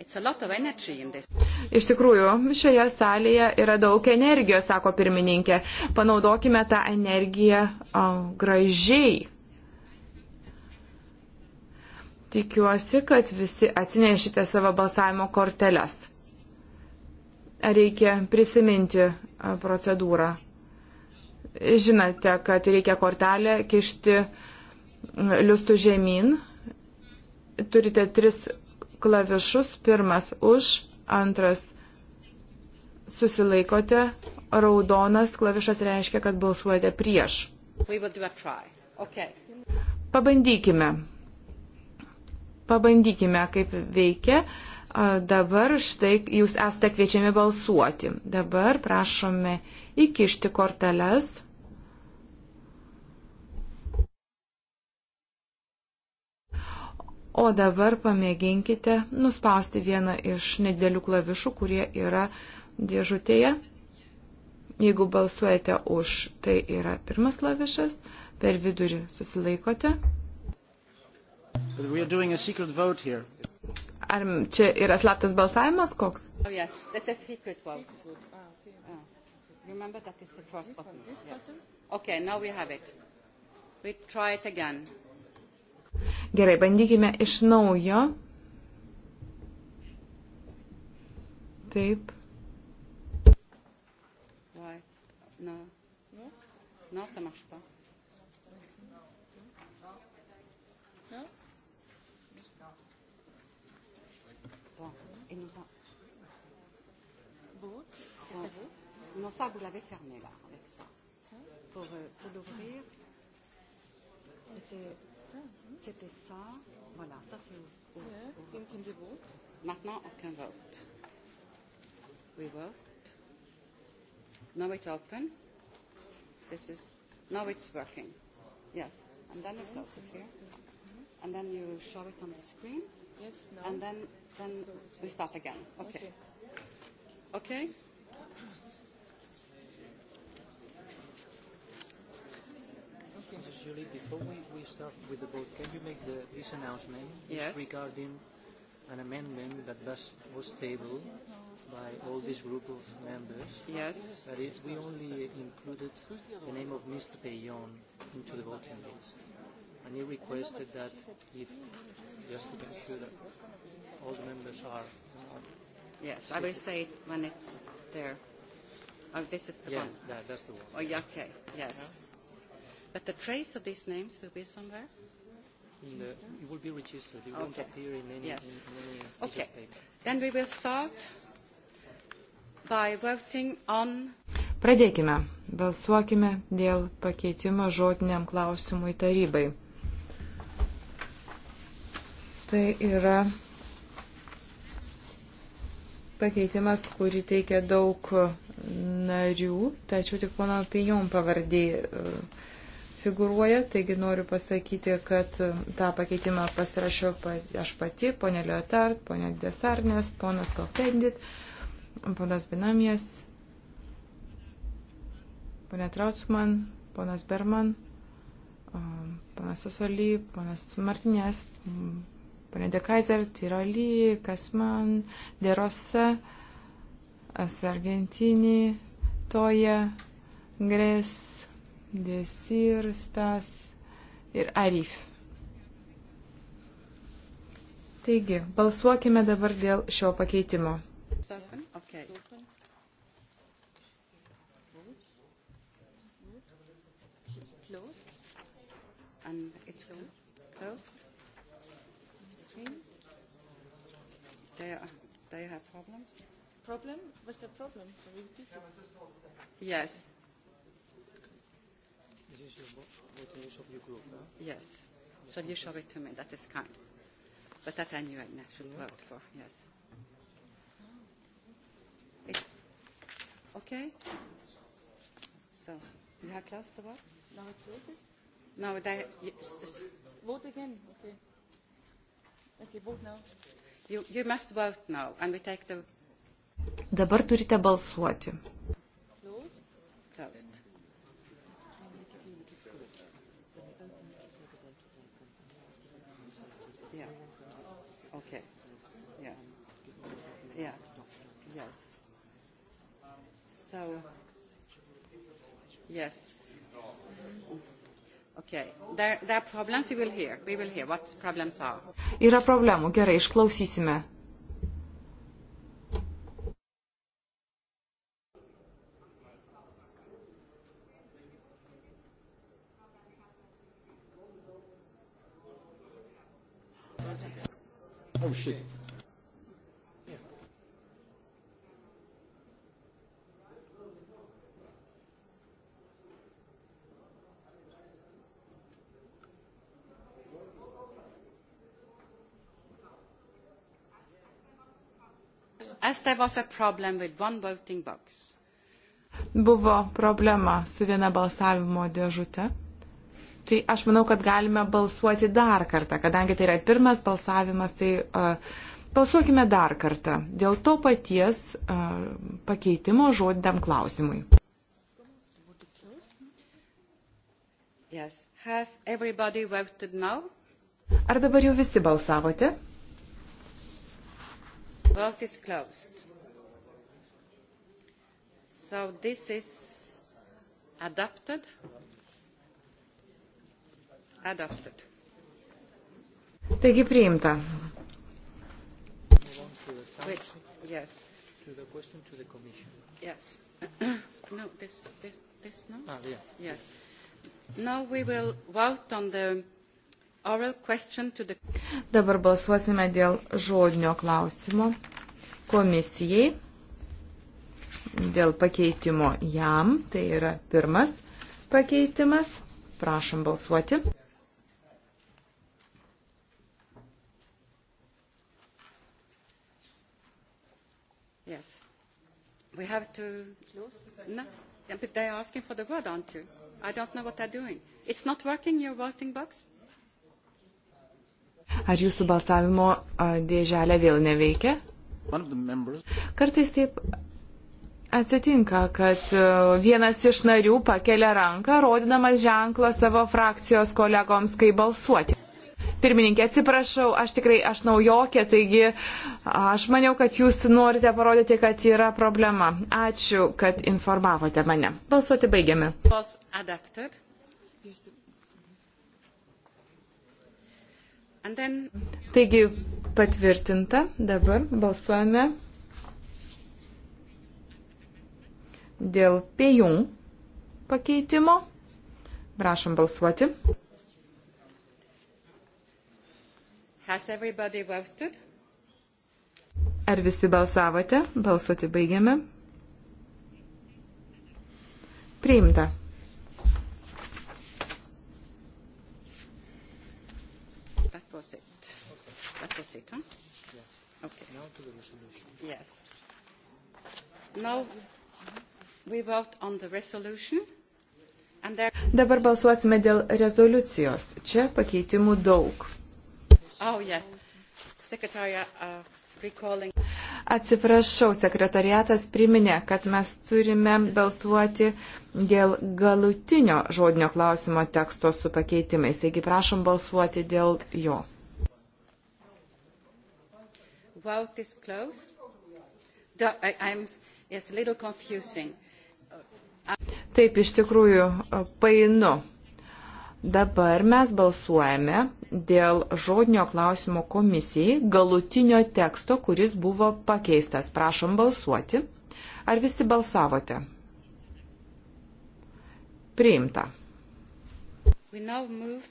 C: Iš
D: tikrųjų, šioje salėje yra daug energijos, sako pirmininkė. Panaudokime tą energiją o, gražiai tikiuosi, kad visi atsinešite savo balsavimo korteles. Reikia prisiminti procedūrą. Žinote, kad reikia kortelę kišti liustų žemyn. Turite tris klavišus. Pirmas už, antras susilaikote, raudonas klavišas reiškia, kad balsuojate prieš. Okay. Pabandykime. Pabandykime, kaip veikia. Dabar štai jūs esate kviečiami balsuoti. Dabar prašome įkišti korteles. O dabar pamėginkite nuspausti vieną iš nedėlių klavišų, kurie yra dėžutėje. Jeigu balsuojate už, tai yra pirmas klavišas, per vidurį susilaikote. Ar čia yra slaptas balsavimas koks?
C: Oh, yes. Ah, ah. Remember that is the first this button. One, this yes. button? Okay, now we have it. We try it again.
D: Gerai, bandykime iš naujo. Taip.
C: Right. No. No, ça marche pas. Non, ça, vous l'avez fermé, là, avec ça. Pour, euh, pour l'ouvrir, c'était ça. Voilà, ça, c'est
D: ouvert. Yeah, in, in the vote.
C: Maintenant, aucun vote. We vote. Now it's open. This is... Now it's working. Yes. And then you close it here. And then you show it on the screen. Yes, now. And then, then we start again. Okay. Okay? okay?
E: Julie, before we, we start with the vote, can you make the, this announcement yes. It's regarding an amendment that was, was tabled by all this group of members? Yes. That is, we only included the name of Mr. Payon into the voting list. And he requested that if, just to make sure that all the members are... Uh, yes, I will say it
C: when it's there. Oh, this is the yeah, one. Yeah, that, that's the one. Oh, yeah, okay, yes. Yeah? But the trace of these names will be somewhere?
E: In the, it will be registered. It okay. won't appear in any, yes. in, in any okay. piece of paper.
C: Then we will start by voting on...
D: Pradėkime. Balsuokime dėl pakeitimo žodiniam klausimui tarybai. Tai yra pakeitimas, kurį teikia daug narių, tačiau tik pono Pijom pavardė figuruoja, taigi noriu pasakyti, kad e, tą pakeitimą pasirašiau aš pati, ponė Leotard, ponė Desarnės, ponas Kopendit, ponas Binamijas, ponė Trautsman, ponas Berman, ponas Sosoly, ponas Martinės, ponė Dekaiser, Tiroly, Kasman, Derosa, Asargentini, Toja, Grės. Desir, Stas ir Arif. Taigi, balsuokime dabar dėl šio pakeitimo.
C: Okay. and it's closed. They, are, they have problems.
D: Problem? What's the problem? Repeat.
C: Yes.
E: This is your voting list of your group, huh? Yes. So you show
C: it to me. That is kind. But that I knew I should yeah. vote for. Yes. It, okay. So you have closed the vote.
B: Now it's voted. No, that. You, vote
C: again. Okay. Okay, vote now. You, you must vote now, and we take the.
D: Dabar turite balsuoti.
E: Closed. Closed. So, yes.
C: Okay. There, there are problems, we will hear. We will hear what problems are. Yra
D: problemų, gerai, išklausysime.
C: as there was a problem with one voting box.
D: Buvo problema su viena balsavimo dėžute. Tai aš manau, kad galime balsuoti dar kartą, kadangi tai yra pirmas balsavimas, tai uh, balsuokime dar kartą dėl to paties uh, pakeitimo žodiniam klausimui. Yes. Ar dabar jau visi balsavote?
C: Vote is closed. So this is adopted.
E: Adopted.
D: Taigi priimta.
E: Wait, yes. To the question to the commission.
C: Yes. no, this, this, this, no? Ah, yeah. Yes. Now we will vote on the The... Dabar
D: balsuosime dėl žodinio klausimo komisijai, dėl pakeitimo jam, tai yra pirmas pakeitimas. Prašom balsuoti.
C: Yes. We have to close the second. No, but they're asking for the word, aren't you? I don't know what they're doing. It's not working, your voting box?
D: Ar jūsų balsavimo dėželė vėl neveikia? Kartais taip atsitinka, kad vienas iš narių pakelia ranką, rodydamas ženklą savo frakcijos kolegoms, kai balsuoti. Pirmininkė, atsiprašau, aš tikrai, aš naujokė, taigi aš maniau, kad jūs norite parodyti, kad yra problema. Ačiū, kad informavote mane. Balsuoti baigiame.
C: Adapted. Then...
D: Taigi patvirtinta, dabar balsuojame dėl pėjų pakeitimo. Prašom balsuoti. Ar visi balsavote? Balsuoti baigiame. Priimta.
C: was it, huh? Yeah. Okay.
E: Now to the resolution. Yes.
C: Now we vote on the resolution. There...
D: Dabar balsuosime dėl rezoliucijos. Čia pakeitimų daug.
C: Oh, yes. Secretaria, uh, recalling...
D: Atsiprašau, sekretariatas priminė, kad mes turime balsuoti dėl galutinio žodinio klausimo teksto su pakeitimais. Taigi prašom balsuoti dėl jo.
C: Vote is closed. The, I, I'm, yes, little confusing.
D: Taip, iš tikrųjų, painu. Dabar mes balsuojame dėl žodinio klausimo komisijai galutinio teksto, kuris buvo pakeistas. Prašom balsuoti. Ar visi balsavote? Priimta.
C: We now move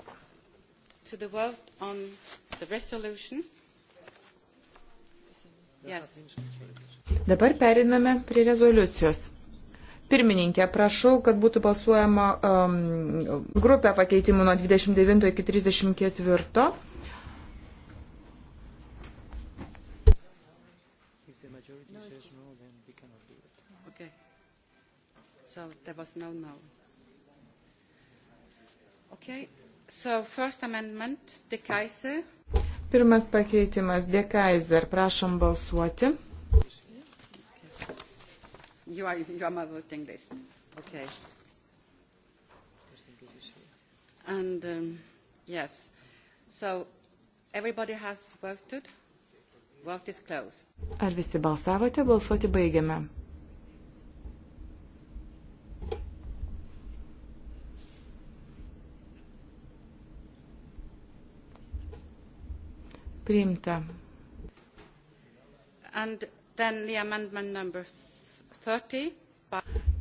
C: to the vote on the resolution.
E: Yes.
D: Dabar periname prie rezoliucijos. Pirmininkė, prašau, kad būtų balsuojama um, grupė pakeitimų nuo 29 iki 34.
C: Okay. So there was no no.
D: Okay. So first
C: amendment, De Kaiser.
D: Pirmas pakeitimas Dekaiser. Prašom balsuoti.
C: You are, you are my voting list. Okay. And um, yes, so everybody has voted. Vote is closed.
D: Ar visi balsavote? Balsuoti baigiame. Priimta.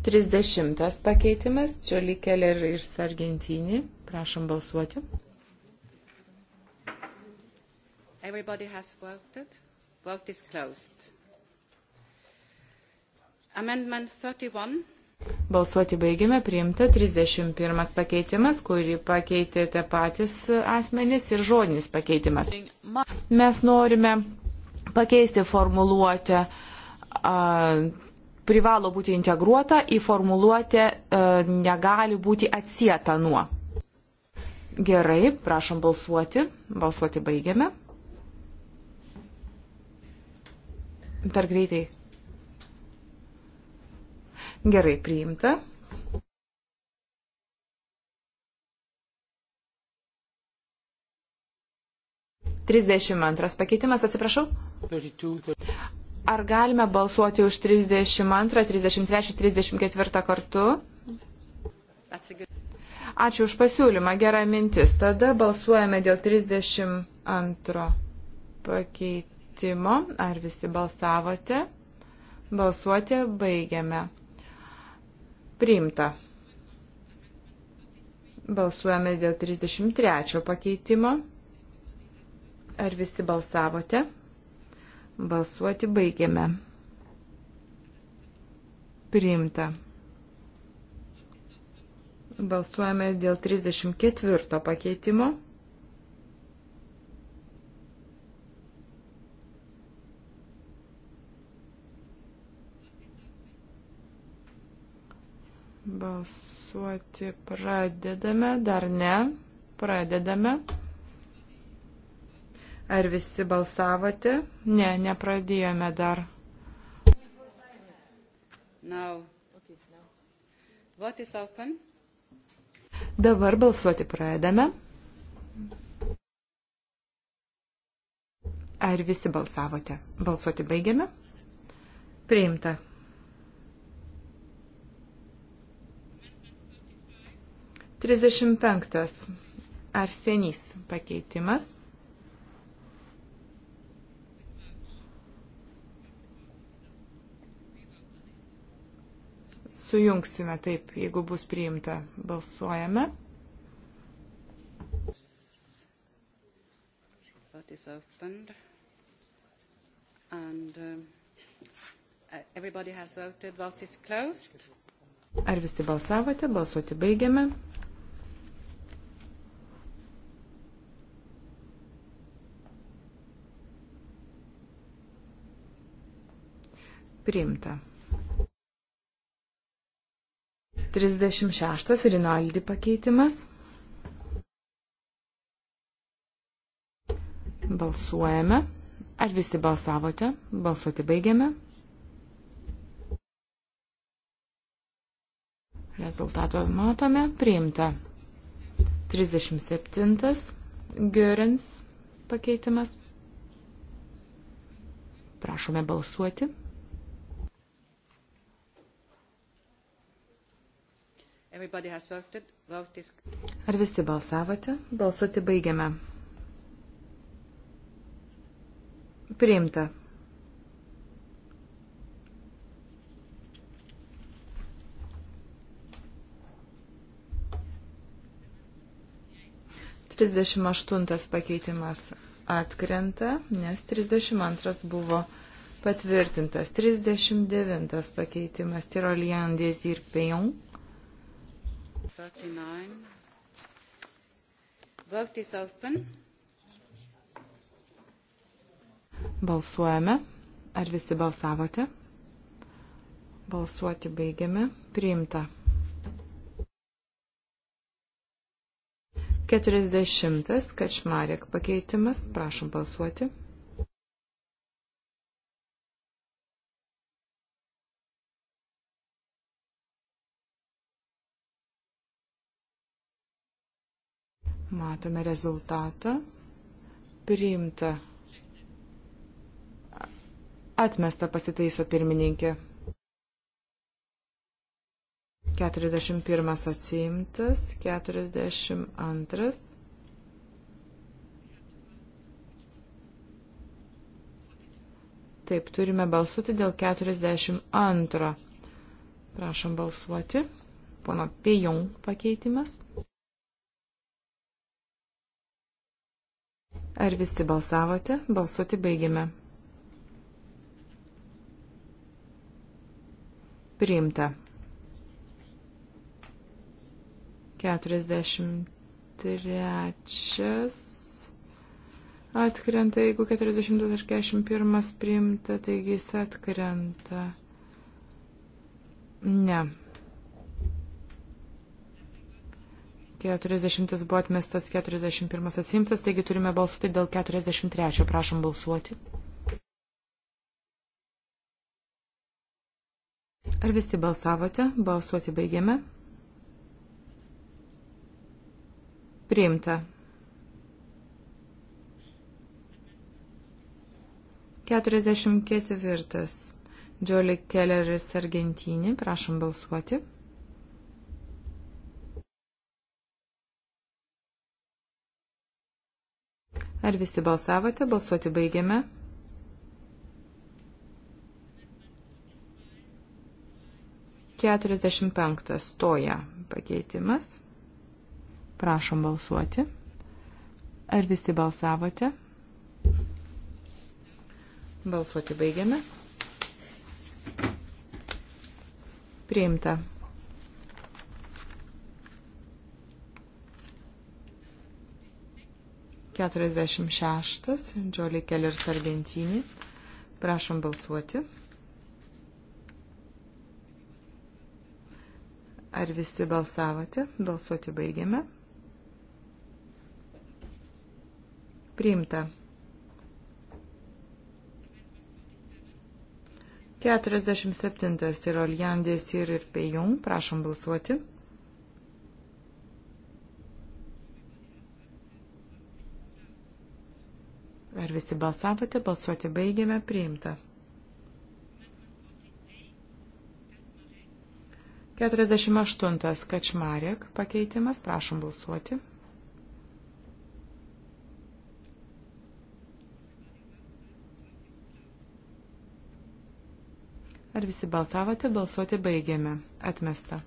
D: Trisdešimtas pakeitimas, Čioli Keller ir Sargentinį. Prašom balsuoti.
C: Everybody has voted. Vote is closed. Amendment 31.
D: Balsuoti baigėme, priimta 31 pakeitimas, kurį pakeitė tie patys asmenys ir žodinis pakeitimas. Mes norime pakeisti formuluotę. Uh, privalo būti integruota į formuluotę uh, negali būti atsieta nuo. Gerai, prašom balsuoti. Balsuoti baigiame. Per greitai Gerai priimta. Trisdešimt antras pakeitimas, atsiprašau. Ar galime balsuoti už 32, 33, 34 kartu? Ačiū už pasiūlymą, gera mintis. Tada balsuojame dėl 32 pakeitimo. Ar visi balsavote? Balsuoti baigiame. Priimta. Balsuojame dėl 33 pakeitimo. Ar visi balsavote? Balsuoti baigiame. Priimta. Balsuojame dėl 34 pakeitimo. Balsuoti pradedame, dar ne. Pradedame. Ar visi balsavote? Ne, nepradėjome dar.
C: Now. What is open?
D: Dabar balsuoti pradedame. Ar visi balsavote? Balsuoti baigiame? Priimta. 35. Arsenys pakeitimas. Sujungsime taip, jeigu bus priimta. Balsuojame.
C: Vote is opened. And um, everybody has voted. Vote is closed.
D: Ar visi balsavote? Balsuoti baigiame. Priimta. 36 Rinaldi pakeitimas. Balsuojame. Ar visi balsavote? Balsuoti baigiame. Rezultato matome. Priimta. 37 Görens pakeitimas. Prašome balsuoti. Ar visi balsavote? Balsuoti baigiame. Priimta. Trisdešimt aštuntas pakeitimas atkrenta, nes 32 buvo patvirtintas. 39 pakeitimas Tirolien Dezir Pejon
C: 39. Vote is open.
D: Balsuojame. Ar visi balsavote? Balsuoti baigiame. Priimta. 40. Kačmarek pakeitimas. Prašom balsuoti. Matome rezultatą. Priimta. Atmesta pasitaiso pirmininkė. 41 atsiimtas, 42. Taip, turime balsuoti dėl 42. Prašom balsuoti. Pono Pejung pakeitimas. Ar visi balsavote? Balsuoti baigėme. Priimta. 43. Atkrenta, jeigu 40.41 priimta, taigi jis atkrenta. Ne. 40 buvo atmestas, 41 atsimtas, taigi turime balsuoti dėl 43. Prašom balsuoti. Ar visi balsavote? Balsuoti baigiame. Priimta. 44. Džioli Kelleris Argentinį. Prašom balsuoti. Ar visi balsavote? Balsuoti baigiame. Keturiasdešimt penktas stoja pakeitimas. Prašom balsuoti. Ar visi balsavote? Balsuoti baigiame. Priimta. 46. Džiolį Keller Sargentinį. Prašom balsuoti. Ar visi balsavote? Balsuoti baigiame. Priimta. 47. Ir Oljandės ir ir Pejung. Prašom balsuoti. Ar visi balsavote? Balsuoti baigiame. Priimta. 48. Kačmarek pakeitimas. Prašom balsuoti. Ar visi balsavote? Balsuoti baigiame. Atmesta.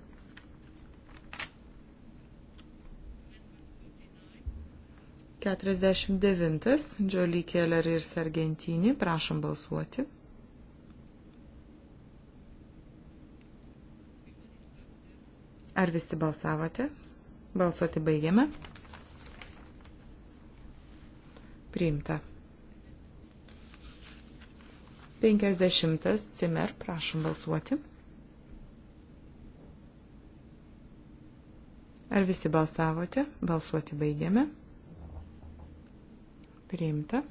D: 49. Džoly Keller ir Sargentinį. Prašom balsuoti. Ar visi balsavote? Balsuoti baigiame. Priimta. 50. Cimer. Prašom balsuoti. Ar visi balsavote? Balsuoti baigiame. Priimta.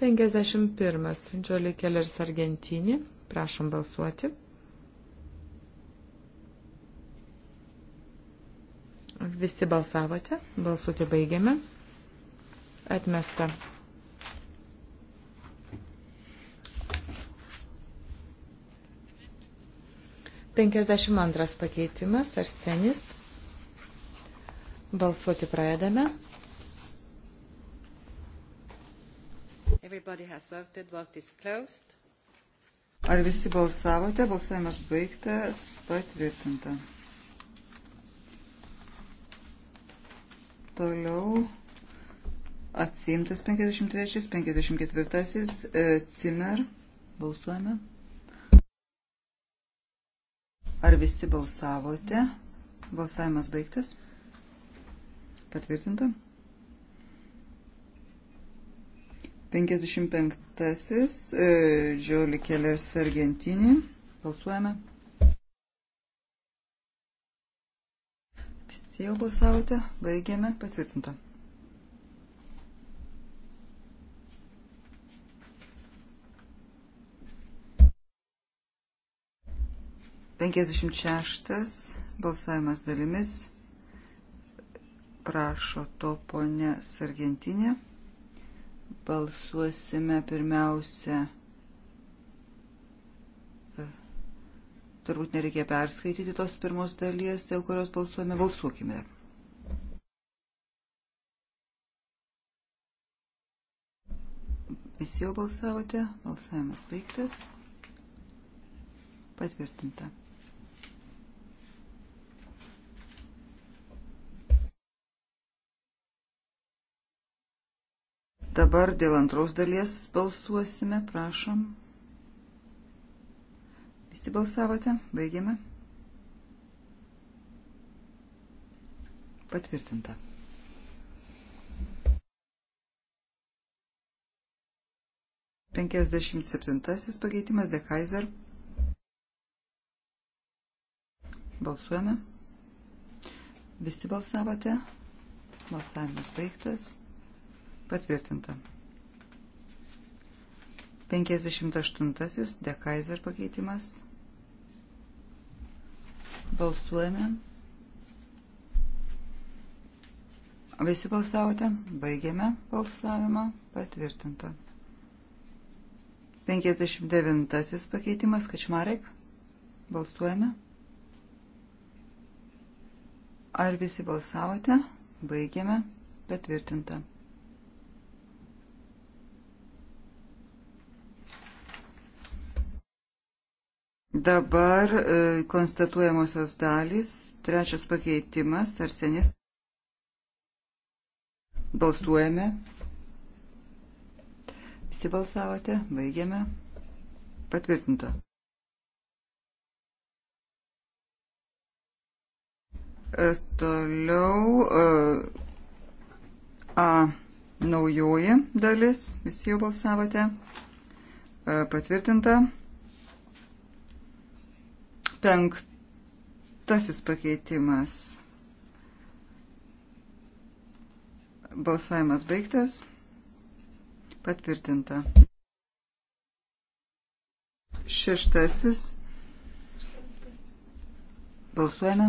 D: Penkiasdešimt pirmas. Džoli Keleris Argentinį. Prašom balsuoti. Visi balsavote. Balsuoti baigiame. Atmesta. Penkiasdešimt antras pakeitimas. Arsenis. Balsuoti pradedame.
A: Ar visi balsavote? Balsavimas baigtas, patvirtinta. Toliau atsimtas 53, 54, Cimer. Balsuojame. Ar visi balsavote? Balsavimas baigtas. Patvirtinta. 55. Džioli Kelers Argentinį. Balsuojame. Visi jau balsavote. Baigėme. Patvirtinta. Penkiasdešimt šeštas balsavimas dalimis prašo to ponė Sargentinė. Balsuosime pirmiausia. E, turbūt nereikia perskaityti tos pirmos dalies, dėl kurios balsuojame. Balsuokime. Visi jau balsavote. Balsavimas baigtas. Patvirtinta. Dabar dėl antros dalies balsuosime, prašom. Visi balsavote, baigiame. Patvirtinta. Penkiasdešimt septintasis pakeitimas de Kaiser. Balsuojame. Visi balsavote. Balsavimas baigtas. Patvirtinta. 58. Dekaiser pakeitimas. Balsuojame. Visi balsavote. Baigiame balsavimą. Patvirtinta. 59. pakeitimas. Kačmarek. Balsuojame. Ar visi balsavote? Baigiame. Patvirtinta. Dabar e, konstatuojamosios dalys, trečias pakeitimas, arsenis. Balsuojame. Visi balsavote, baigiame. Patvirtinta. E, toliau e, A naujoji dalis, visi jau balsavote, e, patvirtinta. Penktasis pakeitimas. Balsavimas baigtas. Patvirtinta. Šeštasis. Balsuojame.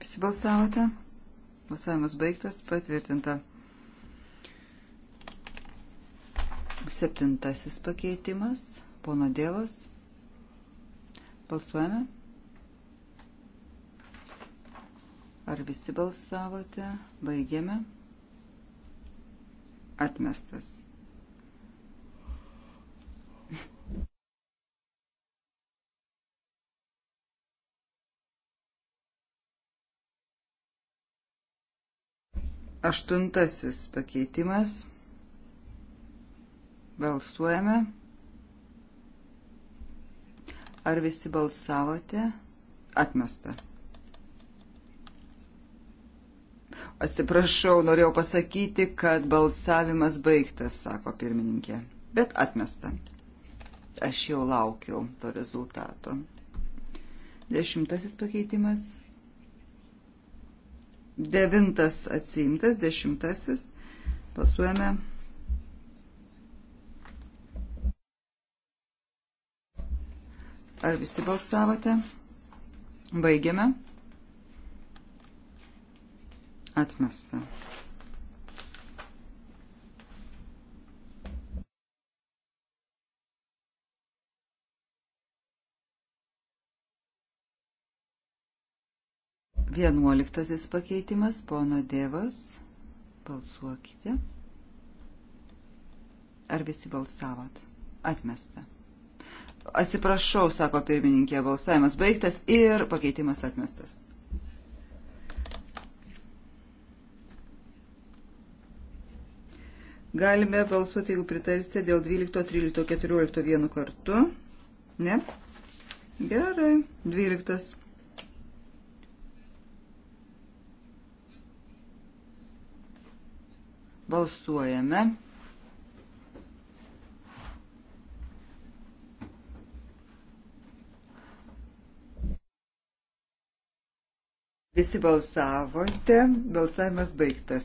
A: Visi balsavote. Balsavimas baigtas. Patvirtinta. Septintasis pakeitimas, pono Dievas. Balsuojame. Ar visi balsavote? Baigiame. Atmestas. Aštuntasis pakeitimas. Balsuojame. Ar visi balsavote? Atmesta. Atsiprašau, norėjau pasakyti, kad balsavimas baigtas, sako pirmininkė, bet atmesta. Aš jau laukiau to rezultato. Dešimtasis pakeitimas. Devintas atsiimtas, dešimtasis. Pasuojame. Ar visi balsavote? Baigiame. Atmesta. Vienuoliktasis pakeitimas, pono Dievas. Balsuokite. Ar visi balsavot? Atmesta. Atsiprašau, sako pirmininkė, balsavimas baigtas ir pakeitimas atmestas. Galime balsuoti, jeigu pritarsite, dėl 12, 13, 14 vienu kartu. Ne? Gerai, 12. Balsuojame. Visi balsavote, balsavimas baigtas.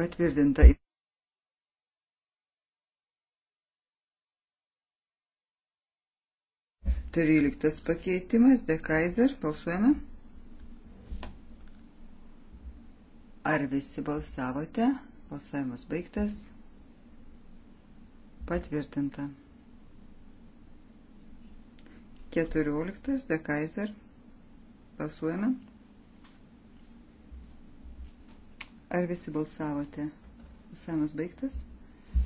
A: Patvirtinta. Tryliktas pakeitimas, De Kaiser, balsuojame. Ar visi balsavote? Balsavimas baigtas. Patvirtinta. 14 De Kaiser. Balsuojame. Ar visi balsavote? Balsavimas baigtas.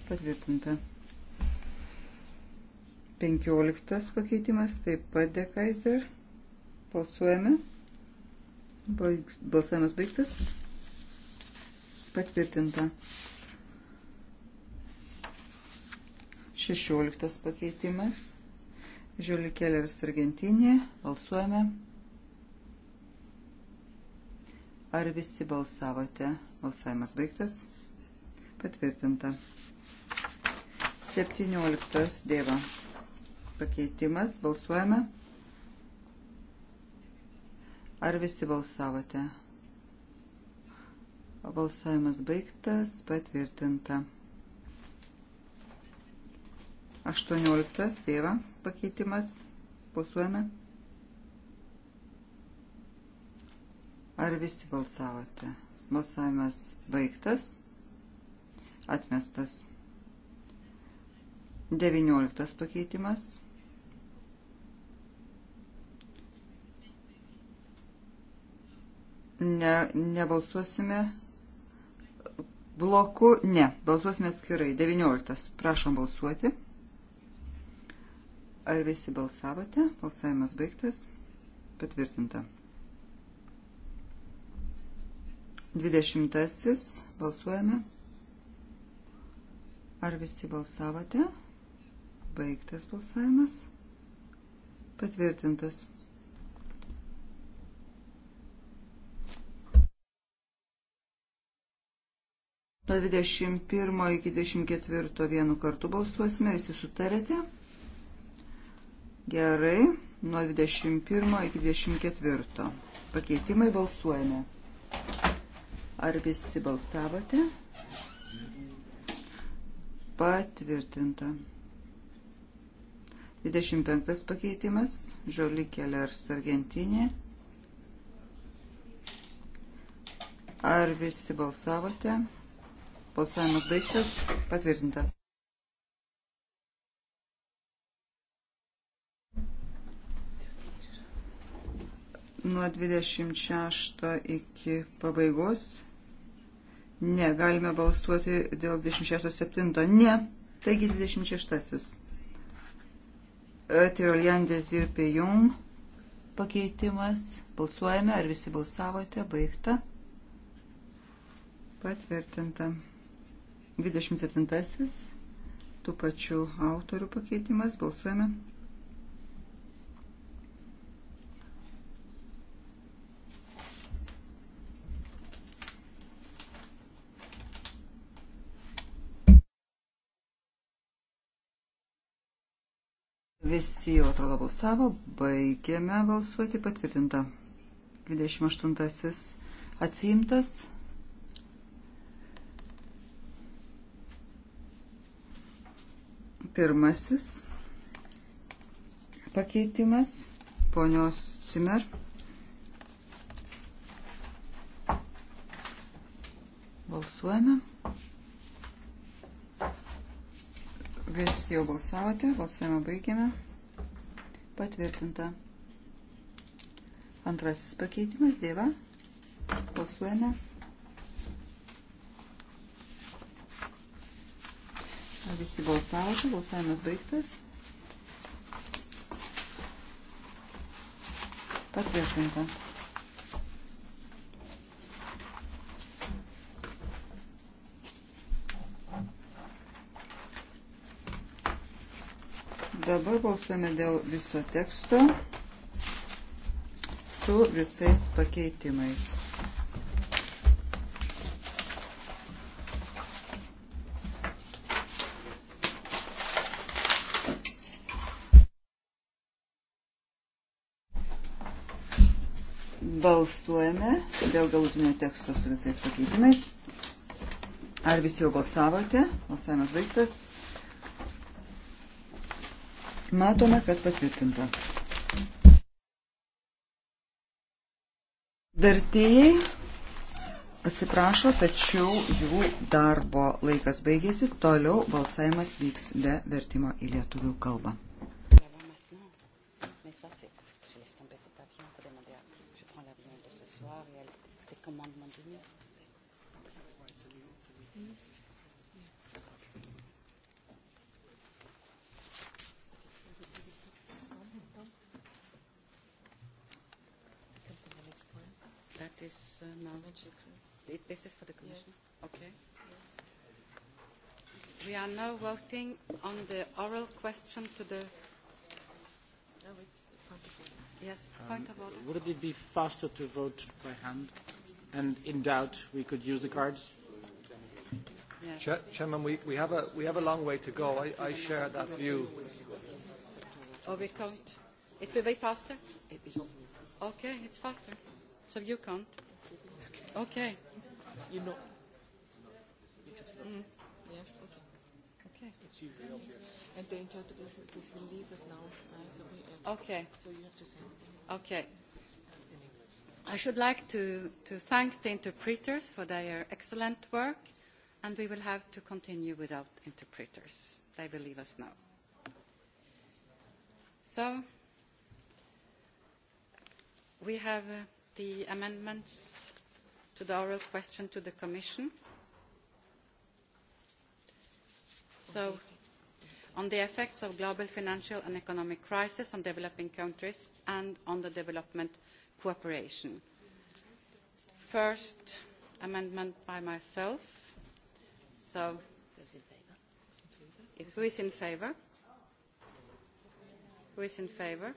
A: Patvirtinta. 15 pakeitimas, taip pat De Kaiser. Balsuojame. Balsavimas baigtas. Patvirtinta. 16 pakeitimas. Žiulį Keleris Argentinė. Balsuojame. Ar visi balsavote? Balsavimas baigtas. Patvirtinta. 17 dėva. Pakeitimas. Balsuojame. Ar visi balsavote? Balsavimas baigtas. Patvirtinta. 18 tėva pakeitimas. Balsuojame. Ar visi balsavote? Balsavimas baigtas. Atmestas. 19 pakeitimas. Ne, nebalsuosime bloku, ne, balsuosime skirai. 19. Prašom balsuoti. Ar visi balsavote? Balsavimas baigtas. Patvirtinta. Dvidešimtasis. Balsuojame. Ar visi balsavote? Baigtas balsavimas. Patvirtintas. Nuo 21 iki 24 vienu kartu balsuosime. Visi sutarėte? Gerai, nuo 21 iki 24. Pakeitimai balsuojame. Ar visi balsavote? Patvirtinta. 25 pakeitimas. Žoli Kelers Argentinė. Ar visi balsavote? Balsavimas baigtas. Patvirtinta. nuo 26 iki pabaigos. Ne, galime balsuoti dėl 26.7. Ne, taigi 26. Tiroliandės ir Pejum pakeitimas. Balsuojame, ar visi balsavote, baigta. Patvirtinta. 27. Tų pačių autorių pakeitimas. Balsuojame. Visi jau atrodo balsavo, baigėme balsuoti patvirtinta. 28 atsiimtas. Pirmasis pakeitimas ponios Cimer. Balsuojame. Visi jau balsavote, balsavimą baigėme. Patvirtinta. Antrasis pakeitimas, dėva. Balsuojame. Visi balsavote, balsavimas baigtas. Patvirtinta. Dabar balsuojame dėl viso teksto su visais pakeitimais. balsuojame dėl galutinio teksto su visais pakeitimais. Ar visi jau balsavote? Balsavimas baigtas. Matome, kad patvirtinta. Vertėjai atsiprašo, tačiau jų darbo laikas baigėsi, toliau balsavimas vyks be vertimo į lietuvių kalbą.
C: voting on the oral question to the... No,
E: it's point of
C: order. Yes, um, point of order.
E: Would it be faster to vote by hand? And in doubt, we could use the cards? Yes. Chair, Chairman, we, we, have a, we have a long way to go. I, I share that view.
C: Or oh, we can't. It will be faster? It is okay, it's faster. So you can't. Okay. okay. You know. You just look. Mm
D: it's usually obvious. And they interpreters because will leave us now. Uh, so we, uh, okay. So you have to send them.
C: Okay. I should like to, to thank the interpreters for their excellent work, and we will have to continue without interpreters. They will leave us now. So we have uh, the amendments to the oral question to the Commission. So on the effects of global financial and economic crisis on developing countries and on the development cooperation. First amendment by myself. So, if who is in favour? Who is in favour?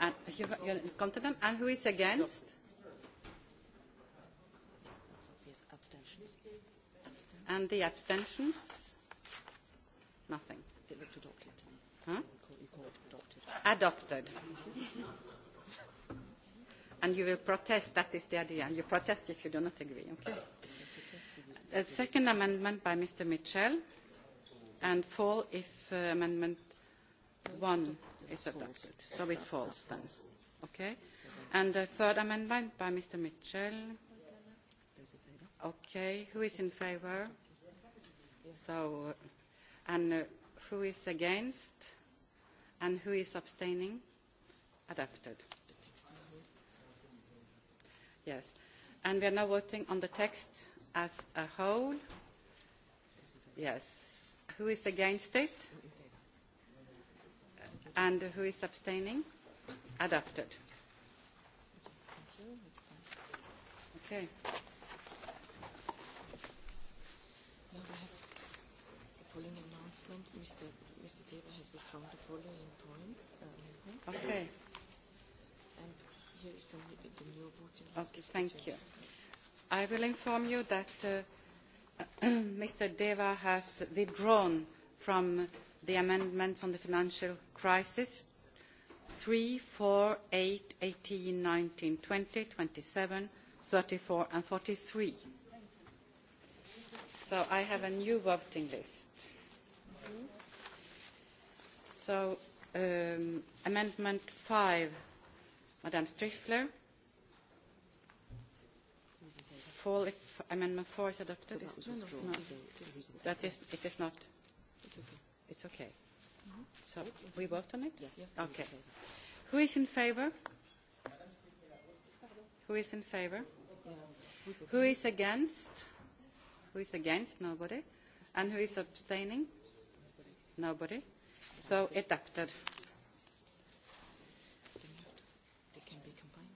E: And you, you come to them.
C: And who is against? And the abstention? Nothing.
E: It looked adopted. Huh? You call it adopted. Adopted.
C: and you will protest, that is the idea. You protest if you do not agree, okay? A second amendment by Mr. Mitchell and fall if uh, amendment 1 is adopted. So it falls then. Okay? And the third amendment by Mr. Mitchell. Okay, who is in favour? So, and uh, who is against? And who is abstaining? Adopted. Yes. And we are now voting on the text as a whole. Yes. Who is against it? And who is abstaining? Adopted. Okay.
D: point, Mr. Mr. Taylor has withdrawn the following points. Um, okay. And here is some, the new voting list. Okay, thank you.
C: I will inform you that uh, Mr. Deva has withdrawn from the amendments on the financial crisis 3, 4, 8, 18, 19, 20, 27, 34 and 43. So I have a new voting list also um, amendment 5, Madame Striffler. Fall if amendment 4 is adopted. That is, no, no, no. That is, it is not. It's okay. It's okay. Mm-hmm. So we vote on it? Yes. Okay. Who is in favor? Who is in favor?
E: Yeah. Who is against?
C: Who is against? Nobody. And who is abstaining? Nobody. So adopted.
D: They can be combined.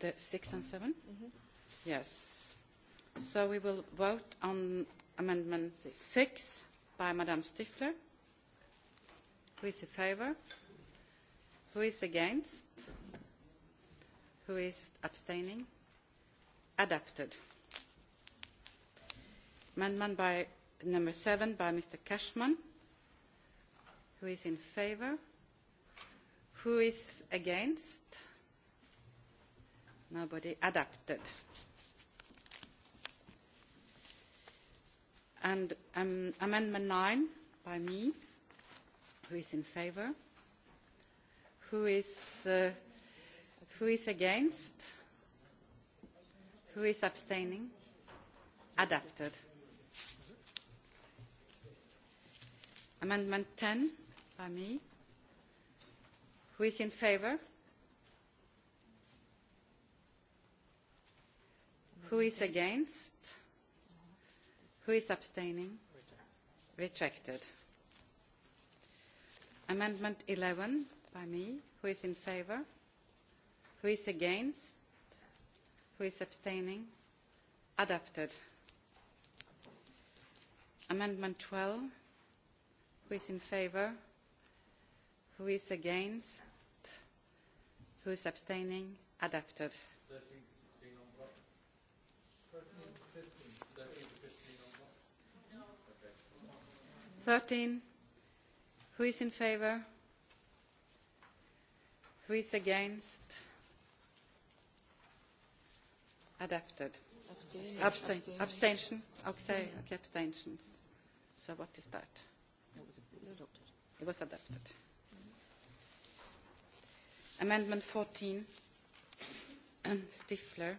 C: The six and seven? Mm-hmm. Yes. So we will vote on amendment six, six by Madame Stifler. Who is in favour? Who is against? Who is abstaining? Adopted. Amendment by number seven by Mr. Cashman. Who is in favor? Who is against? Nobody. Adapted. And um, Amendment 9 by me. Who is in favor? Who is, uh, who is against? Who is abstaining? Adapted. Amendment 10 Ami. Who is in favor? Who is against? Who is abstaining? Rejected. Amendment 11 by me. Who is in favor? Who is against? Who is abstaining? Adopted. Amendment 12. Who is in favor? Who is against? Who is abstaining? Adapted.
E: 13 to 16 on block. 13 to 15. 13 to 15 on block. No. Okay.
C: 13. Who is in favor? Who is against? Adapted. Abstain. Abstain. Abstain. Abstention. Okay. okay, abstentions. So what is that? It was adopted. It was adopted. Amendment 14 and Stifler.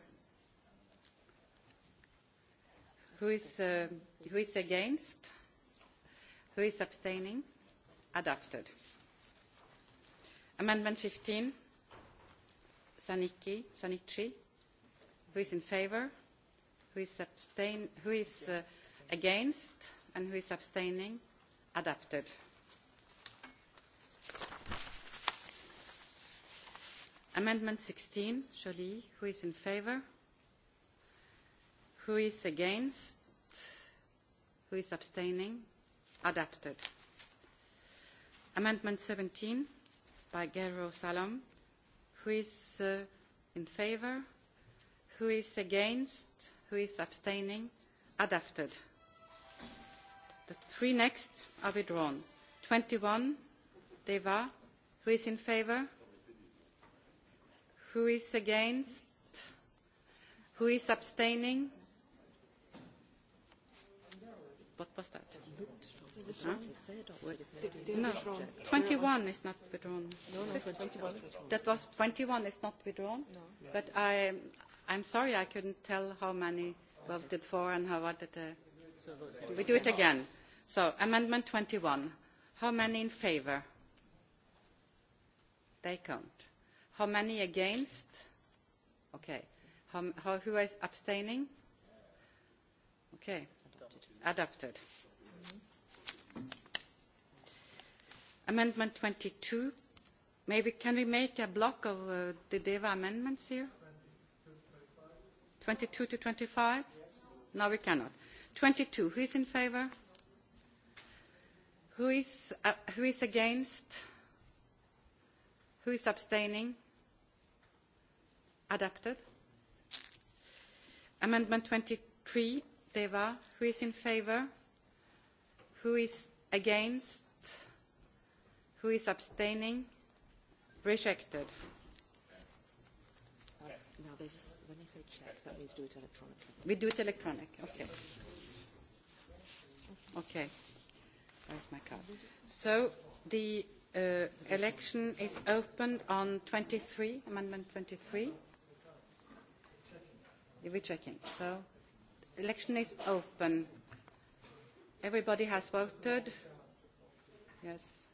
C: Who is, uh, who is against? Who is abstaining? Adopted. Amendment 15. Saniki, Sanichi. Who is in favor? Who is, abstain, who is uh, against? And who is abstaining? Adopted. Amendment 16, Jolie. Who is in favor? Who is against? Who is abstaining? Adapted. Amendment 17 by Gero Salom. Who is uh, in favor? Who is against? Who is abstaining? Adapted. The three next are withdrawn. 21, Deva. Who is in favor? Who is against? Who is abstaining? What was that? Huh? No, 21 is not withdrawn. No, no, 21. That was 21 is not withdrawn. No. But I, I'm sorry I couldn't tell how many voted for and how other.
E: Uh, we do it again.
C: So amendment 21. How many in favour? They count. How many against? Okay. How, how, who is abstaining? Okay. Adopted. Adopted. Amendment 22. Maybe can we make a block of uh, the DEVA amendments here? 22 to 25? Yes. No, we cannot. 22. Who is in favor? Who is, uh, who is against? Who is abstaining? adapted. Amendment 23, Deva, who is in favour? Who is against? Who is abstaining? Rejected.
E: Uh, no, they
D: just, when they say check, that means do it electronically. We do it electronic,
C: okay. Okay. Where's my card? So the uh, election is opened on 23, Amendment 23. We're checking. So, election is open. Everybody has voted. Yes.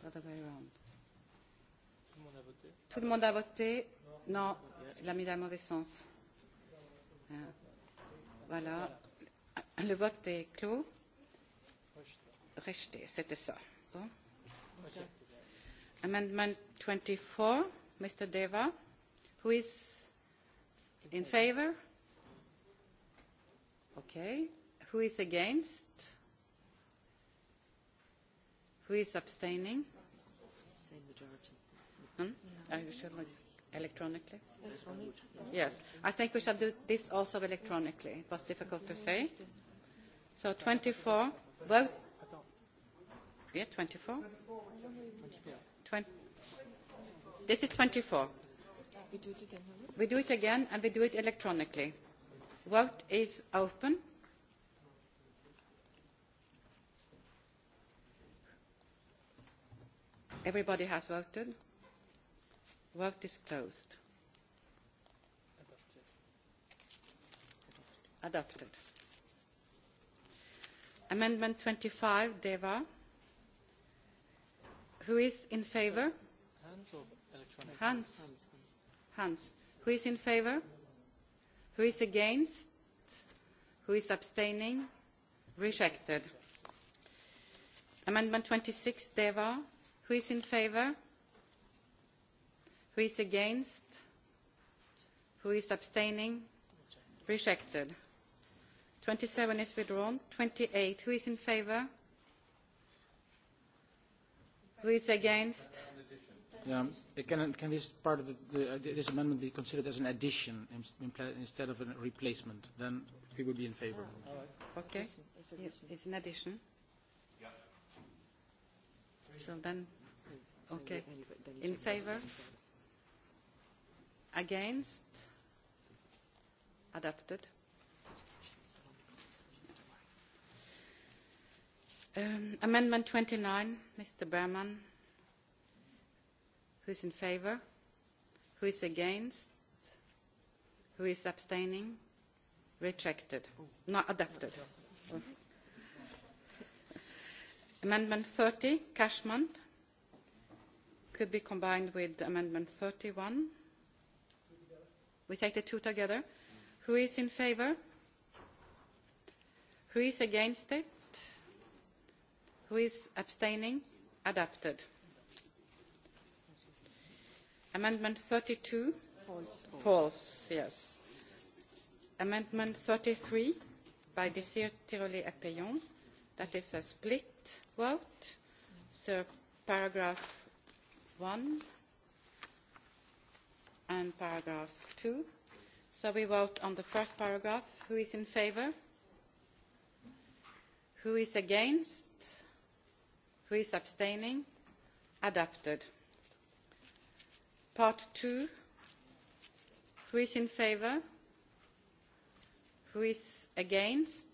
C: The other way around. Tout le monde a voté Non, il l'a mis dans le mauvais sens.
E: Ah. Voilà.
C: Le vote est clos. Rejeté, c'était ça. Bon. Amendment 24, Mr. Deva. Who is in favor? Okay. Who is against? Who is abstaining?
E: Same majority.
C: Hmm? Are you sure? Electronically? Yes. I think we shall do this also electronically. It was difficult to say. So 24. Vote. Yeah, 24? 24.
B: This is 24. We do it again. Right?
C: We do it again and we do it electronically. Vote is open. Everybody has voted. Vote is closed. Adopted. Amendment 25, Deva. Who is in favor?
E: Hands or electronic? Hands. Hands
C: hands. Who is in favour? Who is against? Who is abstaining? Rejected. Amendment 26, Deva. Who is in favour? Who is against? Who is abstaining? Rejected. 27 is withdrawn. 28, who is in favour? Who is against?
E: Yeah. Um, can, can this part of the, the, uh, this amendment be considered as an addition in, in, instead of a replacement? Then we would be in favor.
C: Ah, all right. Okay. It's, it's, yeah, it's an addition. Yeah. So then, okay. In favor? Against? Adopted. Um, amendment 29, Mr. Berman. Who's in favor? Who is against? Who is abstaining? Retracted. Not adopted. Oh. Amendment 30, Cashman, could be combined with Amendment 31. We take the two together. Who is in favor? Who is against it? Who is abstaining? Adopted. Amendment 32? False. False, False yes. Amendment 33 by Desir Tiroli Epeyon. That is a split vote. So paragraph 1 and paragraph 2. So we vote on the first paragraph. Who is in favour? Who is against? Who is abstaining? Adapted Part 2. Who is in favor? Who is against?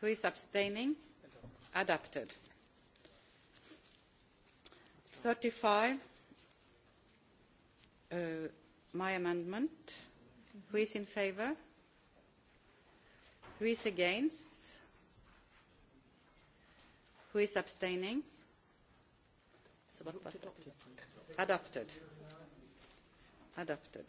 C: Who is abstaining? Adopted. 35. Uh, my amendment. Who is in favor? Who is against? Who is abstaining? So what was that? adopted adopted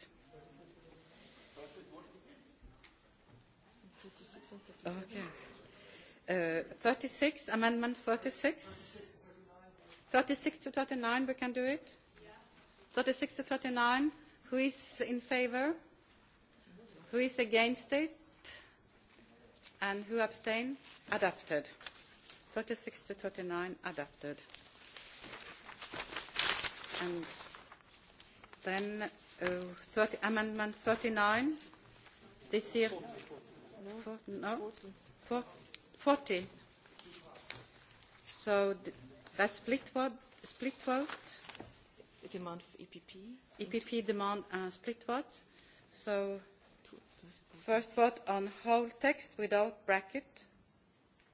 C: okay uh, 36 amendment 36 36 to 39 we can do it 36 to 39 who is in favor who is against it and who abstain adopted 36 to 39 adopted and then uh, 30, amendment 39. This year, 40, 40. For, no, 40. 40. So th that's split vote. Split vote. The demand of EPP. EPP demand uh, split vote. So first vote on whole text without bracket,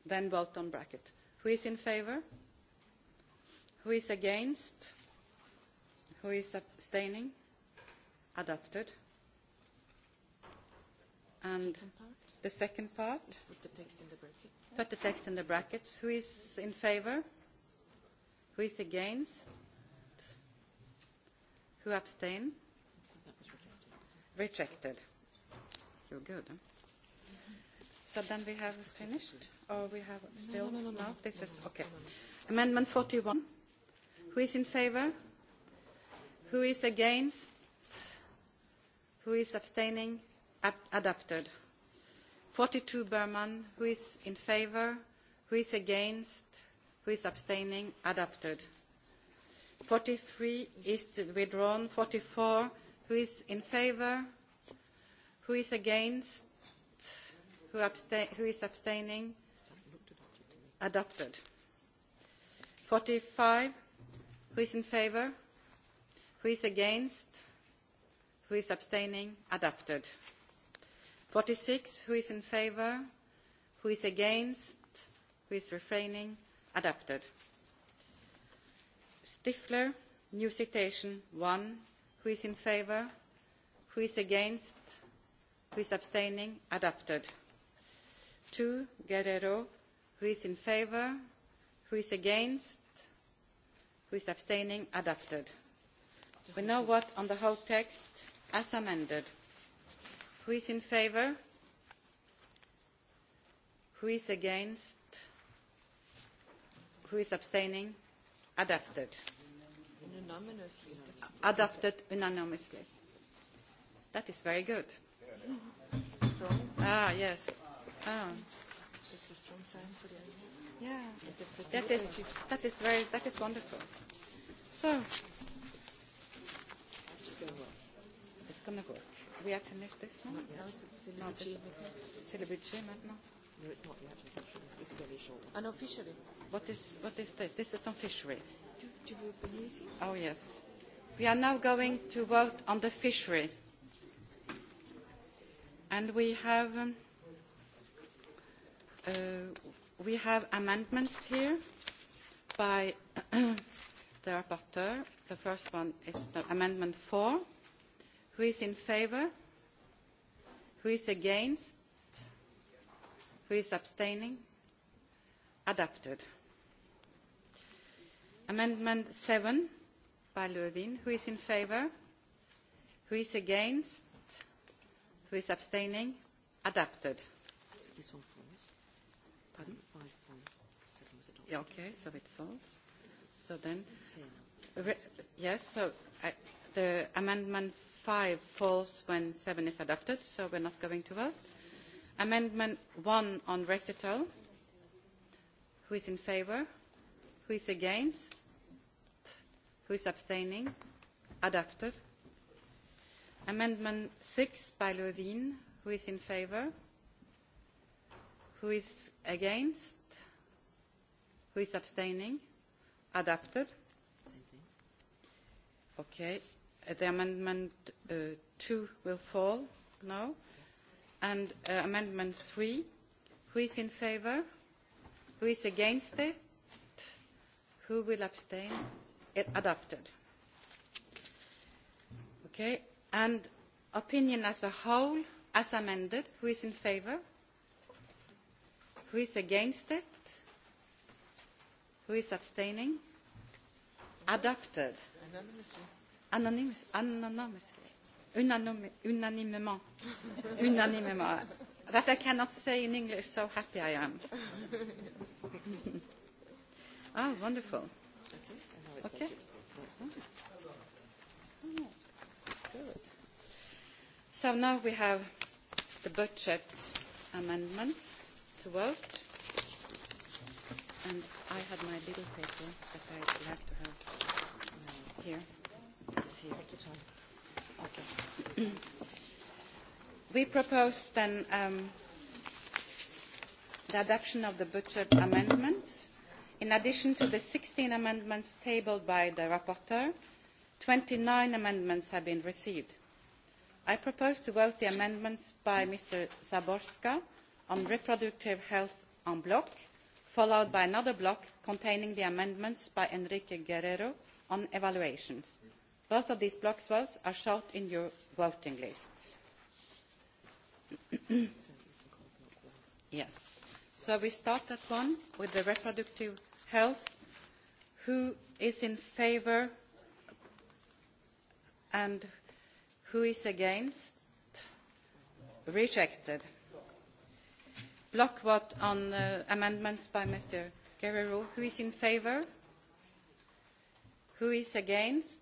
C: then vote on bracket. Who is in favour? Who is against? Who is abstaining? Adopted. And the second part? Yes, put the text in the brackets. Put the text in the brackets. Who is in favour? Who is against? Who abstain? Rejected. You're good. Huh? So then we have finished, or we have still no? no, no, no, no. This no, is okay. No, no, no. Amendment 41. Who is in favour? who is against who is abstaining Ab adopted 42 Berman who is in favor who is against who is abstaining adopted 43 is withdrawn 44 who is in favor who is against who, absta who is abstaining adopted 45 who is in favor who is against who is abstaining adopted 46 who is in favor who is against who is refraining adopted stifler new citation 1 who is in favor who is against who is abstaining adopted 2 guerrero who is in favor who is against who is abstaining adopted We now vote on the whole text as amended. Who is in favour? Who is against? Who is abstaining? Adopted.
D: Unanimously.
E: Adopted unanimously.
C: That is very good.
E: Strong. Ah, yes. Ah. It's a strong sign for the Yeah. That is,
C: that is very, that is wonderful. So, going to vote. Do we have to miss this one? No, c'est le budget maintenant. C'est le budget maintenant?
E: No, it's not the actual fishery. It's the only short one.
C: Oh, ah, no, fishery. What is, what is this? This is on fishery. Do, do you open easy? Oh, yes. We are now going to vote on the fishery. And we have, um, uh, we have amendments here by the rapporteur. The first one is the amendment 4 Who is in favor? Who is against? Who is abstaining? Adopted. Amendment 7 by Lövin. Who is in favor? Who is against? Who is abstaining? Adopted. This one falls. Pardon? Five
E: falls. Seven was adopted.
C: Okay, so it falls. So then, re, yes, so uh, the amendment 5 falls when 7 is adopted, so we're not going to vote. Amendment 1 on recital. Who is in favour? Who is against? Who is abstaining? Adopted. Amendment 6 by Levine. Who is in favour? Who is against? Who is abstaining? Adopted. Same thing. Okay. Uh, the amendment uh, 2 will fall now. Yes. And uh, amendment 3, who is in favour? Who is against it? Who will abstain? It adopted. Okay, and opinion as a whole, as amended, who is in favour? Who is against it? Who is abstaining? Adopted. Anonymously anonymous, anonymously, unanim, unanimement, unanimement. That I cannot say in English, so happy I am. ah, wonderful. Okay. okay. Good. So now we have the budget amendments to vote. And I had my little paper that I would like to have here. Sì, perché c'è.
E: Okay.
C: We proposed then um, the adoption of the budget amendment. In addition to the 16 amendments tabled by the rapporteur, 29 amendments have been received. I propose to vote the amendments by Mr. Zaborska on reproductive health en bloc, followed by another block containing the amendments by Enrique Guerrero on evaluations. Mm -hmm Both of these block votes are shown in your voting lists. yes. So we start at one with the reproductive health. Who is in favour and who is against? Rejected. Block vote on uh, amendments by Mr. Guerrero. Who is in favour? Who is against?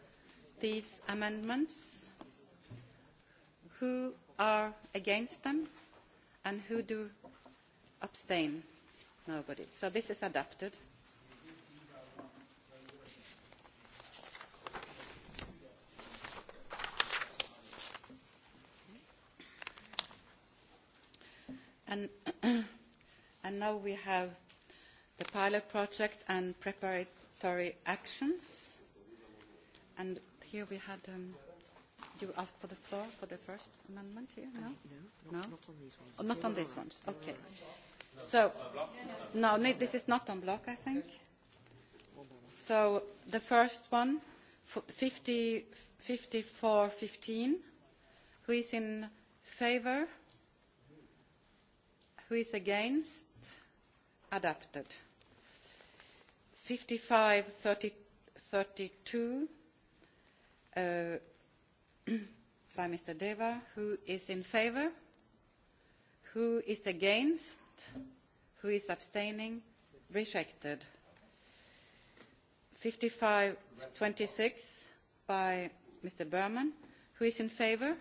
C: these amendments? Who are against them? And who do abstain? Nobody. So this is adopted. And, and now we have the pilot project and preparatory actions. And here we had, um, you asked for the floor for the first amendment here, no? Uh, no, not, no? not on these ones. Oh, not on these ones, okay. So, no, this is not on block, I think. So, the first one, 50, 5415, who is in favour? Who is against? Adapted. 5532, uh, by Mr. Deva. Who is in favor? Who is against? Who is abstaining? Rejected. 5526 by Mr. Berman. Who is in favor?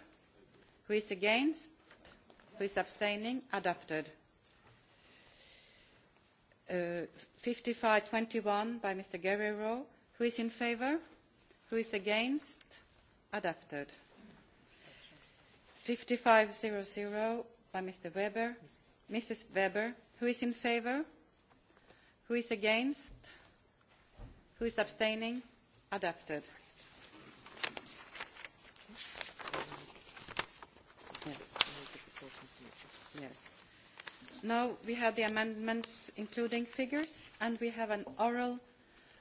C: Who is against? Who is abstaining? Adopted. Uh, 5521 by Mr. Guerrero. Who is in favor? who is against adopted fifty five zero zero by mr weber mrs weber who is in favour who is against who is abstaining adopted
E: yes yes
C: now we have the amendments including figures and we have an oral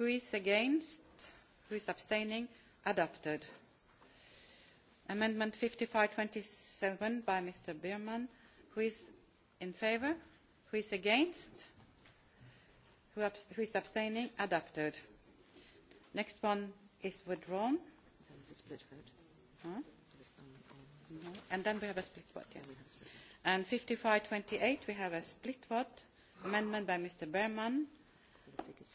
C: who is against who is abstaining adopted amendment fifty five twenty seven by mr biermann who is in favour who is against who, abst who is abstaining adopted next one is withdrawn
E: there is a split vote
C: huh? Um, um, no. and then we have a split vote yes and fifty five twenty eight we have a split vote amendment by mr berman the figures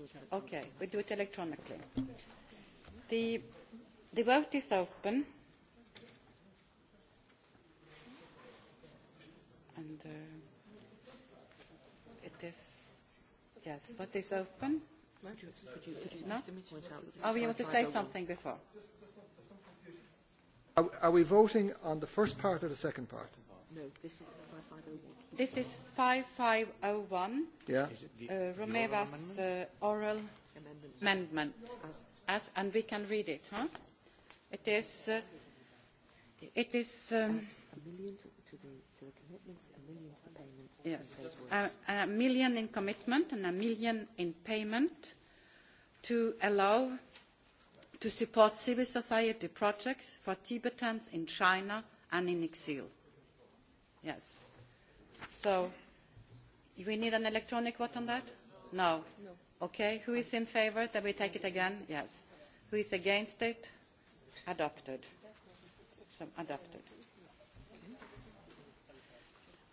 C: do it electronically. Okay, we do it electronically. The, the vote is open. And uh, it is, yes, vote is open.
E: Could you, could you no? Oh, you want to say something before? Are, are we voting on the first part or the second part? No, this is 5501.
C: This is 5501.
E: Yeah. Is it the, uh,
C: Romeva's uh, oral amendment, amendment as, as, and we can read it, huh? It is. Uh,
E: it is. Um, a million to, to, the, to the commitments, a million to the payments. Yes,
C: a, a million in commitment and a million in payment to allow to support civil society projects for Tibetans in China and in exile. Yes. So, we need an electronic vote on that? No. No. Okay. Who is in favor that we take it again? Yes. Who is against it? Adopted. So, adopted.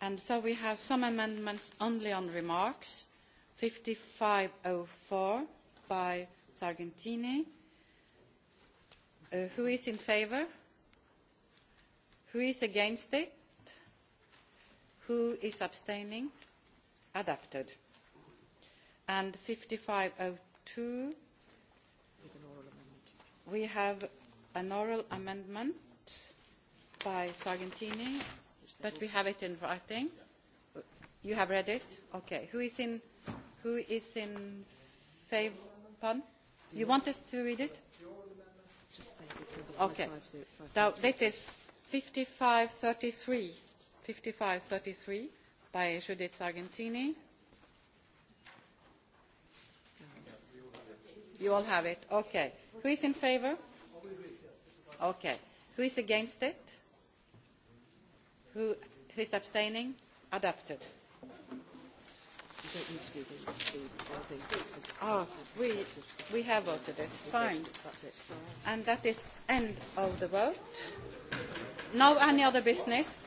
C: And so we have some amendments only on remarks. 5504 by Sargentini. Uh, who is in favor? Who is against it? who is abstaining adopted and 5502 we have an oral amendment by Sargentini but we have it in writing you have read it okay who is in who is in favor pardon you want us to read it
E: okay now
C: this is 5533 5533 by Judith Sargentini. You all have it. Okay. Who is in favor? Okay. Who is against it? Who, who is abstaining? Adapted.
E: Oh, ah, we, we have voted it. Fine.
C: And that is end of the vote.
B: No any other business?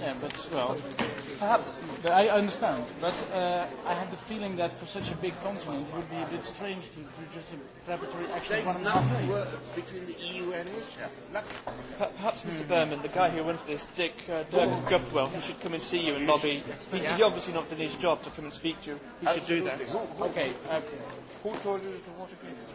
E: Yeah, but well, perhaps but I understand. But uh, I had the feeling that for such a big continent, it would be a bit strange to do just a preparatory action There's one and a half day. between the EU and Russia. Per- perhaps Mr. Hmm. Berman, the guy who runs this, Dick uh, Dirk oh. Gubwell, he should come and see you and lobby. He, he's obviously not done his job to come and speak to you. He Absolutely. should do that. Who, who, okay. okay. Who told you to vote against?